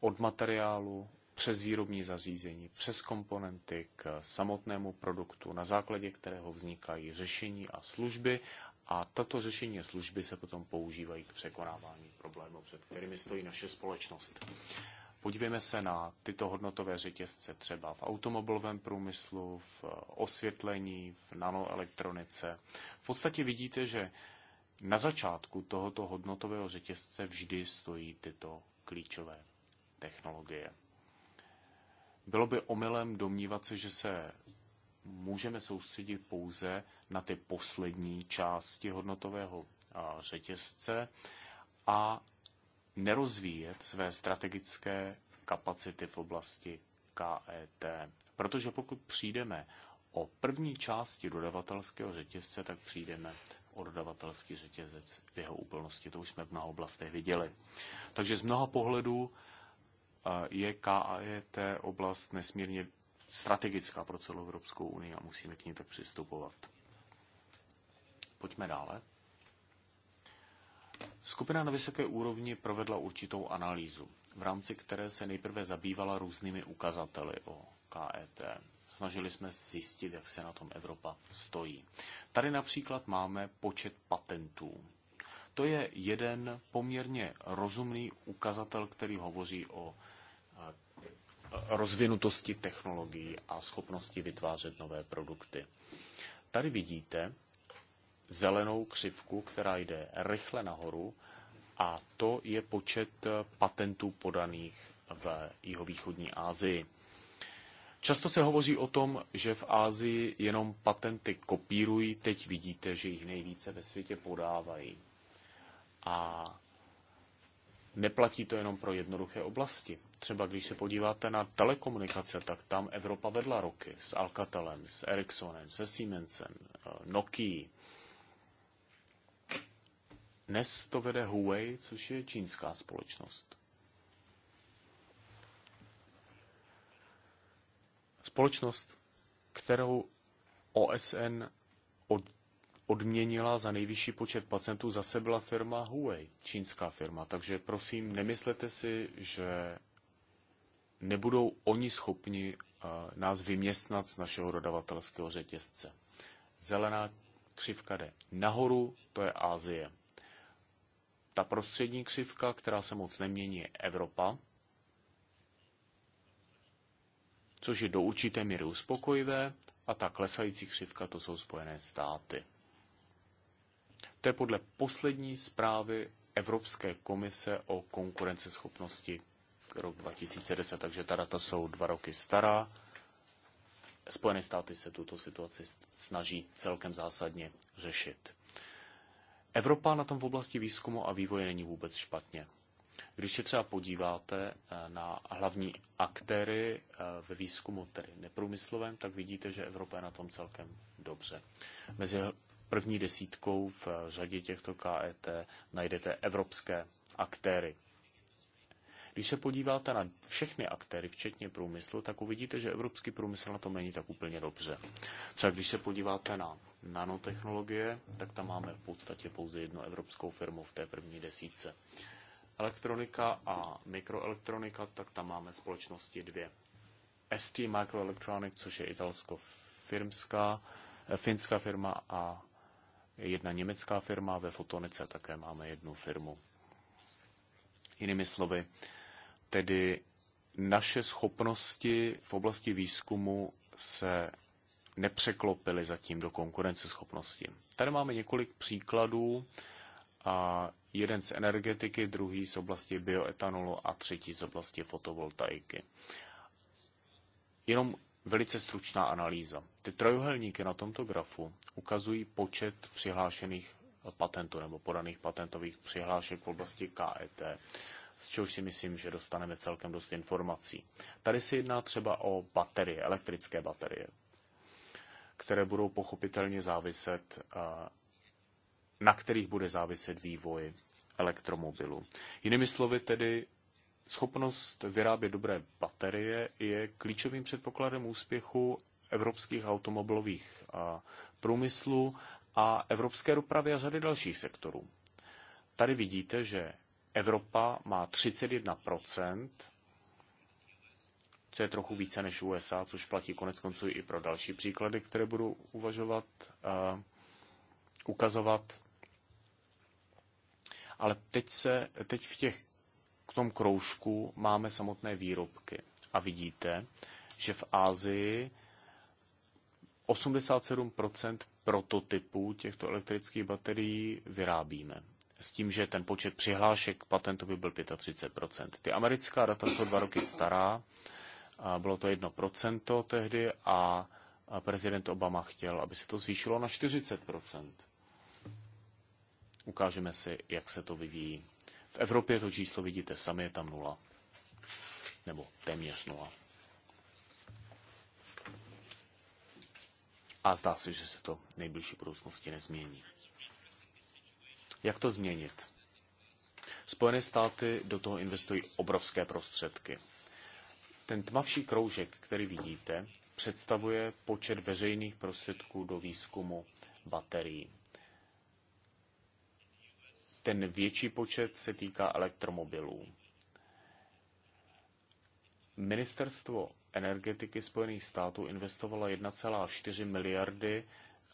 Od materiálu přes výrobní zařízení, přes komponenty k samotnému produktu, na základě kterého vznikají řešení a služby a tato řešení a služby se potom používají k překonávání problémů, před kterými stojí naše společnost. Podívejme se na tyto hodnotové řetězce třeba v automobilovém průmyslu, v osvětlení, v nanoelektronice. V podstatě vidíte, že na začátku tohoto hodnotového řetězce vždy stojí tyto klíčové technologie. Bylo by omylem domnívat se, že se můžeme soustředit pouze na ty poslední části hodnotového řetězce a nerozvíjet své strategické kapacity v oblasti KET. Protože pokud přijdeme o první části dodavatelského řetězce, tak přijdeme o dodavatelský řetězec v jeho úplnosti. To už jsme v mnoha oblastech viděli. Takže z mnoha pohledů eh, je KET oblast nesmírně strategická pro celou Evropskou unii a musíme k ní tak přistupovat. Pojďme dále. Skupina na vysoké úrovni provedla určitou analýzu, v rámci které se nejprve zabývala různými ukazateli o KET. Snažili jsme zjistit, jak se na tom Evropa stojí. Tady například máme počet patentů. To je jeden poměrně rozumný ukazatel, který hovoří o eh, rozvinutosti technologií a schopnosti vytvářet nové produkty. Tady vidíte, zelenou křivku, která jde rychle nahoru, a to je počet patentů podaných v jihovýchodní Asii. Často se hovoří o tom, že v Ázii jenom patenty kopírují, teď vidíte, že jich nejvíce ve světě podávají. A neplatí to jenom pro jednoduché oblasti. Třeba když se podíváte na telekomunikace, tak tam Evropa vedla roky s Alcatelem, s Ericssonem, se Siemensem, Nokia, dnes to vede Huawei, což je čínská společnost. Společnost, kterou OSN od, odměnila za nejvyšší počet pacientů, zase byla firma Huawei, čínská firma. Takže prosím, nemyslete si, že nebudou oni schopni eh, nás vyměstnat z našeho dodavatelského řetězce. Zelená křivka jde nahoru, to je Ázie. Ta prostřední křivka, která se moc nemění, je Evropa, což je do určité míry uspokojivé, a ta klesající křivka to jsou Spojené státy. To je podle poslední zprávy Evropské komise o konkurenceschopnosti rok 2010, takže ta data jsou dva roky stará. Spojené státy se tuto situaci snaží celkem zásadně řešit. Evropa na tom v oblasti výzkumu a vývoje není vůbec špatně. Když se třeba podíváte eh, na hlavní aktéry eh, ve výzkumu, tedy neprůmyslovém, tak vidíte, že Evropa je na tom celkem dobře. Mezi první desítkou v eh, řadě těchto KET najdete evropské aktéry. Když se podíváte na všechny aktéry, včetně průmyslu, tak uvidíte, že evropský průmysl na tom není tak úplně dobře. Třeba když se podíváte na nanotechnologie, tak tam máme v podstatě pouze jednu evropskou firmu v té první desíce. Elektronika a mikroelektronika, tak tam máme společnosti dvě. ST Microelectronic, což je italsko firmská eh, finská firma a jedna německá firma, ve fotonice také máme jednu firmu. Jinými slovy, tedy naše schopnosti v oblasti výzkumu se nepřeklopili zatím do konkurenceschopnosti. Tady máme několik příkladů. A jeden z energetiky, druhý z oblasti bioetanolu a třetí z oblasti fotovoltaiky. Jenom velice stručná analýza. Ty trojuhelníky na tomto grafu ukazují počet přihlášených patentů nebo podaných patentových přihlášek v oblasti KET, z čehož si myslím, že dostaneme celkem dost informací. Tady se jedná třeba o baterie, elektrické baterie které budou pochopitelně záviset, na kterých bude záviset vývoj elektromobilu. Jinými slovy tedy, schopnost vyrábět dobré baterie je klíčovým předpokladem úspěchu evropských automobilových průmyslů a evropské dopravy a řady dalších sektorů. Tady vidíte, že Evropa má 31 co je trochu více než USA, což platí konec konců i pro další příklady, které budu uvažovat, uh, ukazovat. Ale teď, se, teď v těch, k tom kroužku máme samotné výrobky. A vidíte, že v Ázii 87% prototypů těchto elektrických baterií vyrábíme. S tím, že ten počet přihlášek patentu by byl 35%. Ty americká data jsou dva roky stará bylo to 1% tehdy a prezident Obama chtěl, aby se to zvýšilo na 40%. Ukážeme si, jak se to vyvíjí. V Evropě to číslo vidíte sami, je tam nula. Nebo téměř nula. A zdá se, že se to v nejbližší budoucnosti nezmění. Jak to změnit? Spojené státy do toho investují obrovské prostředky. Ten tmavší kroužek, který vidíte, představuje počet veřejných prostředků do výzkumu baterií. Ten větší počet se týká elektromobilů. Ministerstvo energetiky Spojených států investovalo 1,4 miliardy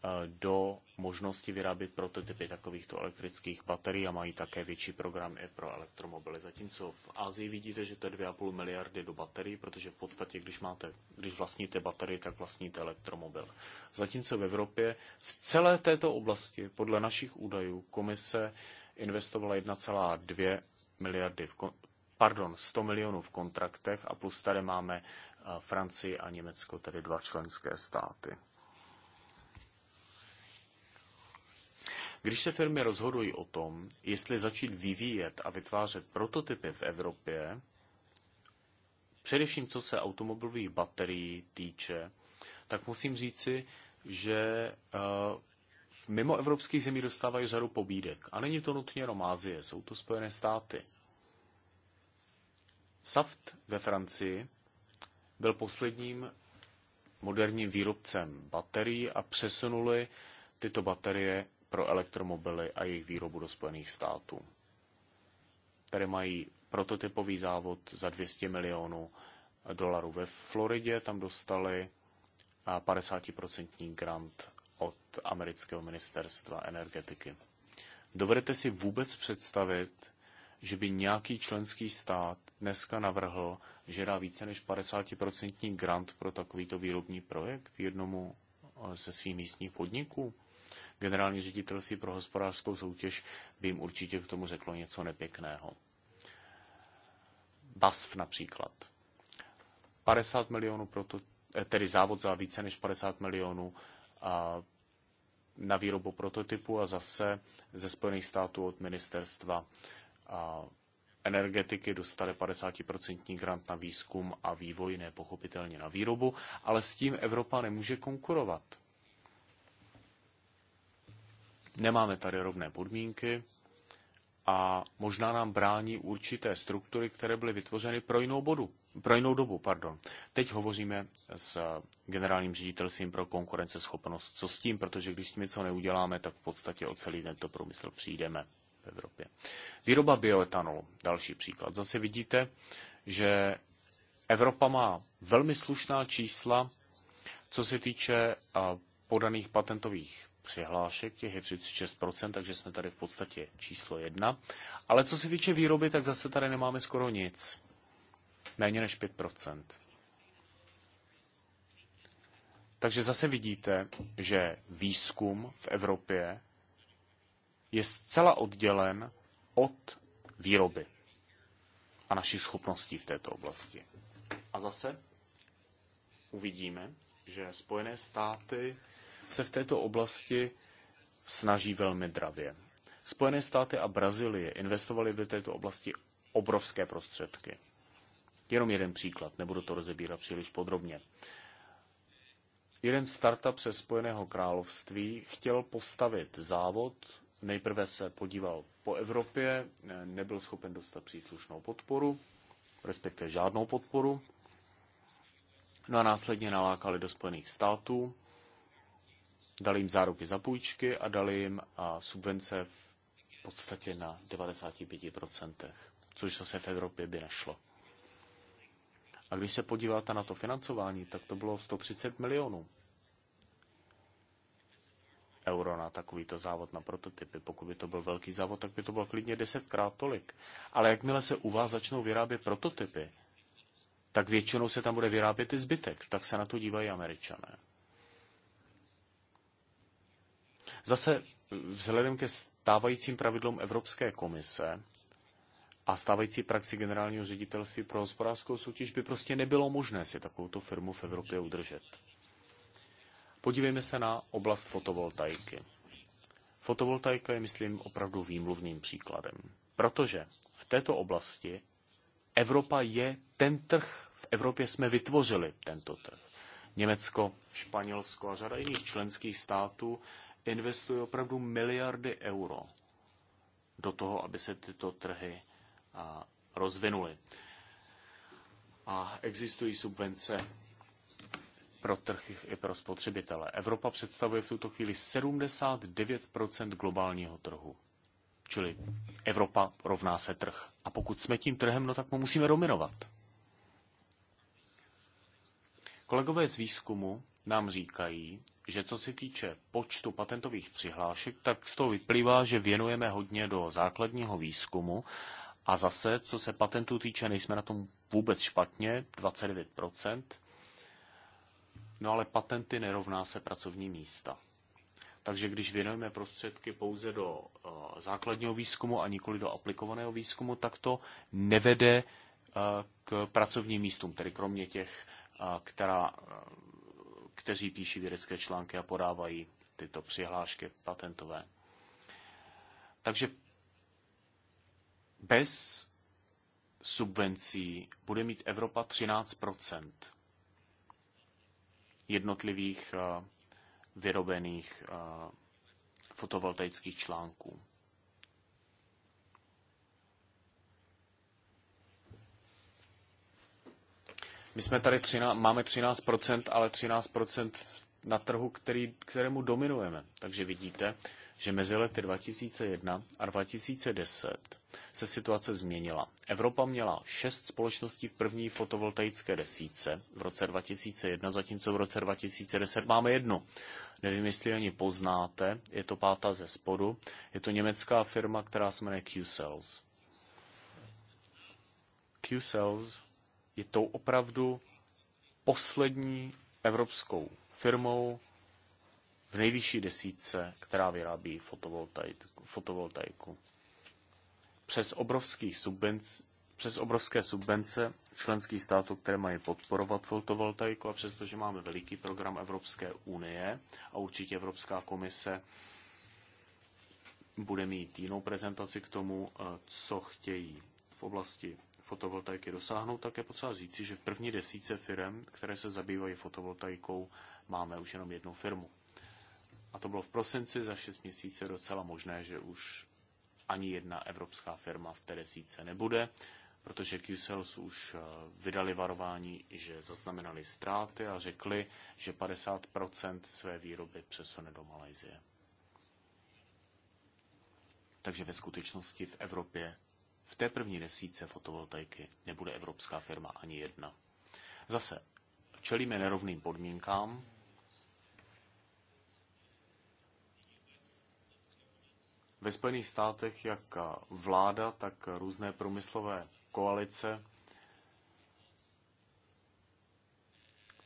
E, do možnosti vyrábět prototypy takovýchto elektrických baterií a mají také větší program i pro elektromobily. Zatímco v Asii vidíte, že to je 2,5 miliardy do baterií, protože v podstatě, když, máte, když vlastníte baterii, tak vlastníte elektromobil. Zatímco v Evropě v celé této oblasti, podle našich údajů, komise investovala 1,2 miliardy v kon- pardon, 100 milionů v kontraktech a plus tady máme e, Francii a Německo, tedy dva členské státy. Když se firmy rozhodují o tom, jestli začít vyvíjet a vytvářet prototypy v Evropě, především co se automobilových baterií týče, tak musím říci, že eh, mimo evropských zemí dostávají řadu pobídek. A není to nutně jenom Ázie, jsou to Spojené státy. Saft ve Francii byl posledním moderním výrobcem baterií a přesunuli tyto baterie pro elektromobily a jejich výrobu do Spojených států. Tady mají prototypový závod za 200 milionů dolarů ve Floridě, tam dostali 50% grant od amerického ministerstva energetiky. Dovedete si vůbec představit, že by nějaký členský stát dneska navrhl, že dá více než 50% grant pro takovýto výrobní projekt jednomu ze svých místních podniků? generální ředitelství pro hospodářskou soutěž by jim určitě k tomu řeklo něco nepěkného. BASF například. 50 milionů pro to, eh, tedy závod za více než 50 milionů a na výrobu prototypu a zase ze Spojených států od ministerstva a energetiky dostali 50% grant na výzkum a vývoj, nepochopitelně na výrobu, ale s tím Evropa nemůže konkurovat. Nemáme tady rovné podmínky a možná nám brání určité struktury, které byly vytvořeny pro jinou, bodu, pro jinou dobu. Pardon. Teď hovoříme s generálním ředitelstvím pro konkurenceschopnost. Co s tím? Protože když s tím něco neuděláme, tak v podstatě o celý tento průmysl přijdeme v Evropě. Výroba bioetanolu, další příklad. Zase vidíte, že Evropa má velmi slušná čísla, co se týče podaných patentových přihlášek, těch je 36%, takže jsme tady v podstatě číslo jedna. Ale co se týče výroby, tak zase tady nemáme skoro nic. Méně než 5%. Takže zase vidíte, že výzkum v Evropě je zcela oddělen od výroby a našich schopností v této oblasti. A zase uvidíme, že Spojené státy se v této oblasti snaží velmi dravě. Spojené státy a Brazílie investovaly do této oblasti obrovské prostředky. Jenom jeden příklad, nebudu to rozebírat příliš podrobně. Jeden startup ze Spojeného království chtěl postavit závod, nejprve se podíval po Evropě, nebyl schopen dostat příslušnou podporu, respektive žádnou podporu, no a následně nalákali do Spojených států, Dali jim záruky za půjčky a dali jim a subvence v podstatě na 95%, což zase v Evropě by nešlo. A když se podíváte na to financování, tak to bylo 130 milionů euro na takovýto závod na prototypy. Pokud by to byl velký závod, tak by to bylo klidně desetkrát tolik. Ale jakmile se u vás začnou vyrábět prototypy, tak většinou se tam bude vyrábět i zbytek. Tak se na to dívají američané. Zase vzhledem ke stávajícím pravidlům Evropské komise a stávající praxi generálního ředitelství pro hospodářskou soutěž by prostě nebylo možné si takovouto firmu v Evropě udržet. Podívejme se na oblast fotovoltaiky. Fotovoltaika je, myslím, opravdu výmluvným příkladem, protože v této oblasti Evropa je ten trh, v Evropě jsme vytvořili tento trh. Německo, Španělsko a řada jiných členských států investuje opravdu miliardy euro do toho, aby se tyto trhy rozvinuly. A existují subvence pro trhy i pro spotřebitele. Evropa představuje v tuto chvíli 79 globálního trhu. Čili Evropa rovná se trh. A pokud jsme tím trhem, no tak mu musíme dominovat. Kolegové z výzkumu nám říkají, že co se týče počtu patentových přihlášek, tak z toho vyplývá, že věnujeme hodně do základního výzkumu a zase, co se patentů týče, nejsme na tom vůbec špatně, 29%. No ale patenty nerovná se pracovní místa. Takže když věnujeme prostředky pouze do eh, základního výzkumu a nikoli do aplikovaného výzkumu, tak to nevede eh, k pracovním místům, tedy kromě těch, eh, která kteří píší vědecké články a podávají tyto přihlášky patentové. Takže bez subvencí bude mít Evropa 13 jednotlivých eh, vyrobených eh, fotovoltaických článků. My jsme tady 13, máme 13%, ale 13% na trhu, který, kterému dominujeme. Takže vidíte, že mezi lety 2001 a 2010 se situace změnila. Evropa měla šest společností v první fotovoltaické desíce v roce 2001, zatímco v roce 2010 máme jednu. Nevím, jestli ani poznáte, je to pátá ze spodu. Je to německá firma, která se jmenuje Q-Cells. Q-Cells je tou opravdu poslední evropskou firmou v nejvyšší desítce, která vyrábí fotovoltaiku. Přes, obrovských subvenc, přes obrovské subvence členských států, které mají podporovat fotovoltaiku, a přestože máme veliký program Evropské unie a určitě Evropská komise bude mít jinou prezentaci k tomu, eh, co chtějí v oblasti fotovoltaiky dosáhnout, tak je potřeba říci, že v první desíce firm, které se zabývají fotovoltaikou, máme už jenom jednu firmu. A to bylo v prosinci za 6 měsíců docela možné, že už ani jedna evropská firma v té desíce nebude, protože QCells už eh, vydali varování, že zaznamenali ztráty a řekli, že 50% své výroby přesune do Malajzie. Takže ve skutečnosti v Evropě v té první desíce fotovoltaiky nebude evropská firma ani jedna. Zase, čelíme nerovným podmínkám, Ve Spojených státech jak vláda, tak různé průmyslové koalice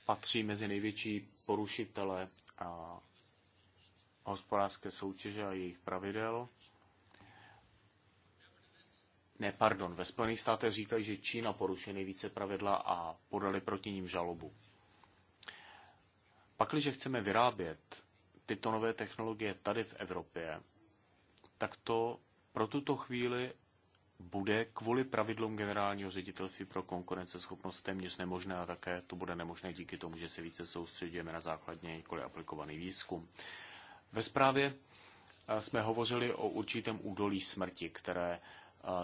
patří mezi největší porušitele a hospodářské soutěže a jejich pravidel ne, pardon, ve Spojených státech říkají, že Čína porušuje nejvíce pravidla a podali proti ním žalobu. Pakliže chceme vyrábět tyto nové technologie tady v Evropě, tak to pro tuto chvíli bude kvůli pravidlům generálního ředitelství pro konkurenceschopnost téměř nemožné a také to bude nemožné díky tomu, že se více soustředíme na základně nikoli aplikovaný výzkum. Ve zprávě eh, jsme hovořili o určitém údolí smrti, které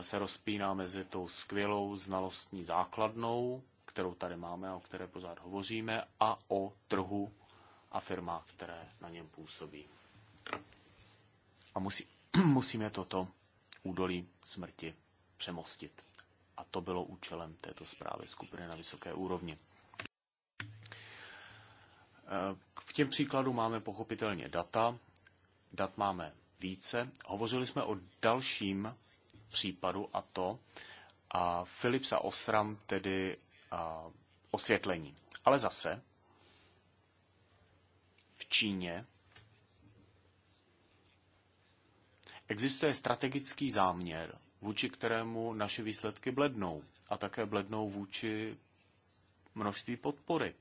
se rozpíná mezi tou skvělou znalostní základnou, kterou tady máme a o které pořád hovoříme, a o trhu a firmách, které na něm působí. A musí, musíme toto údolí smrti přemostit. A to bylo účelem této zprávy skupiny na vysoké úrovni. E, k těm příkladům máme pochopitelně data. Dat máme více. Hovořili jsme o dalším případu a to a Filip a Osram tedy a, osvětlení. Ale zase v Číně existuje strategický záměr, vůči kterému naše výsledky blednou a také blednou vůči množství podpory.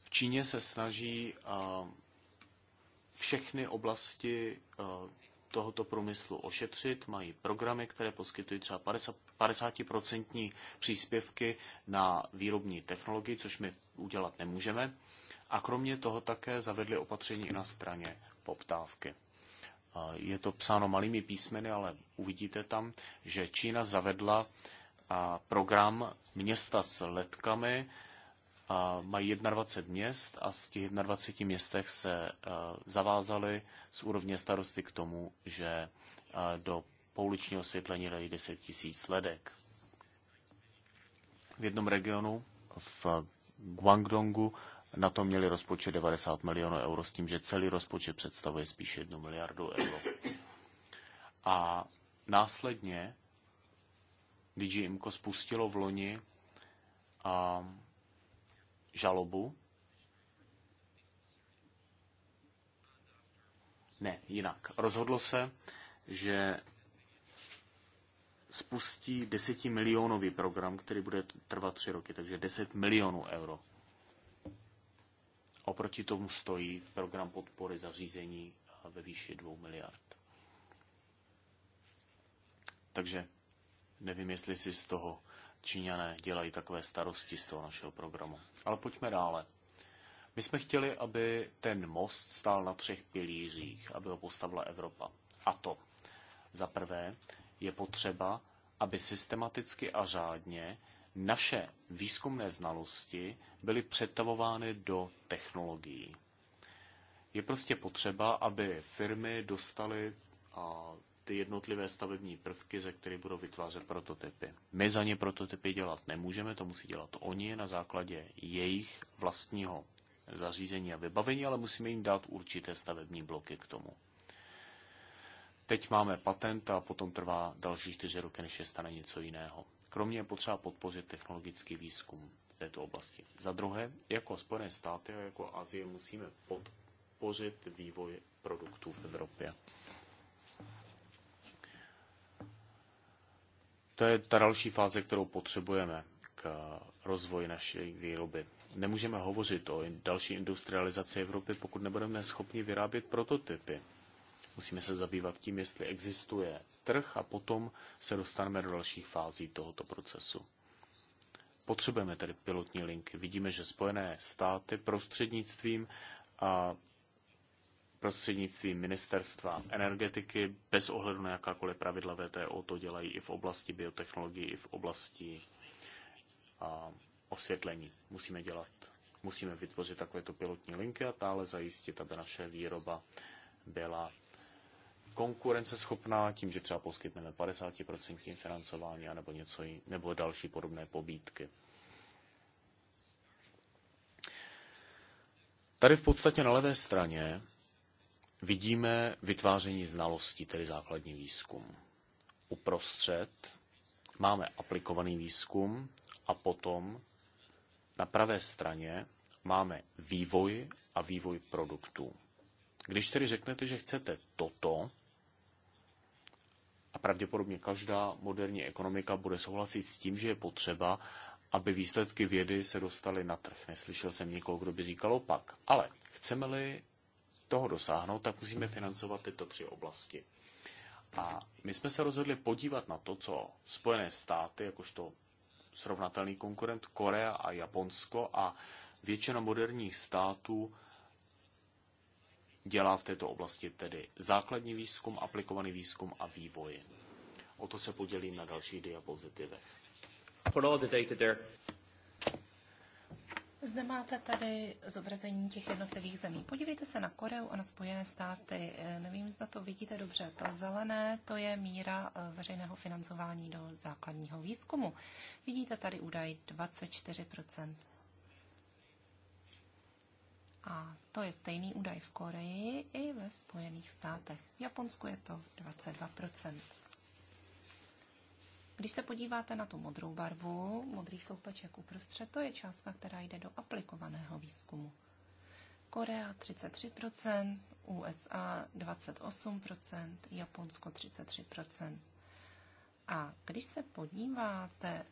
V Číně se snaží všechny oblasti tohoto průmyslu ošetřit. Mají programy, které poskytují třeba 50% příspěvky na výrobní technologii, což my udělat nemůžeme. A kromě toho také zavedli opatření i na straně poptávky. Je to psáno malými písmeny, ale uvidíte tam, že Čína zavedla program města s letkami, mají 21 měst a z těch 21 městech se eh, zavázali z úrovně starosty k tomu, že eh, do pouličního osvětlení dají 10 tisíc ledek. V jednom regionu, v Guangdongu, na to měli rozpočet 90 milionů euro s tím, že celý rozpočet představuje spíš 1 miliardu euro. A následně DG Imco spustilo v loni a žalobu. Ne, jinak. Rozhodlo se, že spustí desetimilionový program, který bude trvat tři roky, takže 10 milionů euro. Oproti tomu stojí program podpory zařízení ve výši 2 miliard. Takže nevím, jestli si z toho Číňané dělají takové starosti z toho našeho programu. Ale pojďme dále. My jsme chtěli, aby ten most stál na třech pilířích, aby ho postavila Evropa. A to za prvé je potřeba, aby systematicky a řádně naše výzkumné znalosti byly přetavovány do technologií. Je prostě potřeba, aby firmy dostaly ty jednotlivé stavební prvky, ze kterých budou vytvářet prototypy. My za ně prototypy dělat nemůžeme, to musí dělat oni na základě jejich vlastního zařízení a vybavení, ale musíme jim dát určité stavební bloky k tomu. Teď máme patent a potom trvá další čtyři roky, než je stane něco jiného. Kromě je potřeba podpořit technologický výzkum v této oblasti. Za druhé, jako Spojené státy a jako Azie musíme podpořit vývoj produktů v Evropě. To je ta další fáze, kterou potřebujeme k rozvoji naší výroby. Nemůžeme hovořit o další industrializaci Evropy, pokud nebudeme schopni vyrábět prototypy. Musíme se zabývat tím, jestli existuje trh a potom se dostaneme do dalších fází tohoto procesu. Potřebujeme tedy pilotní linky. Vidíme, že Spojené státy prostřednictvím a prostřednictvím ministerstva energetiky bez ohledu na jakákoliv pravidla VTO to dělají i v oblasti biotechnologií, i v oblasti a, osvětlení. Musíme dělat, musíme vytvořit takovéto pilotní linky a dále zajistit, aby naše výroba byla konkurenceschopná tím, že třeba poskytneme 50% financování anebo něco, nebo další podobné pobídky. Tady v podstatě na levé straně vidíme vytváření znalostí, tedy základní výzkum. Uprostřed máme aplikovaný výzkum a potom na pravé straně máme vývoj a vývoj produktů. Když tedy řeknete, že chcete toto, a pravděpodobně každá moderní ekonomika bude souhlasit s tím, že je potřeba, aby výsledky vědy se dostaly na trh. Neslyšel jsem nikoho, kdo by říkal opak. Ale chceme-li toho dosáhnout, tak musíme financovat tyto tři oblasti. A my jsme se rozhodli podívat na to, co Spojené státy, jakožto srovnatelný konkurent Korea a Japonsko a většina moderních států dělá v této oblasti tedy základní výzkum, aplikovaný výzkum a vývoj. O to se podělím na dalších diapozitivech. Zde máte tady zobrazení těch jednotlivých zemí. Podívejte se na Koreu a na Spojené státy. E, nevím, zda to vidíte dobře. To zelené, to je míra e, veřejného financování do základního výzkumu. Vidíte tady údaj 24%. A to je stejný údaj v Koreji i ve Spojených státech. V Japonsku je to 22%. Když se podíváte na tu modrou barvu, modrý sloupeček uprostřed, to je částka, která jde do aplikovaného výzkumu. Korea 33%, USA 28%, Japonsko 33%. A když se podíváte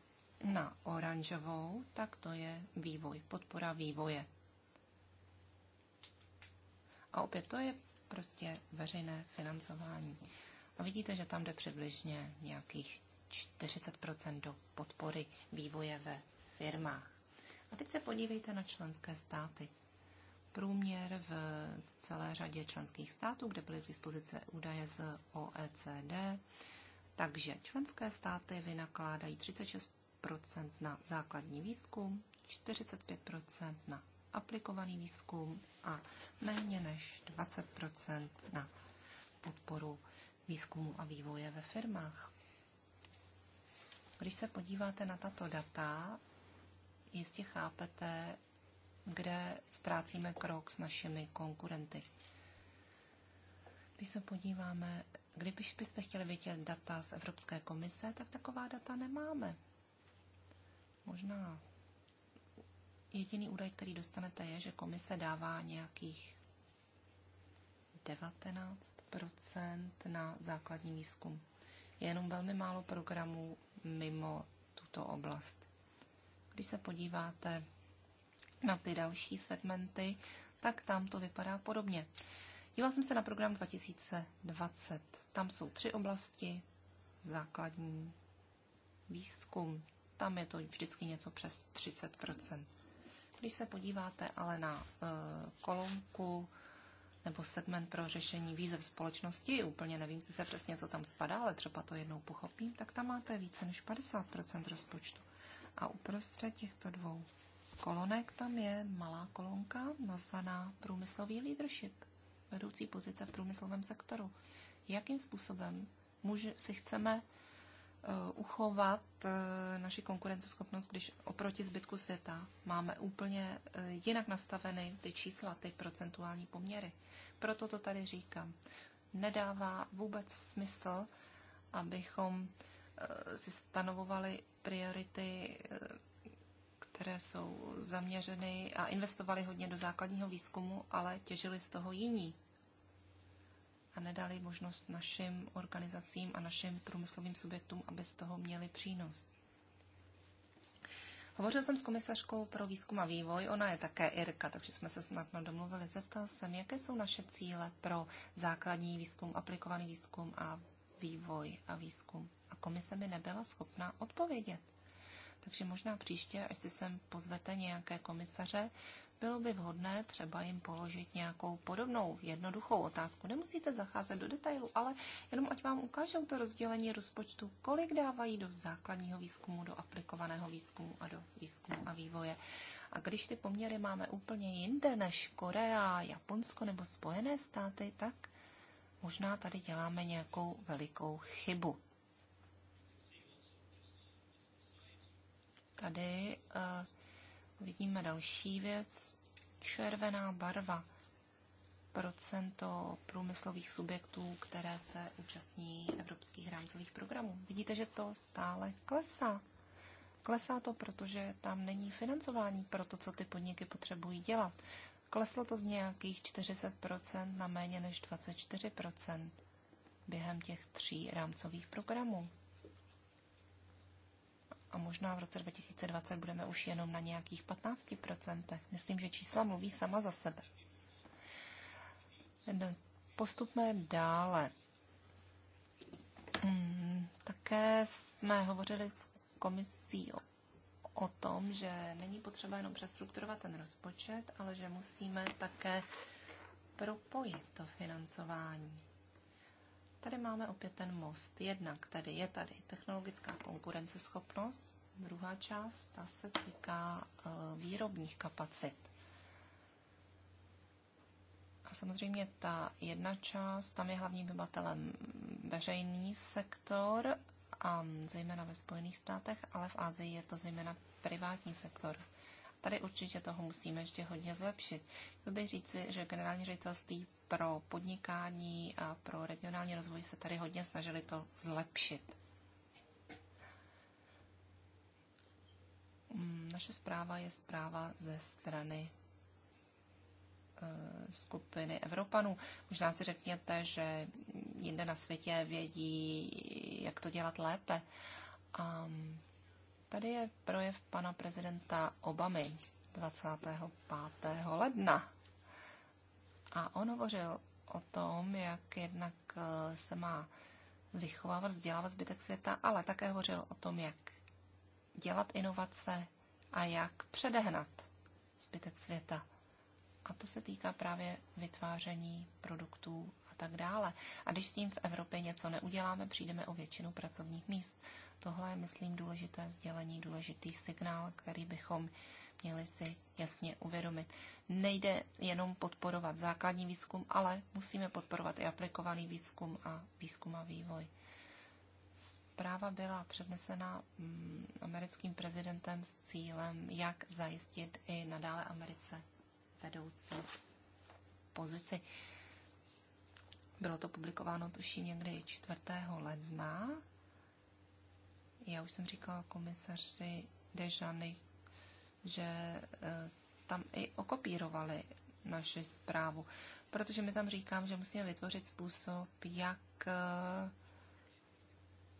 na oranžovou, tak to je vývoj, podpora vývoje. A opět to je prostě veřejné financování. A vidíte, že tam jde přibližně nějakých 40 do podpory vývoje ve firmách. A teď se podívejte na členské státy. Průměr v celé řadě členských států, kde byly k dispozici údaje z OECD, takže členské státy vynakládají 36 na základní výzkum, 45 na aplikovaný výzkum a méně než 20 na podporu výzkumu a vývoje ve firmách. Když se podíváte na tato data, jistě chápete, kde ztrácíme krok s našimi konkurenty. Když se podíváme, když byste chtěli vidět data z Evropské komise, tak taková data nemáme. Možná jediný údaj, který dostanete, je, že komise dává nějakých 19 na základní výzkum je jenom velmi málo programů mimo tuto oblast. Když se podíváte na ty další segmenty, tak tam to vypadá podobně. Díval jsem se na program 2020. Tam jsou tři oblasti. Základní výzkum. Tam je to vždycky něco přes 30 Když se podíváte ale na e, kolonku nebo segment pro řešení výzev společnosti, úplně nevím sice přesně, co tam spadá, ale třeba to jednou pochopím, tak tam máte více než 50% rozpočtu. A uprostřed těchto dvou kolonek tam je malá kolonka nazvaná průmyslový leadership, vedoucí pozice v průmyslovém sektoru. Jakým způsobem může, si chceme eh, uchovat eh, naši konkurenceschopnost, když oproti zbytku světa máme úplně eh, jinak nastaveny ty čísla, ty procentuální poměry. Proto to tady říkám. Nedává vůbec smysl, abychom eh, si stanovovali priority, eh, které jsou zaměřeny a investovali hodně do základního výzkumu, ale těžili z toho jiní a nedali možnost našim organizacím a našim průmyslovým subjektům, aby z toho měli přínos. Hovořil jsem s komisařkou pro výzkum a vývoj, ona je také Irka, takže jsme se snadno domluvili. Zeptal jsem, jaké jsou naše cíle pro základní výzkum, aplikovaný výzkum a vývoj a výzkum. A komise mi nebyla schopná odpovědět. Takže možná příště, až si sem pozvete nějaké komisaře, bylo by vhodné třeba jim položit nějakou podobnou jednoduchou otázku. Nemusíte zacházet do detailu, ale jenom ať vám ukážou to rozdělení rozpočtu, kolik dávají do základního výzkumu, do aplikovaného výzkumu a do výzkumu a vývoje. A když ty poměry máme úplně jinde než Korea, Japonsko nebo Spojené státy, tak možná tady děláme nějakou velikou chybu. Tady uh, vidíme další věc, červená barva, procento průmyslových subjektů, které se účastní evropských rámcových programů. Vidíte, že to stále klesá. Klesá to, protože tam není financování pro to, co ty podniky potřebují dělat. Kleslo to z nějakých 40% na méně než 24% během těch tří rámcových programů a možná v roce 2020 budeme už jenom na nějakých 15%. Myslím, že čísla mluví sama za sebe. No, postupme dále. Hmm, také jsme hovořili s komisí o, o tom, že není potřeba jenom přestrukturovat ten rozpočet, ale že musíme také propojit to financování. Tady máme opět ten most. Jednak tady je tady technologická konkurenceschopnost, druhá část, ta se týká e, výrobních kapacit. A samozřejmě ta jedna část, tam je hlavním vybatelem veřejný sektor, a zejména ve Spojených státech, ale v Asii je to zejména privátní sektor. Tady určitě toho musíme ještě hodně zlepšit. Chtěl bych říci, že generální ředitelství pro podnikání a pro regionální rozvoj se tady hodně snažili to zlepšit. Mm, naše zpráva je zpráva ze strany eh, skupiny Evropanů. Možná si řekněte, že jinde na světě vědí, jak to dělat lépe. Um, Tady je projev pana prezidenta Obamy 25. ledna. A on hovořil o tom, jak jednak eh, se má vychovávat, vzdělávat zbytek světa, ale také hovořil o tom, jak dělat inovace a jak předehnat zbytek světa. A to se týká právě vytváření produktů a tak dále. A když s tím v Evropě něco neuděláme, přijdeme o většinu pracovních míst. Tohle je, myslím, důležité sdělení, důležitý signál, který bychom měli si jasně uvědomit. Nejde jenom podporovat základní výzkum, ale musíme podporovat i aplikovaný výzkum a výzkum a vývoj. Zpráva byla přednesena mm, americkým prezidentem s cílem, jak zajistit i nadále Americe vedoucí pozici. Bylo to publikováno tuším někdy 4. ledna já už jsem říkala komisaři Dežany, že eh, tam i okopírovali naši zprávu, protože mi tam říkám, že musíme vytvořit způsob, jak eh,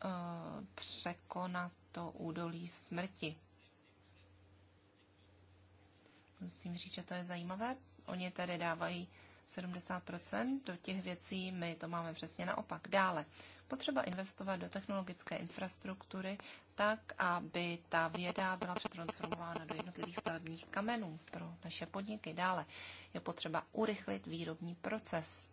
eh, překonat to údolí smrti. Musím říct, že to je zajímavé. Oni tady dávají 70% do těch věcí, my to máme přesně naopak. Dále, potřeba investovat do technologické infrastruktury tak, aby ta věda byla přetransformována do jednotlivých stavebních kamenů pro naše podniky. Dále je potřeba urychlit výrobní proces.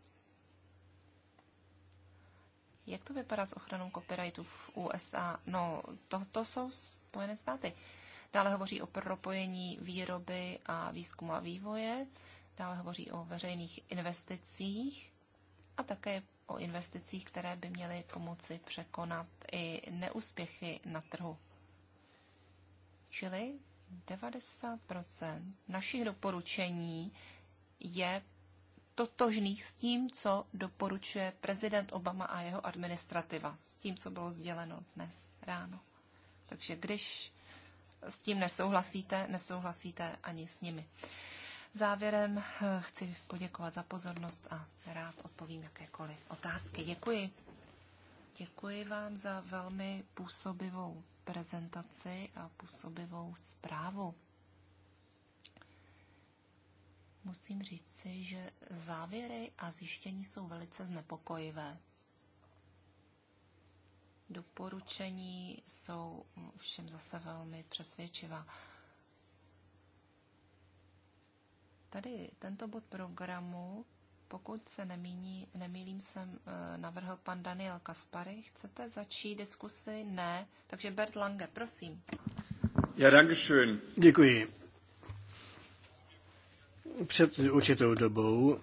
Jak to vypadá s ochranou copyrightu v USA? No, to, to jsou Spojené státy. Dále hovoří o propojení výroby a výzkumu a vývoje. Dále hovoří o veřejných investicích a také o investicích, které by měly pomoci překonat i neúspěchy na trhu. Čili 90 našich doporučení je totožných s tím, co doporučuje prezident Obama a jeho administrativa, s tím, co bylo sděleno dnes ráno. Takže když s tím nesouhlasíte, nesouhlasíte ani s nimi. Závěrem eh, chci poděkovat za pozornost a rád odpovím jakékoliv otázky. Děkuji. Děkuji vám za velmi působivou prezentaci a působivou zprávu. Musím říct si, že závěry a zjištění jsou velice znepokojivé. Doporučení jsou všem zase velmi přesvědčivá. Tady tento bod programu, pokud se nemíní, nemýlím, jsem eh, navrhl pan Daniel Kaspary. Chcete začít diskusi? Ne. Takže Bert Lange, prosím. Ja, danke schön. Děkuji. Před určitou dobou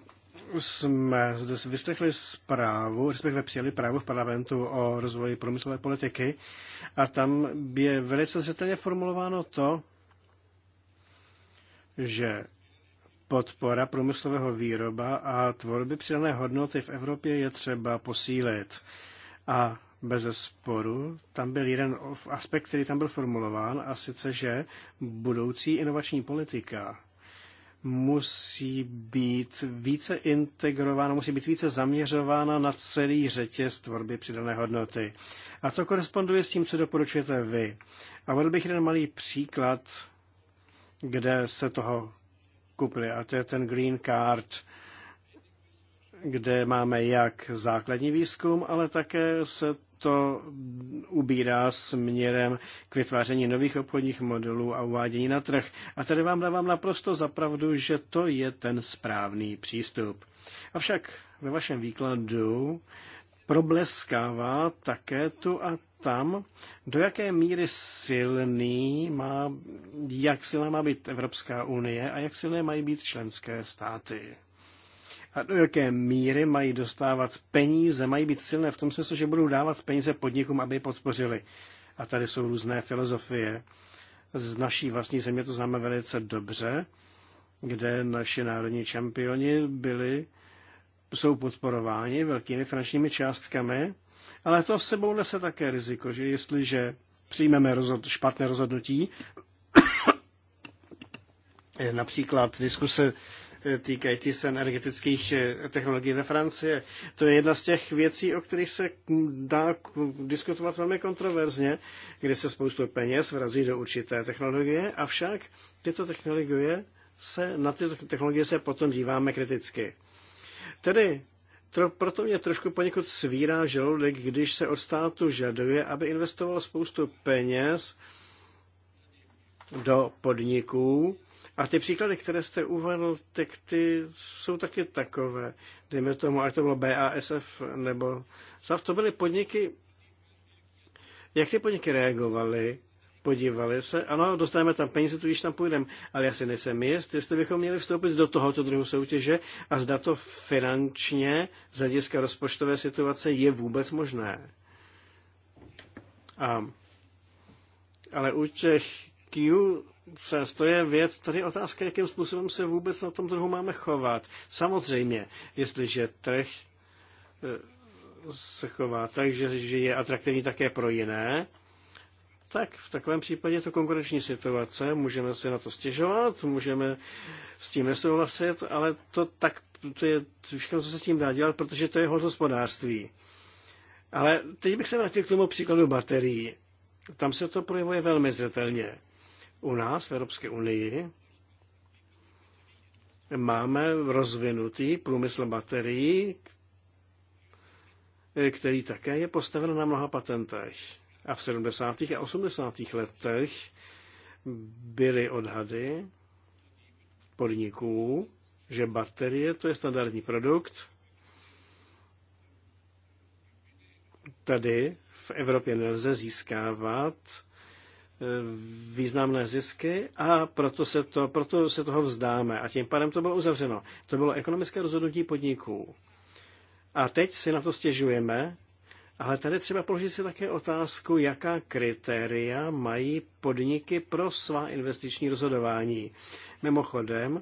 jsme vyslechli zprávu, respektive přijeli právu v parlamentu o rozvoji průmyslové politiky a tam je velice zřetelně formulováno to, že podpora průmyslového výroba a tvorby přidané hodnoty v Evropě je třeba posílit. A bez sporu, tam byl jeden aspekt, který tam byl formulován, a sice, že budoucí inovační politika musí být více integrována, musí být více zaměřována na celý řetěz tvorby přidané hodnoty. A to koresponduje s tím, co doporučujete vy. A uvedl bych jeden malý příklad, kde se toho koupili, A to je ten Green Card, kde máme jak základní výzkum, ale také se to ubírá směrem k vytváření nových obchodních modelů a uvádění na trh. A tady vám dávám naprosto zapravdu, že to je ten správný přístup. Avšak ve vašem výkladu probleskává také tu a tam, do jaké míry silný má, jak silná má být Evropská unie a jak silné mají být členské státy. A do jaké míry mají dostávat peníze, mají být silné v tom smyslu, že budou dávat peníze podnikům, aby je podpořili. A tady jsou různé filozofie. Z naší vlastní země to známe velice dobře, kde naši národní čempioni byli, jsou podporováni velkými finančními částkami, ale to v sebou nese také riziko, že jestliže přijmeme rozhod, špatné rozhodnutí, například diskuse eh, týkající se energetických eh, technologií ve Francii. To je jedna z těch věcí, o kterých se dá diskutovat velmi kontroverzně, kdy se spoustu peněz vrazí do určité technologie, avšak tyto technologie se, na tyto technologie se potom díváme kriticky. Tedy proto mě trošku poněkud svírá žaludek, když se od státu žaduje, aby investoval spoustu peněz do podniků. A ty příklady, které jste uvedl, tak ty jsou taky takové. Dejme tomu, ať to bylo BASF nebo SAF, to byly podniky. Jak ty podniky reagovaly podívali se, ano, dostaneme tam peníze, tudíž tam půjdeme, ale já si nejsem jist, jestli bychom měli vstoupit do tohoto druhu soutěže a zda to finančně z hlediska rozpočtové situace je vůbec možné. A, ale u těch Q to je věc, tady je otázka, jakým způsobem se vůbec na tom trhu máme chovat. Samozřejmě, jestliže trh eh, se chová tak, že, že je atraktivní také pro jiné, tak v takovém případě je to konkurenční situace, můžeme si na to stěžovat, můžeme s tím nesouhlasit, ale to tak, to je všechno, co se s tím dá dělat, protože to je hod hospodářství. Ale teď bych se vrátil k tomu příkladu baterií. Tam se to projevuje velmi zřetelně. U nás v Evropské unii máme rozvinutý průmysl baterií, který také je postaven na mnoha patentech. A v 70. a 80. letech byly odhady podniků, že baterie to je standardní produkt. Tady v Evropě nelze získávat eh, významné zisky a proto se, to, proto se toho vzdáme. A tím pádem to bylo uzavřeno. To bylo ekonomické rozhodnutí podniků. A teď si na to stěžujeme, ale tady třeba položit si také otázku, jaká kritéria mají podniky pro svá investiční rozhodování. Mimochodem,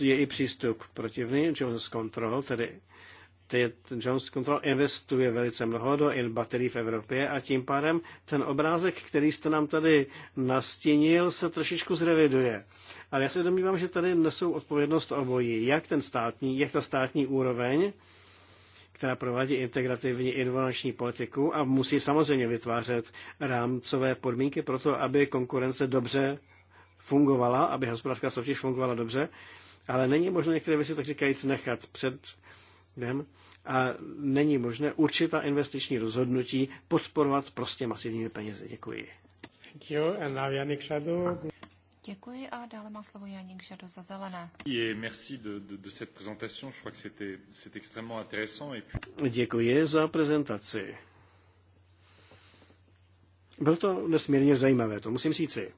je i přístup protivný, Jones Control, tedy Jones Control investuje velice mnoho do in baterií v Evropě a tím pádem ten obrázek, který jste nám tady nastínil, se trošičku zreviduje. Ale já se domnívám, že tady nesou odpovědnost obojí, jak ten státní, jak ta státní úroveň, která provádí integrativní inovační politiku a musí samozřejmě vytvářet rámcové podmínky pro to, aby konkurence dobře fungovala, aby hospodářská soutěž fungovala dobře, ale není možné některé věci, tak říkajíc, nechat před dnem a není možné určitá investiční rozhodnutí podporovat prostě masivními penězi. Děkuji. Thank you. And now Šadu. Děkuji a dále má slovo Janík Žado za zelené. Děkuji za prezentaci. Bylo to nesmírně zajímavé, to musím říci.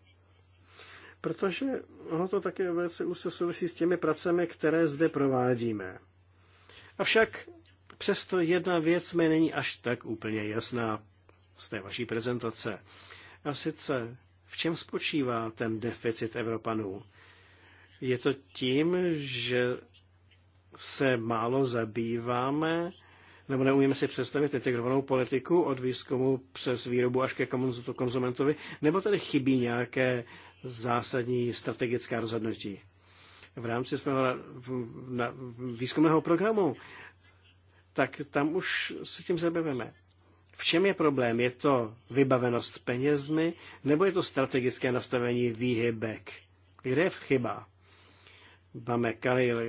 Protože ono to také velice úzce souvisí s těmi pracemi, které zde provádíme. Avšak přesto jedna věc mi není až tak úplně jasná z té vaší prezentace. A sice v čem spočívá ten deficit Evropanů? Je to tím, že se málo zabýváme nebo neumíme si představit integrovanou politiku od výzkumu přes výrobu až ke konzumentovi, nebo tady chybí nějaké zásadní strategická rozhodnutí. V rámci svého výzkumného programu, tak tam už se tím zabýváme. V čem je problém? Je to vybavenost penězmi nebo je to strategické nastavení výhybek? Kde je chyba? Máme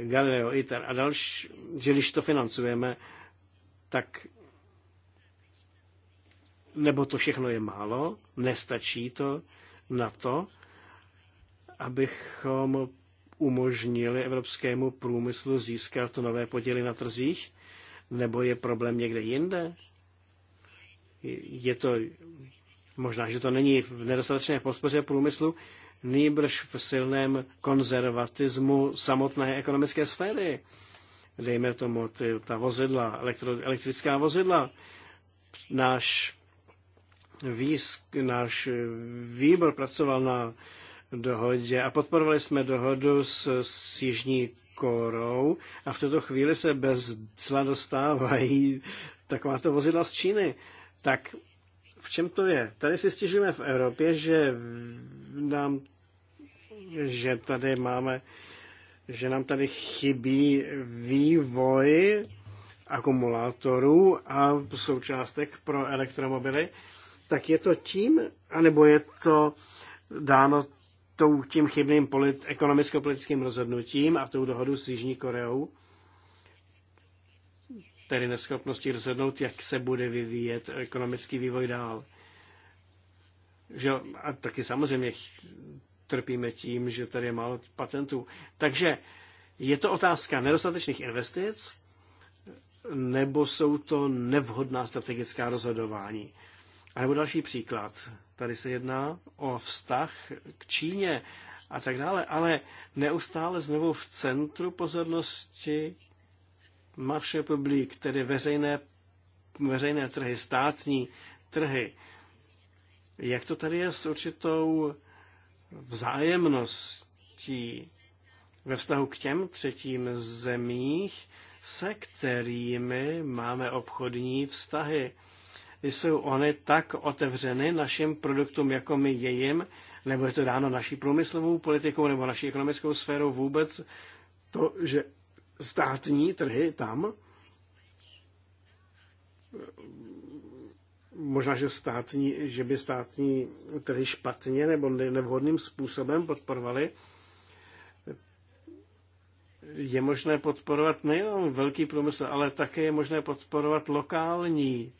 Galileo, ITER a další, že když to financujeme, tak nebo to všechno je málo, nestačí to na to, abychom umožnili evropskému průmyslu získat nové podíly na trzích, nebo je problém někde jinde? je to možná, že to není v nedostatečné podpoře průmyslu, nýbrž v silném konzervatismu samotné ekonomické sféry. Dejme tomu ty, ta vozidla, elektro, elektrická vozidla. Náš, výzk, náš výbor pracoval na dohodě a podporovali jsme dohodu s, s Jižní Korou a v tuto chvíli se bez cla dostávají takováto vozidla z Číny tak v čem to je? Tady si stěžujeme v Evropě, že nám, že tady máme, že nám tady chybí vývoj akumulátorů a součástek pro elektromobily, tak je to tím, anebo je to dáno tou, tím chybným polit, ekonomicko-politickým rozhodnutím a tou dohodu s Jižní Koreou? tedy neschopnosti rozhodnout, jak se bude vyvíjet ekonomický vývoj dál. Že, a taky samozřejmě trpíme tím, že tady je málo patentů. Takže je to otázka nedostatečných investic, nebo jsou to nevhodná strategická rozhodování. A nebo další příklad. Tady se jedná o vztah k Číně a tak dále, ale neustále znovu v centru pozornosti marše publik, tedy veřejné, veřejné trhy, státní trhy, jak to tady je s určitou vzájemností ve vztahu k těm třetím zemích, se kterými máme obchodní vztahy. Jsou oni tak otevřeny našim produktům, jako my jejím, nebo je to dáno naší průmyslovou politikou nebo naší ekonomickou sférou vůbec, to, že státní trhy tam. Možná, že, státní, že by státní trhy špatně nebo nevhodným způsobem podporovaly je možné podporovat nejenom velký průmysl, ale také je možné podporovat lokální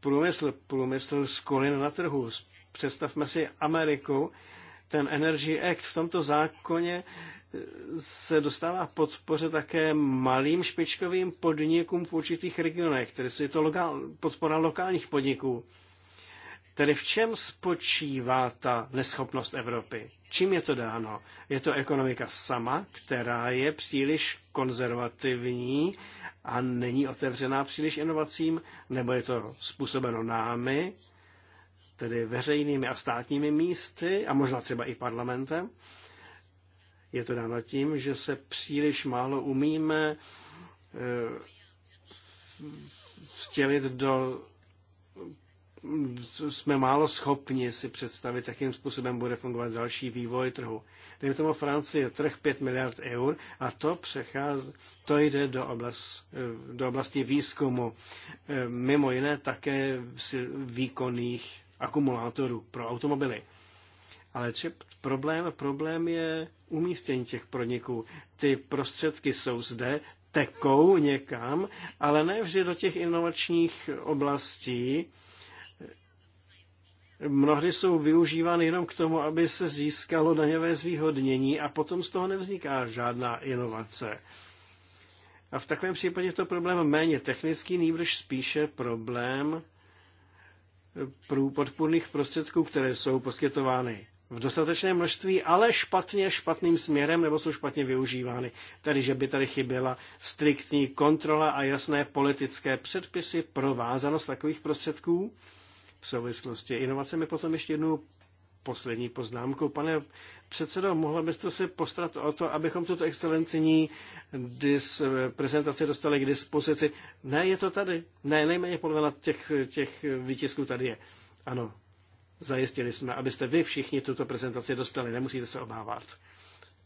průmysl, průmysl z kolin na trhu. Představme si Ameriku, ten Energy Act v tomto zákoně se dostává podpoře také malým špičkovým podnikům v určitých regionech, tedy je to lokál, podpora lokálních podniků. Tedy v čem spočívá ta neschopnost Evropy? Čím je to dáno? Je to ekonomika sama, která je příliš konzervativní a není otevřená příliš inovacím, nebo je to způsobeno námi, tedy veřejnými a státními místy a možná třeba i parlamentem? Je to dáno tím, že se příliš málo umíme eh, vstělit do jsme málo schopni si představit, jakým způsobem bude fungovat další vývoj trhu. Dejme tomu Francie, trh 5 miliard eur a to přechází, to jde do, oblast, eh, do oblasti výzkumu, eh, mimo jiné také výkonných akumulátorů pro automobily. Ale či, problém, problém je umístění těch proniků, Ty prostředky jsou zde, tekou někam, ale ne vždy do těch inovačních oblastí. Mnohdy jsou využívány jenom k tomu, aby se získalo daňové zvýhodnění a potom z toho nevzniká žádná inovace. A v takovém případě je to problém méně technický, nýbrž spíše problém podpůrných prostředků, které jsou poskytovány v dostatečné množství, ale špatně, špatným směrem nebo jsou špatně využívány. Tedy, že by tady chyběla striktní kontrola a jasné politické předpisy pro vázanost takových prostředků. V souvislosti inovacemi potom ještě jednu poslední poznámku. Pane předsedo, mohla byste se postarat o to, abychom tuto excelentní dis, prezentaci dostali k dispozici? Ne, je to tady. Ne, nejméně polovina těch, těch výtisků tady je. Ano, Zajistili jsme, abyste vy všichni tuto prezentaci dostali, nemusíte se obávat.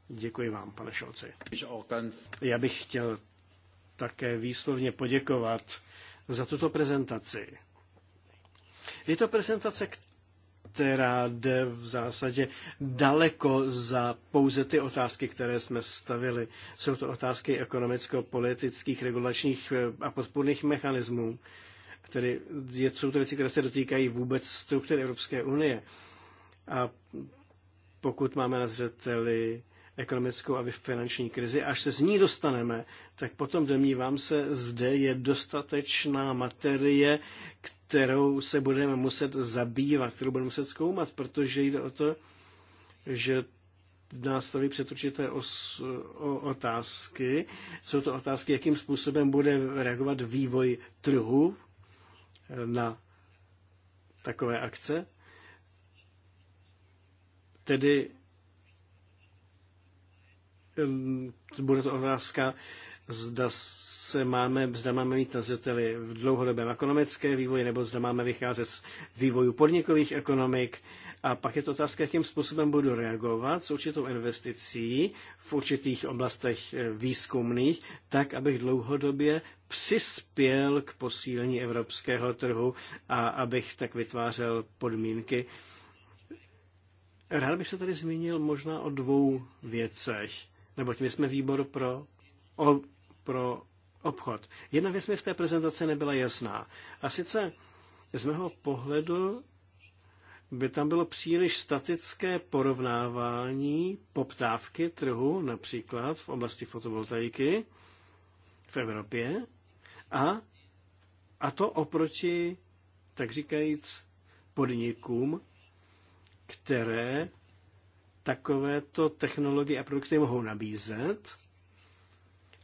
Děkuji vám, pane Šolci. Já bych chtěl také výslovně poděkovat za tuto prezentaci. Je to prezentace, která jde v zásadě daleko za pouze ty otázky, které jsme stavili. Jsou to otázky ekonomicko-politických, regulačních eh, a podpůrných mechanismů které, jsou to věci, které se dotýkají vůbec struktury Evropské unie. A pokud máme na zřeteli ekonomickou a finanční krizi, až se z ní dostaneme, tak potom domnívám se, zde je dostatečná materie, kterou se budeme muset zabývat, kterou budeme muset zkoumat, protože jde o to, že nás staví před určité os, o, otázky. Jsou to otázky, jakým způsobem bude reagovat vývoj trhu na takové akce. Tedy bude to otázka, zda se máme, zda máme mít na zřeteli v dlouhodobém ekonomické vývoji, nebo zda máme vycházet z vývoju podnikových ekonomik, a pak je to otázka, jakým způsobem budu reagovat s určitou investicí v určitých oblastech eh, výzkumných, tak, abych dlouhodobě přispěl k posílení evropského trhu a abych tak vytvářel podmínky. Rád bych se tady zmínil možná o dvou věcech, neboť my jsme výbor pro, o, pro obchod. Jedna věc mi v té prezentaci nebyla jasná. A sice z mého pohledu by tam bylo příliš statické porovnávání poptávky trhu, například v oblasti fotovoltaiky v Evropě, a, a to oproti, tak říkajíc, podnikům, které takovéto technologie a produkty mohou nabízet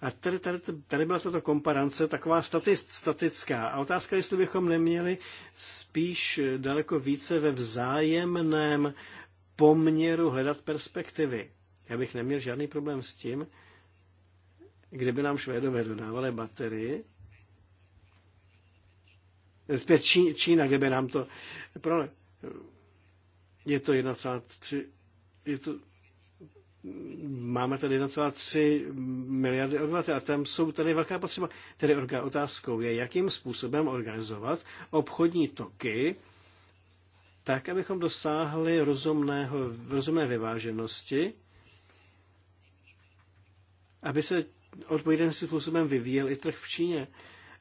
a tady, tady, tady byla tato komparance taková statist, statická. A otázka, jestli bychom neměli spíš daleko více ve vzájemném poměru hledat perspektivy. Já bych neměl žádný problém s tím, kdyby nám Švédové dodávali baterii, zpět Čí, Čína, kdyby nám to... Pro, je to 1,3... Je to máme tady 1,3 miliardy obyvatel a tam jsou tady velká potřeba. Tedy otázkou je, jakým způsobem organizovat obchodní toky, tak, abychom dosáhli rozumného, rozumné vyváženosti, aby se odpovídajícím způsobem vyvíjel i trh v Číně.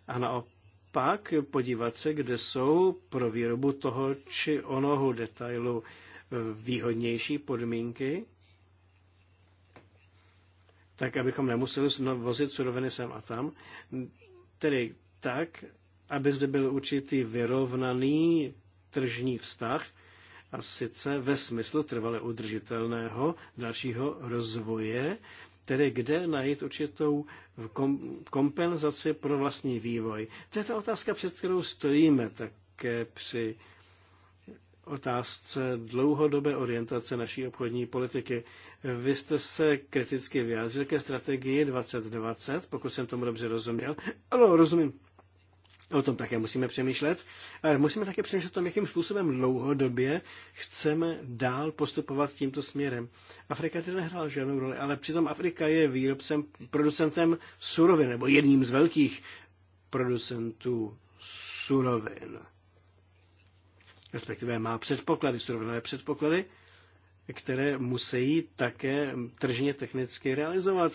A naopak podívat se, kde jsou pro výrobu toho či onoho detailu výhodnější podmínky, tak abychom nemuseli vozit suroviny sem a tam, tedy tak, aby zde byl určitý vyrovnaný tržní vztah, a sice ve smyslu trvale udržitelného dalšího rozvoje, tedy kde najít určitou kompenzaci pro vlastní vývoj. To je ta otázka, před kterou stojíme také při otázce dlouhodobé orientace naší obchodní politiky. Vy jste se kriticky vyjádřil ke strategii 2020, pokud jsem tomu dobře rozuměl. Ano, rozumím. O tom také musíme přemýšlet. Ale musíme také přemýšlet o tom, jakým způsobem dlouhodobě chceme dál postupovat tímto směrem. Afrika tedy nehrála žádnou roli, ale přitom Afrika je výrobcem, producentem surovin, nebo jedním z velkých producentů surovin respektive má předpoklady, surovinové předpoklady, které musí také tržně technicky realizovat.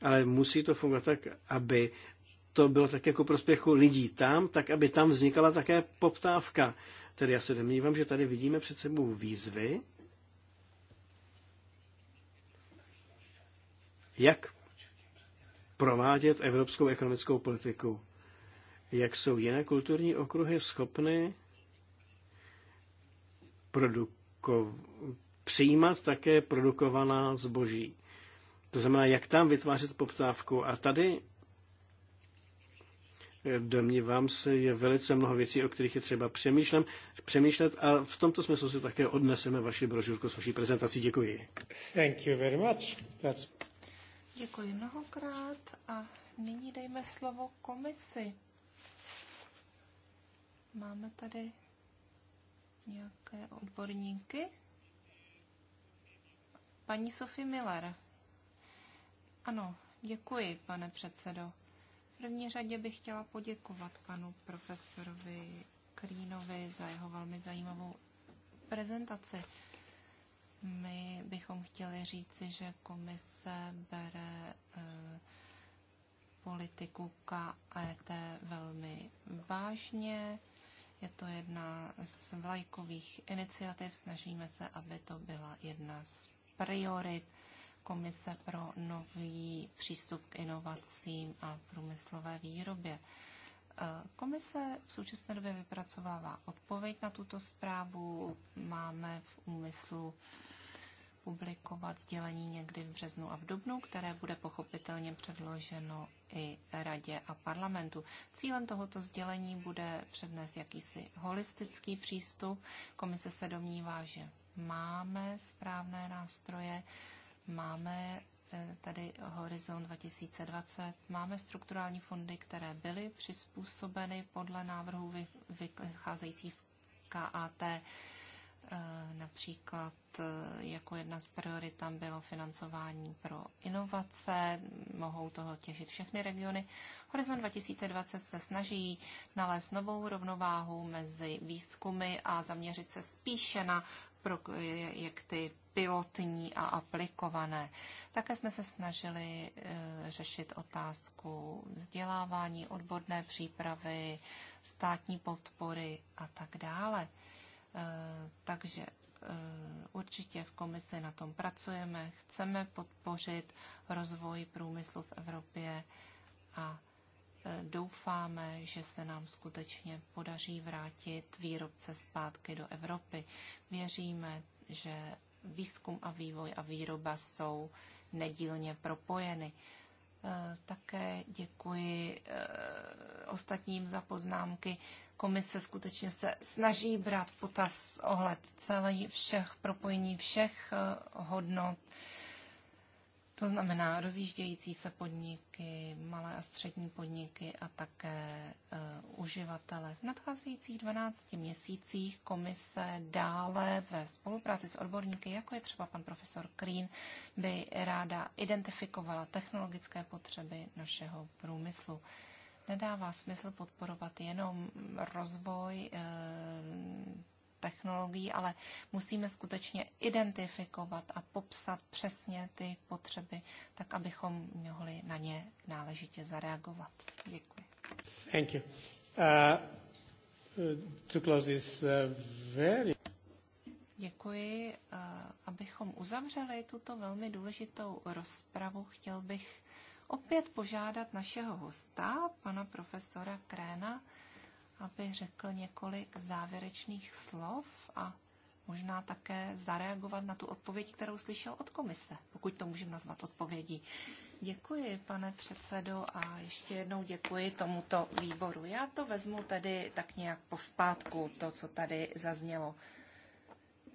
Ale musí to fungovat tak, aby to bylo tak jako prospěchu lidí tam, tak aby tam vznikala také poptávka. Tedy já se domnívám, že tady vidíme před sebou výzvy, jak provádět evropskou ekonomickou politiku. Jak jsou jiné kulturní okruhy schopny produko- přijímat také produkovaná zboží. To znamená, jak tam vytvářet poptávku. A tady eh, domnívám se, je velice mnoho věcí, o kterých je třeba přemýšlet, přemýšlet a v tomto smyslu si také odneseme vaši brožurku s vaší prezentací. Děkuji. Thank you very much. That's... Děkuji mnohokrát a nyní dejme slovo komisi. Máme tady nějaké odborníky. Paní Sofie Miller. Ano, děkuji, pane předsedo. V první řadě bych chtěla poděkovat panu profesorovi Krínovi za jeho velmi zajímavou prezentaci. My bychom chtěli říci, že komise bere eh, politiku KET velmi vážně. Je to jedna z vlajkových iniciativ. Snažíme se, aby to byla jedna z priorit Komise pro nový přístup k inovacím a průmyslové výrobě. Eh, Komise v současné době vypracovává odpověď na tuto zprávu. Máme v úmyslu publikovat sdělení někdy v březnu a v dubnu, které bude pochopitelně předloženo i radě a parlamentu. Cílem tohoto sdělení bude přednést jakýsi holistický přístup. Komise se domnívá, že máme správné nástroje, máme eh, tady Horizon 2020. Máme strukturální fondy, které byly přizpůsobeny podle návrhů vycházejících z KAT. Eh, například eh, jako jedna z priorit tam bylo financování pro inovace, mohou toho těžit všechny regiony. Horizont 2020 se snaží nalézt novou rovnováhu mezi výzkumy a zaměřit se spíše na projekty pilotní a aplikované. Také jsme se snažili eh, řešit otázku vzdělávání, odborné přípravy, státní podpory a tak dále. Eh, takže eh, určitě v komisi na tom pracujeme, chceme podpořit rozvoj průmyslu v Evropě a eh, doufáme, že se nám skutečně podaří vrátit výrobce zpátky do Evropy. Věříme, že výzkum a vývoj a výroba jsou nedílně propojeny. Také děkuji ostatním za poznámky komise skutečně se snaží brát v potaz ohled celý všech propojení všech eh, hodnot. To znamená rozjíždějící se podniky, malé a střední podniky a také e, uživatele. V nadcházejících 12 měsících komise dále ve spolupráci s odborníky, jako je třeba pan profesor Krín, by ráda identifikovala technologické potřeby našeho průmyslu. Nedává smysl podporovat jenom rozvoj eh, technologií, ale musíme skutečně identifikovat a popsat přesně ty potřeby, tak abychom mohli na ně náležitě zareagovat. Děkuji. Thank you. Uh, to close this, uh, very... Děkuji. Eh, abychom uzavřeli tuto velmi důležitou rozpravu, chtěl bych opět požádat našeho hosta, pana profesora Kréna, aby řekl několik závěrečných slov a možná také zareagovat na tu odpověď, kterou slyšel od komise, pokud to můžeme nazvat odpovědí. Děkuji, pane předsedo, a ještě jednou děkuji tomuto výboru. Já to vezmu tedy tak nějak pospátku, to, co tady zaznělo.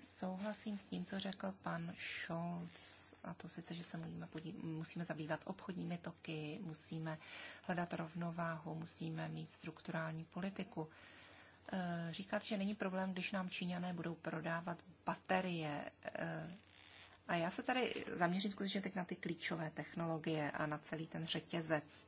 Souhlasím s tím, co řekl pan Scholz a to sice, že se musíme, podí- musíme zabývat obchodními toky, musíme hledat rovnováhu, musíme mít strukturální politiku. E, říkat, že není problém, když nám Číňané budou prodávat baterie. E, a já se tady zaměřím skutečně teď na ty klíčové technologie a na celý ten řetězec. E,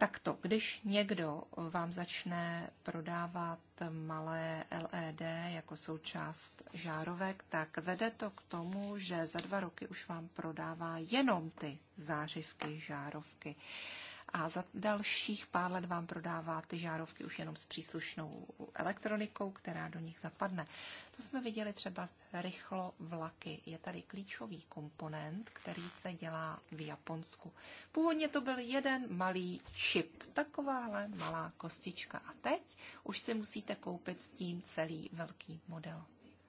Takto, když někdo vám začne prodávat malé LED jako součást žárovek, tak vede to k tomu, že za dva roky už vám prodává jenom ty zářivky, žárovky a za dalších pár let vám prodává ty žárovky už jenom s příslušnou elektronikou, která do nich zapadne. To jsme viděli třeba z rychlo vlaky. Je tady klíčový komponent, který se dělá v Japonsku. Původně to byl jeden malý čip, takováhle malá kostička. A teď už si musíte koupit s tím celý velký model.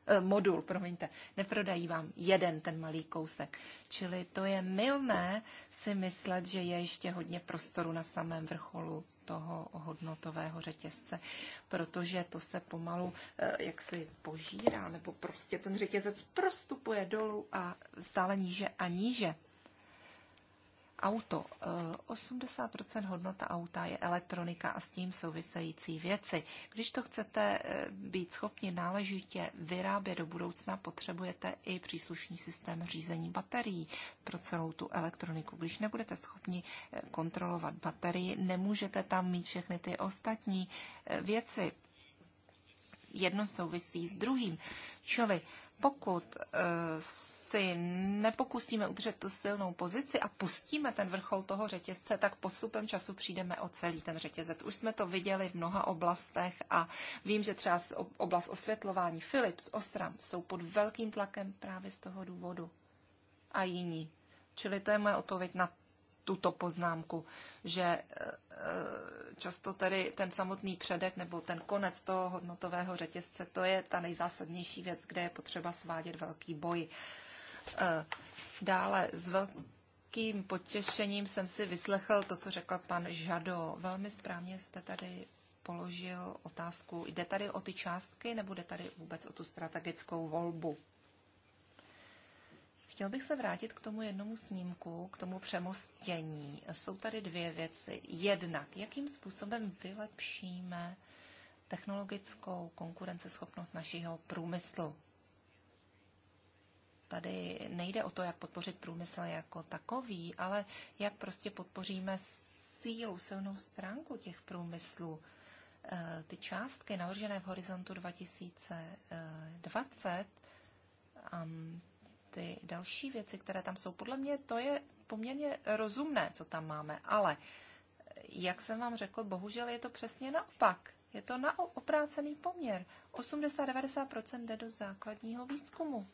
Eh, modul, promiňte, neprodají vám jeden ten malý kousek. Čili to je milné si myslet, že je ještě hodně prostoru na samém vrcholu toho hodnotového řetězce, protože to se pomalu eh, jak si požírá, nebo prostě ten řetězec prostupuje dolů a stále níže a níže auto. 80% eh, hodnota auta je elektronika a s tím související věci. Když to chcete eh, být schopni náležitě vyrábět do budoucna, potřebujete i příslušný systém řízení baterií pro celou tu elektroniku. Když nebudete schopni eh, kontrolovat baterii, nemůžete tam mít všechny ty ostatní věci jedno souvisí s druhým. Čili pokud eh, si nepokusíme udržet tu silnou pozici a pustíme ten vrchol toho řetězce, tak postupem času přijdeme o celý ten řetězec. Už jsme to viděli v mnoha oblastech a vím, že třeba oblast osvětlování Philips, Ostram jsou pod velkým tlakem právě z toho důvodu a jiní. Čili to je moje odpověď na tuto poznámku, že eh, eh, často tedy ten samotný předek nebo ten konec toho hodnotového řetězce, to je ta nejzásadnější věc, kde je potřeba svádět velký boj. Eh, dále s velkým potěšením jsem si vyslechl to, co řekl pan Žado. Velmi správně jste tady položil otázku, jde tady o ty částky nebo jde tady vůbec o tu strategickou volbu. Chtěl bych se vrátit k tomu jednomu snímku, k tomu přemostění. Jsou tady dvě věci. Jednak, jakým způsobem vylepšíme technologickou konkurenceschopnost našeho průmyslu. Tady nejde o to, jak podpořit průmysl jako takový, ale jak prostě podpoříme sílu, silnou stránku těch průmyslů. Eh, ty částky navržené v horizontu 2020 ty další věci, které tam jsou. Podle mě to je poměrně rozumné, co tam máme, ale jak jsem vám řekl, bohužel je to přesně naopak. Je to na oprácený poměr. 80-90% jde do základního výzkumu.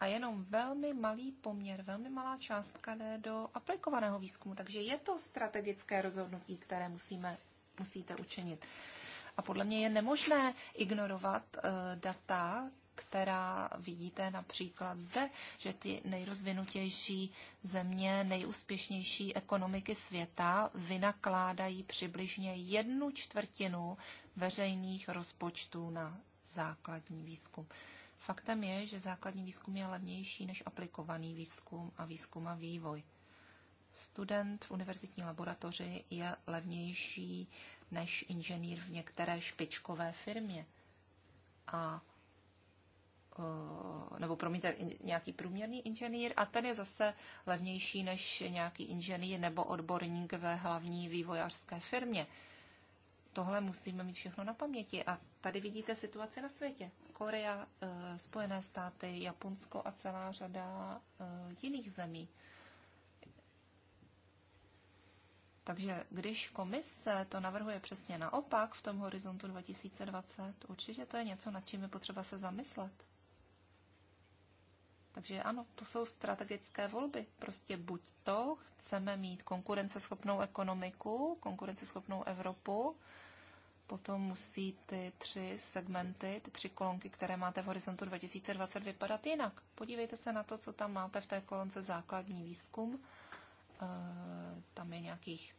A jenom velmi malý poměr, velmi malá částka jde do aplikovaného výzkumu. Takže je to strategické rozhodnutí, které musíme, musíte učinit. A podle mě je nemožné ignorovat uh, data, která vidíte například zde, že ty nejrozvinutější země, nejúspěšnější ekonomiky světa vynakládají přibližně jednu čtvrtinu veřejných rozpočtů na základní výzkum. Faktem je, že základní výzkum je levnější než aplikovaný výzkum a výzkum a vývoj. Student v univerzitní laboratoři je levnější než inženýr v některé špičkové firmě. A nebo promiňte, nějaký průměrný inženýr a ten je zase levnější než nějaký inženýr nebo odborník ve hlavní vývojářské firmě. Tohle musíme mít všechno na paměti. A tady vidíte situaci na světě. Korea, e, Spojené státy, Japonsko a celá řada e, jiných zemí. Takže když komise to navrhuje přesně naopak v tom horizontu 2020, určitě to je něco, nad čím je potřeba se zamyslet. Takže ano, to jsou strategické volby. Prostě buď to chceme mít konkurenceschopnou ekonomiku, konkurenceschopnou Evropu, potom musí ty tři segmenty, ty tři kolonky, které máte v horizontu 2020, vypadat jinak. Podívejte se na to, co tam máte v té kolonce základní výzkum. E, tam je nějakých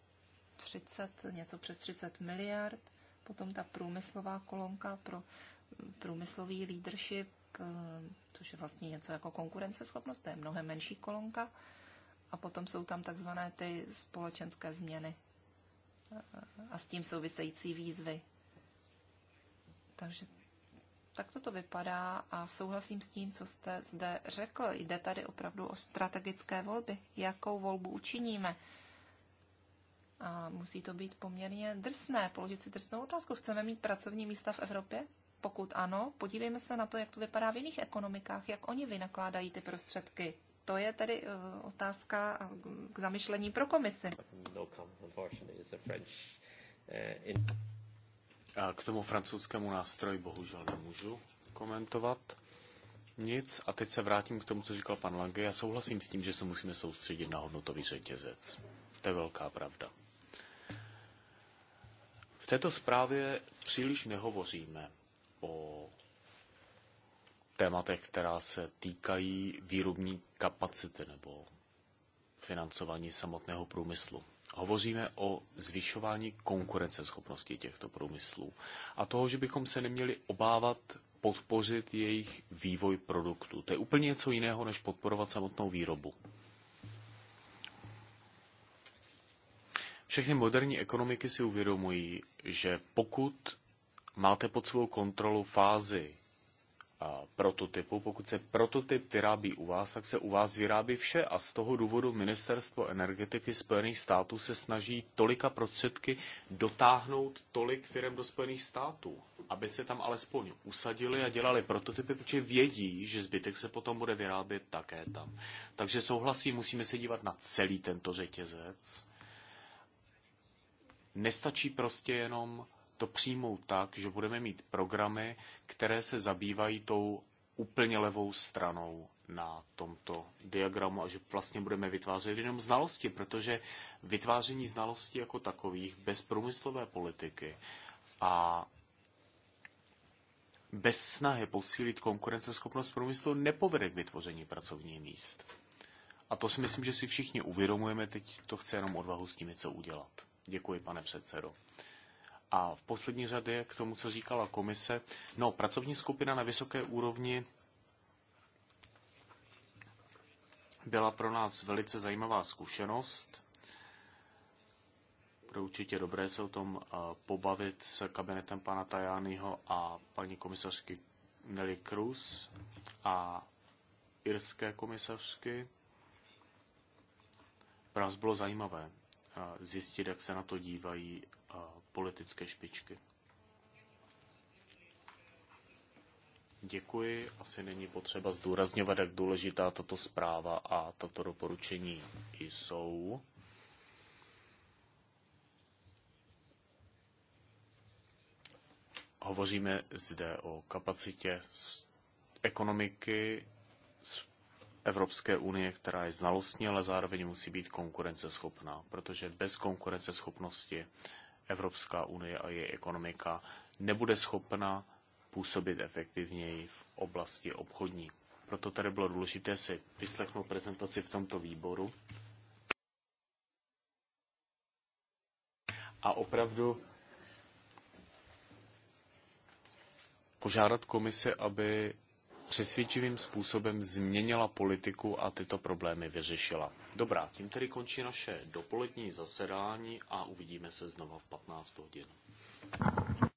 30, něco přes 30 miliard. Potom ta průmyslová kolonka pro průmyslový leadership, Eh, což je vlastně něco jako konkurenceschopnost, to je mnohem menší kolonka. A potom jsou tam takzvané ty společenské změny eh, a s tím související výzvy. Takže tak toto vypadá a souhlasím s tím, co jste zde řekl. Jde tady opravdu o strategické volby. Jakou volbu učiníme? A musí to být poměrně drsné, položit si drsnou otázku. Chceme mít pracovní místa v Evropě? Pokud ano, podívejme se na to, jak to vypadá v jiných ekonomikách, jak oni vynakládají ty prostředky. To je tedy eh, otázka eh, k zamyšlení pro komisi. No eh, a k tomu francouzskému nástroji bohužel nemůžu komentovat nic. A teď se vrátím k tomu, co říkal pan Lange. Já souhlasím s tím, že se musíme soustředit na hodnotový řetězec. To je velká pravda. V této zprávě příliš nehovoříme o tématech, která se týkají výrobní kapacity nebo financování samotného průmyslu. Hovoříme o zvyšování konkurenceschopnosti těchto průmyslů a toho, že bychom se neměli obávat podpořit jejich vývoj produktů. To je úplně něco jiného, než podporovat samotnou výrobu. Všechny moderní ekonomiky si uvědomují, že pokud máte pod svou kontrolu fázi prototypu. Pokud se prototyp vyrábí u vás, tak se u vás vyrábí vše a z toho důvodu Ministerstvo energetiky Spojených států se snaží tolika prostředky dotáhnout tolik firm do Spojených států, aby se tam alespoň usadili a dělali prototypy, protože vědí, že zbytek se potom bude vyrábět také tam. Takže souhlasím, musíme se dívat na celý tento řetězec. Nestačí prostě jenom to přijmout tak, že budeme mít programy, které se zabývají tou úplně levou stranou na tomto diagramu a že vlastně budeme vytvářet jenom znalosti, protože vytváření znalostí jako takových bez průmyslové politiky a bez snahy posílit konkurenceschopnost průmyslu nepovede k vytvoření pracovních míst. A to si myslím, že si všichni uvědomujeme, teď to chce jenom odvahu s tím něco udělat. Děkuji, pane předsedo. A v poslední řadě k tomu, co říkala komise, no, pracovní skupina na vysoké úrovni byla pro nás velice zajímavá zkušenost. Bude určitě dobré se o tom eh, pobavit s kabinetem pana Tajányho a paní komisařky Nelly Cruz a irské komisařky. Pro nás bylo zajímavé eh, zjistit, jak se na to dívají eh, politické špičky. Děkuji. Asi není potřeba zdůrazňovat, jak důležitá tato zpráva a tato doporučení jsou. Hovoříme zde o kapacitě ekonomiky z Evropské unie, která je znalostní, ale zároveň musí být konkurenceschopná, protože bez konkurenceschopnosti Evropská unie a její ekonomika nebude schopna působit efektivněji v oblasti obchodní. Proto tady bylo důležité si vyslechnout prezentaci v tomto výboru. A opravdu požádat komise, aby přesvědčivým způsobem změnila politiku a tyto problémy vyřešila. Dobrá, tím tedy končí naše dopolední zasedání a uvidíme se znova v 15 hodin.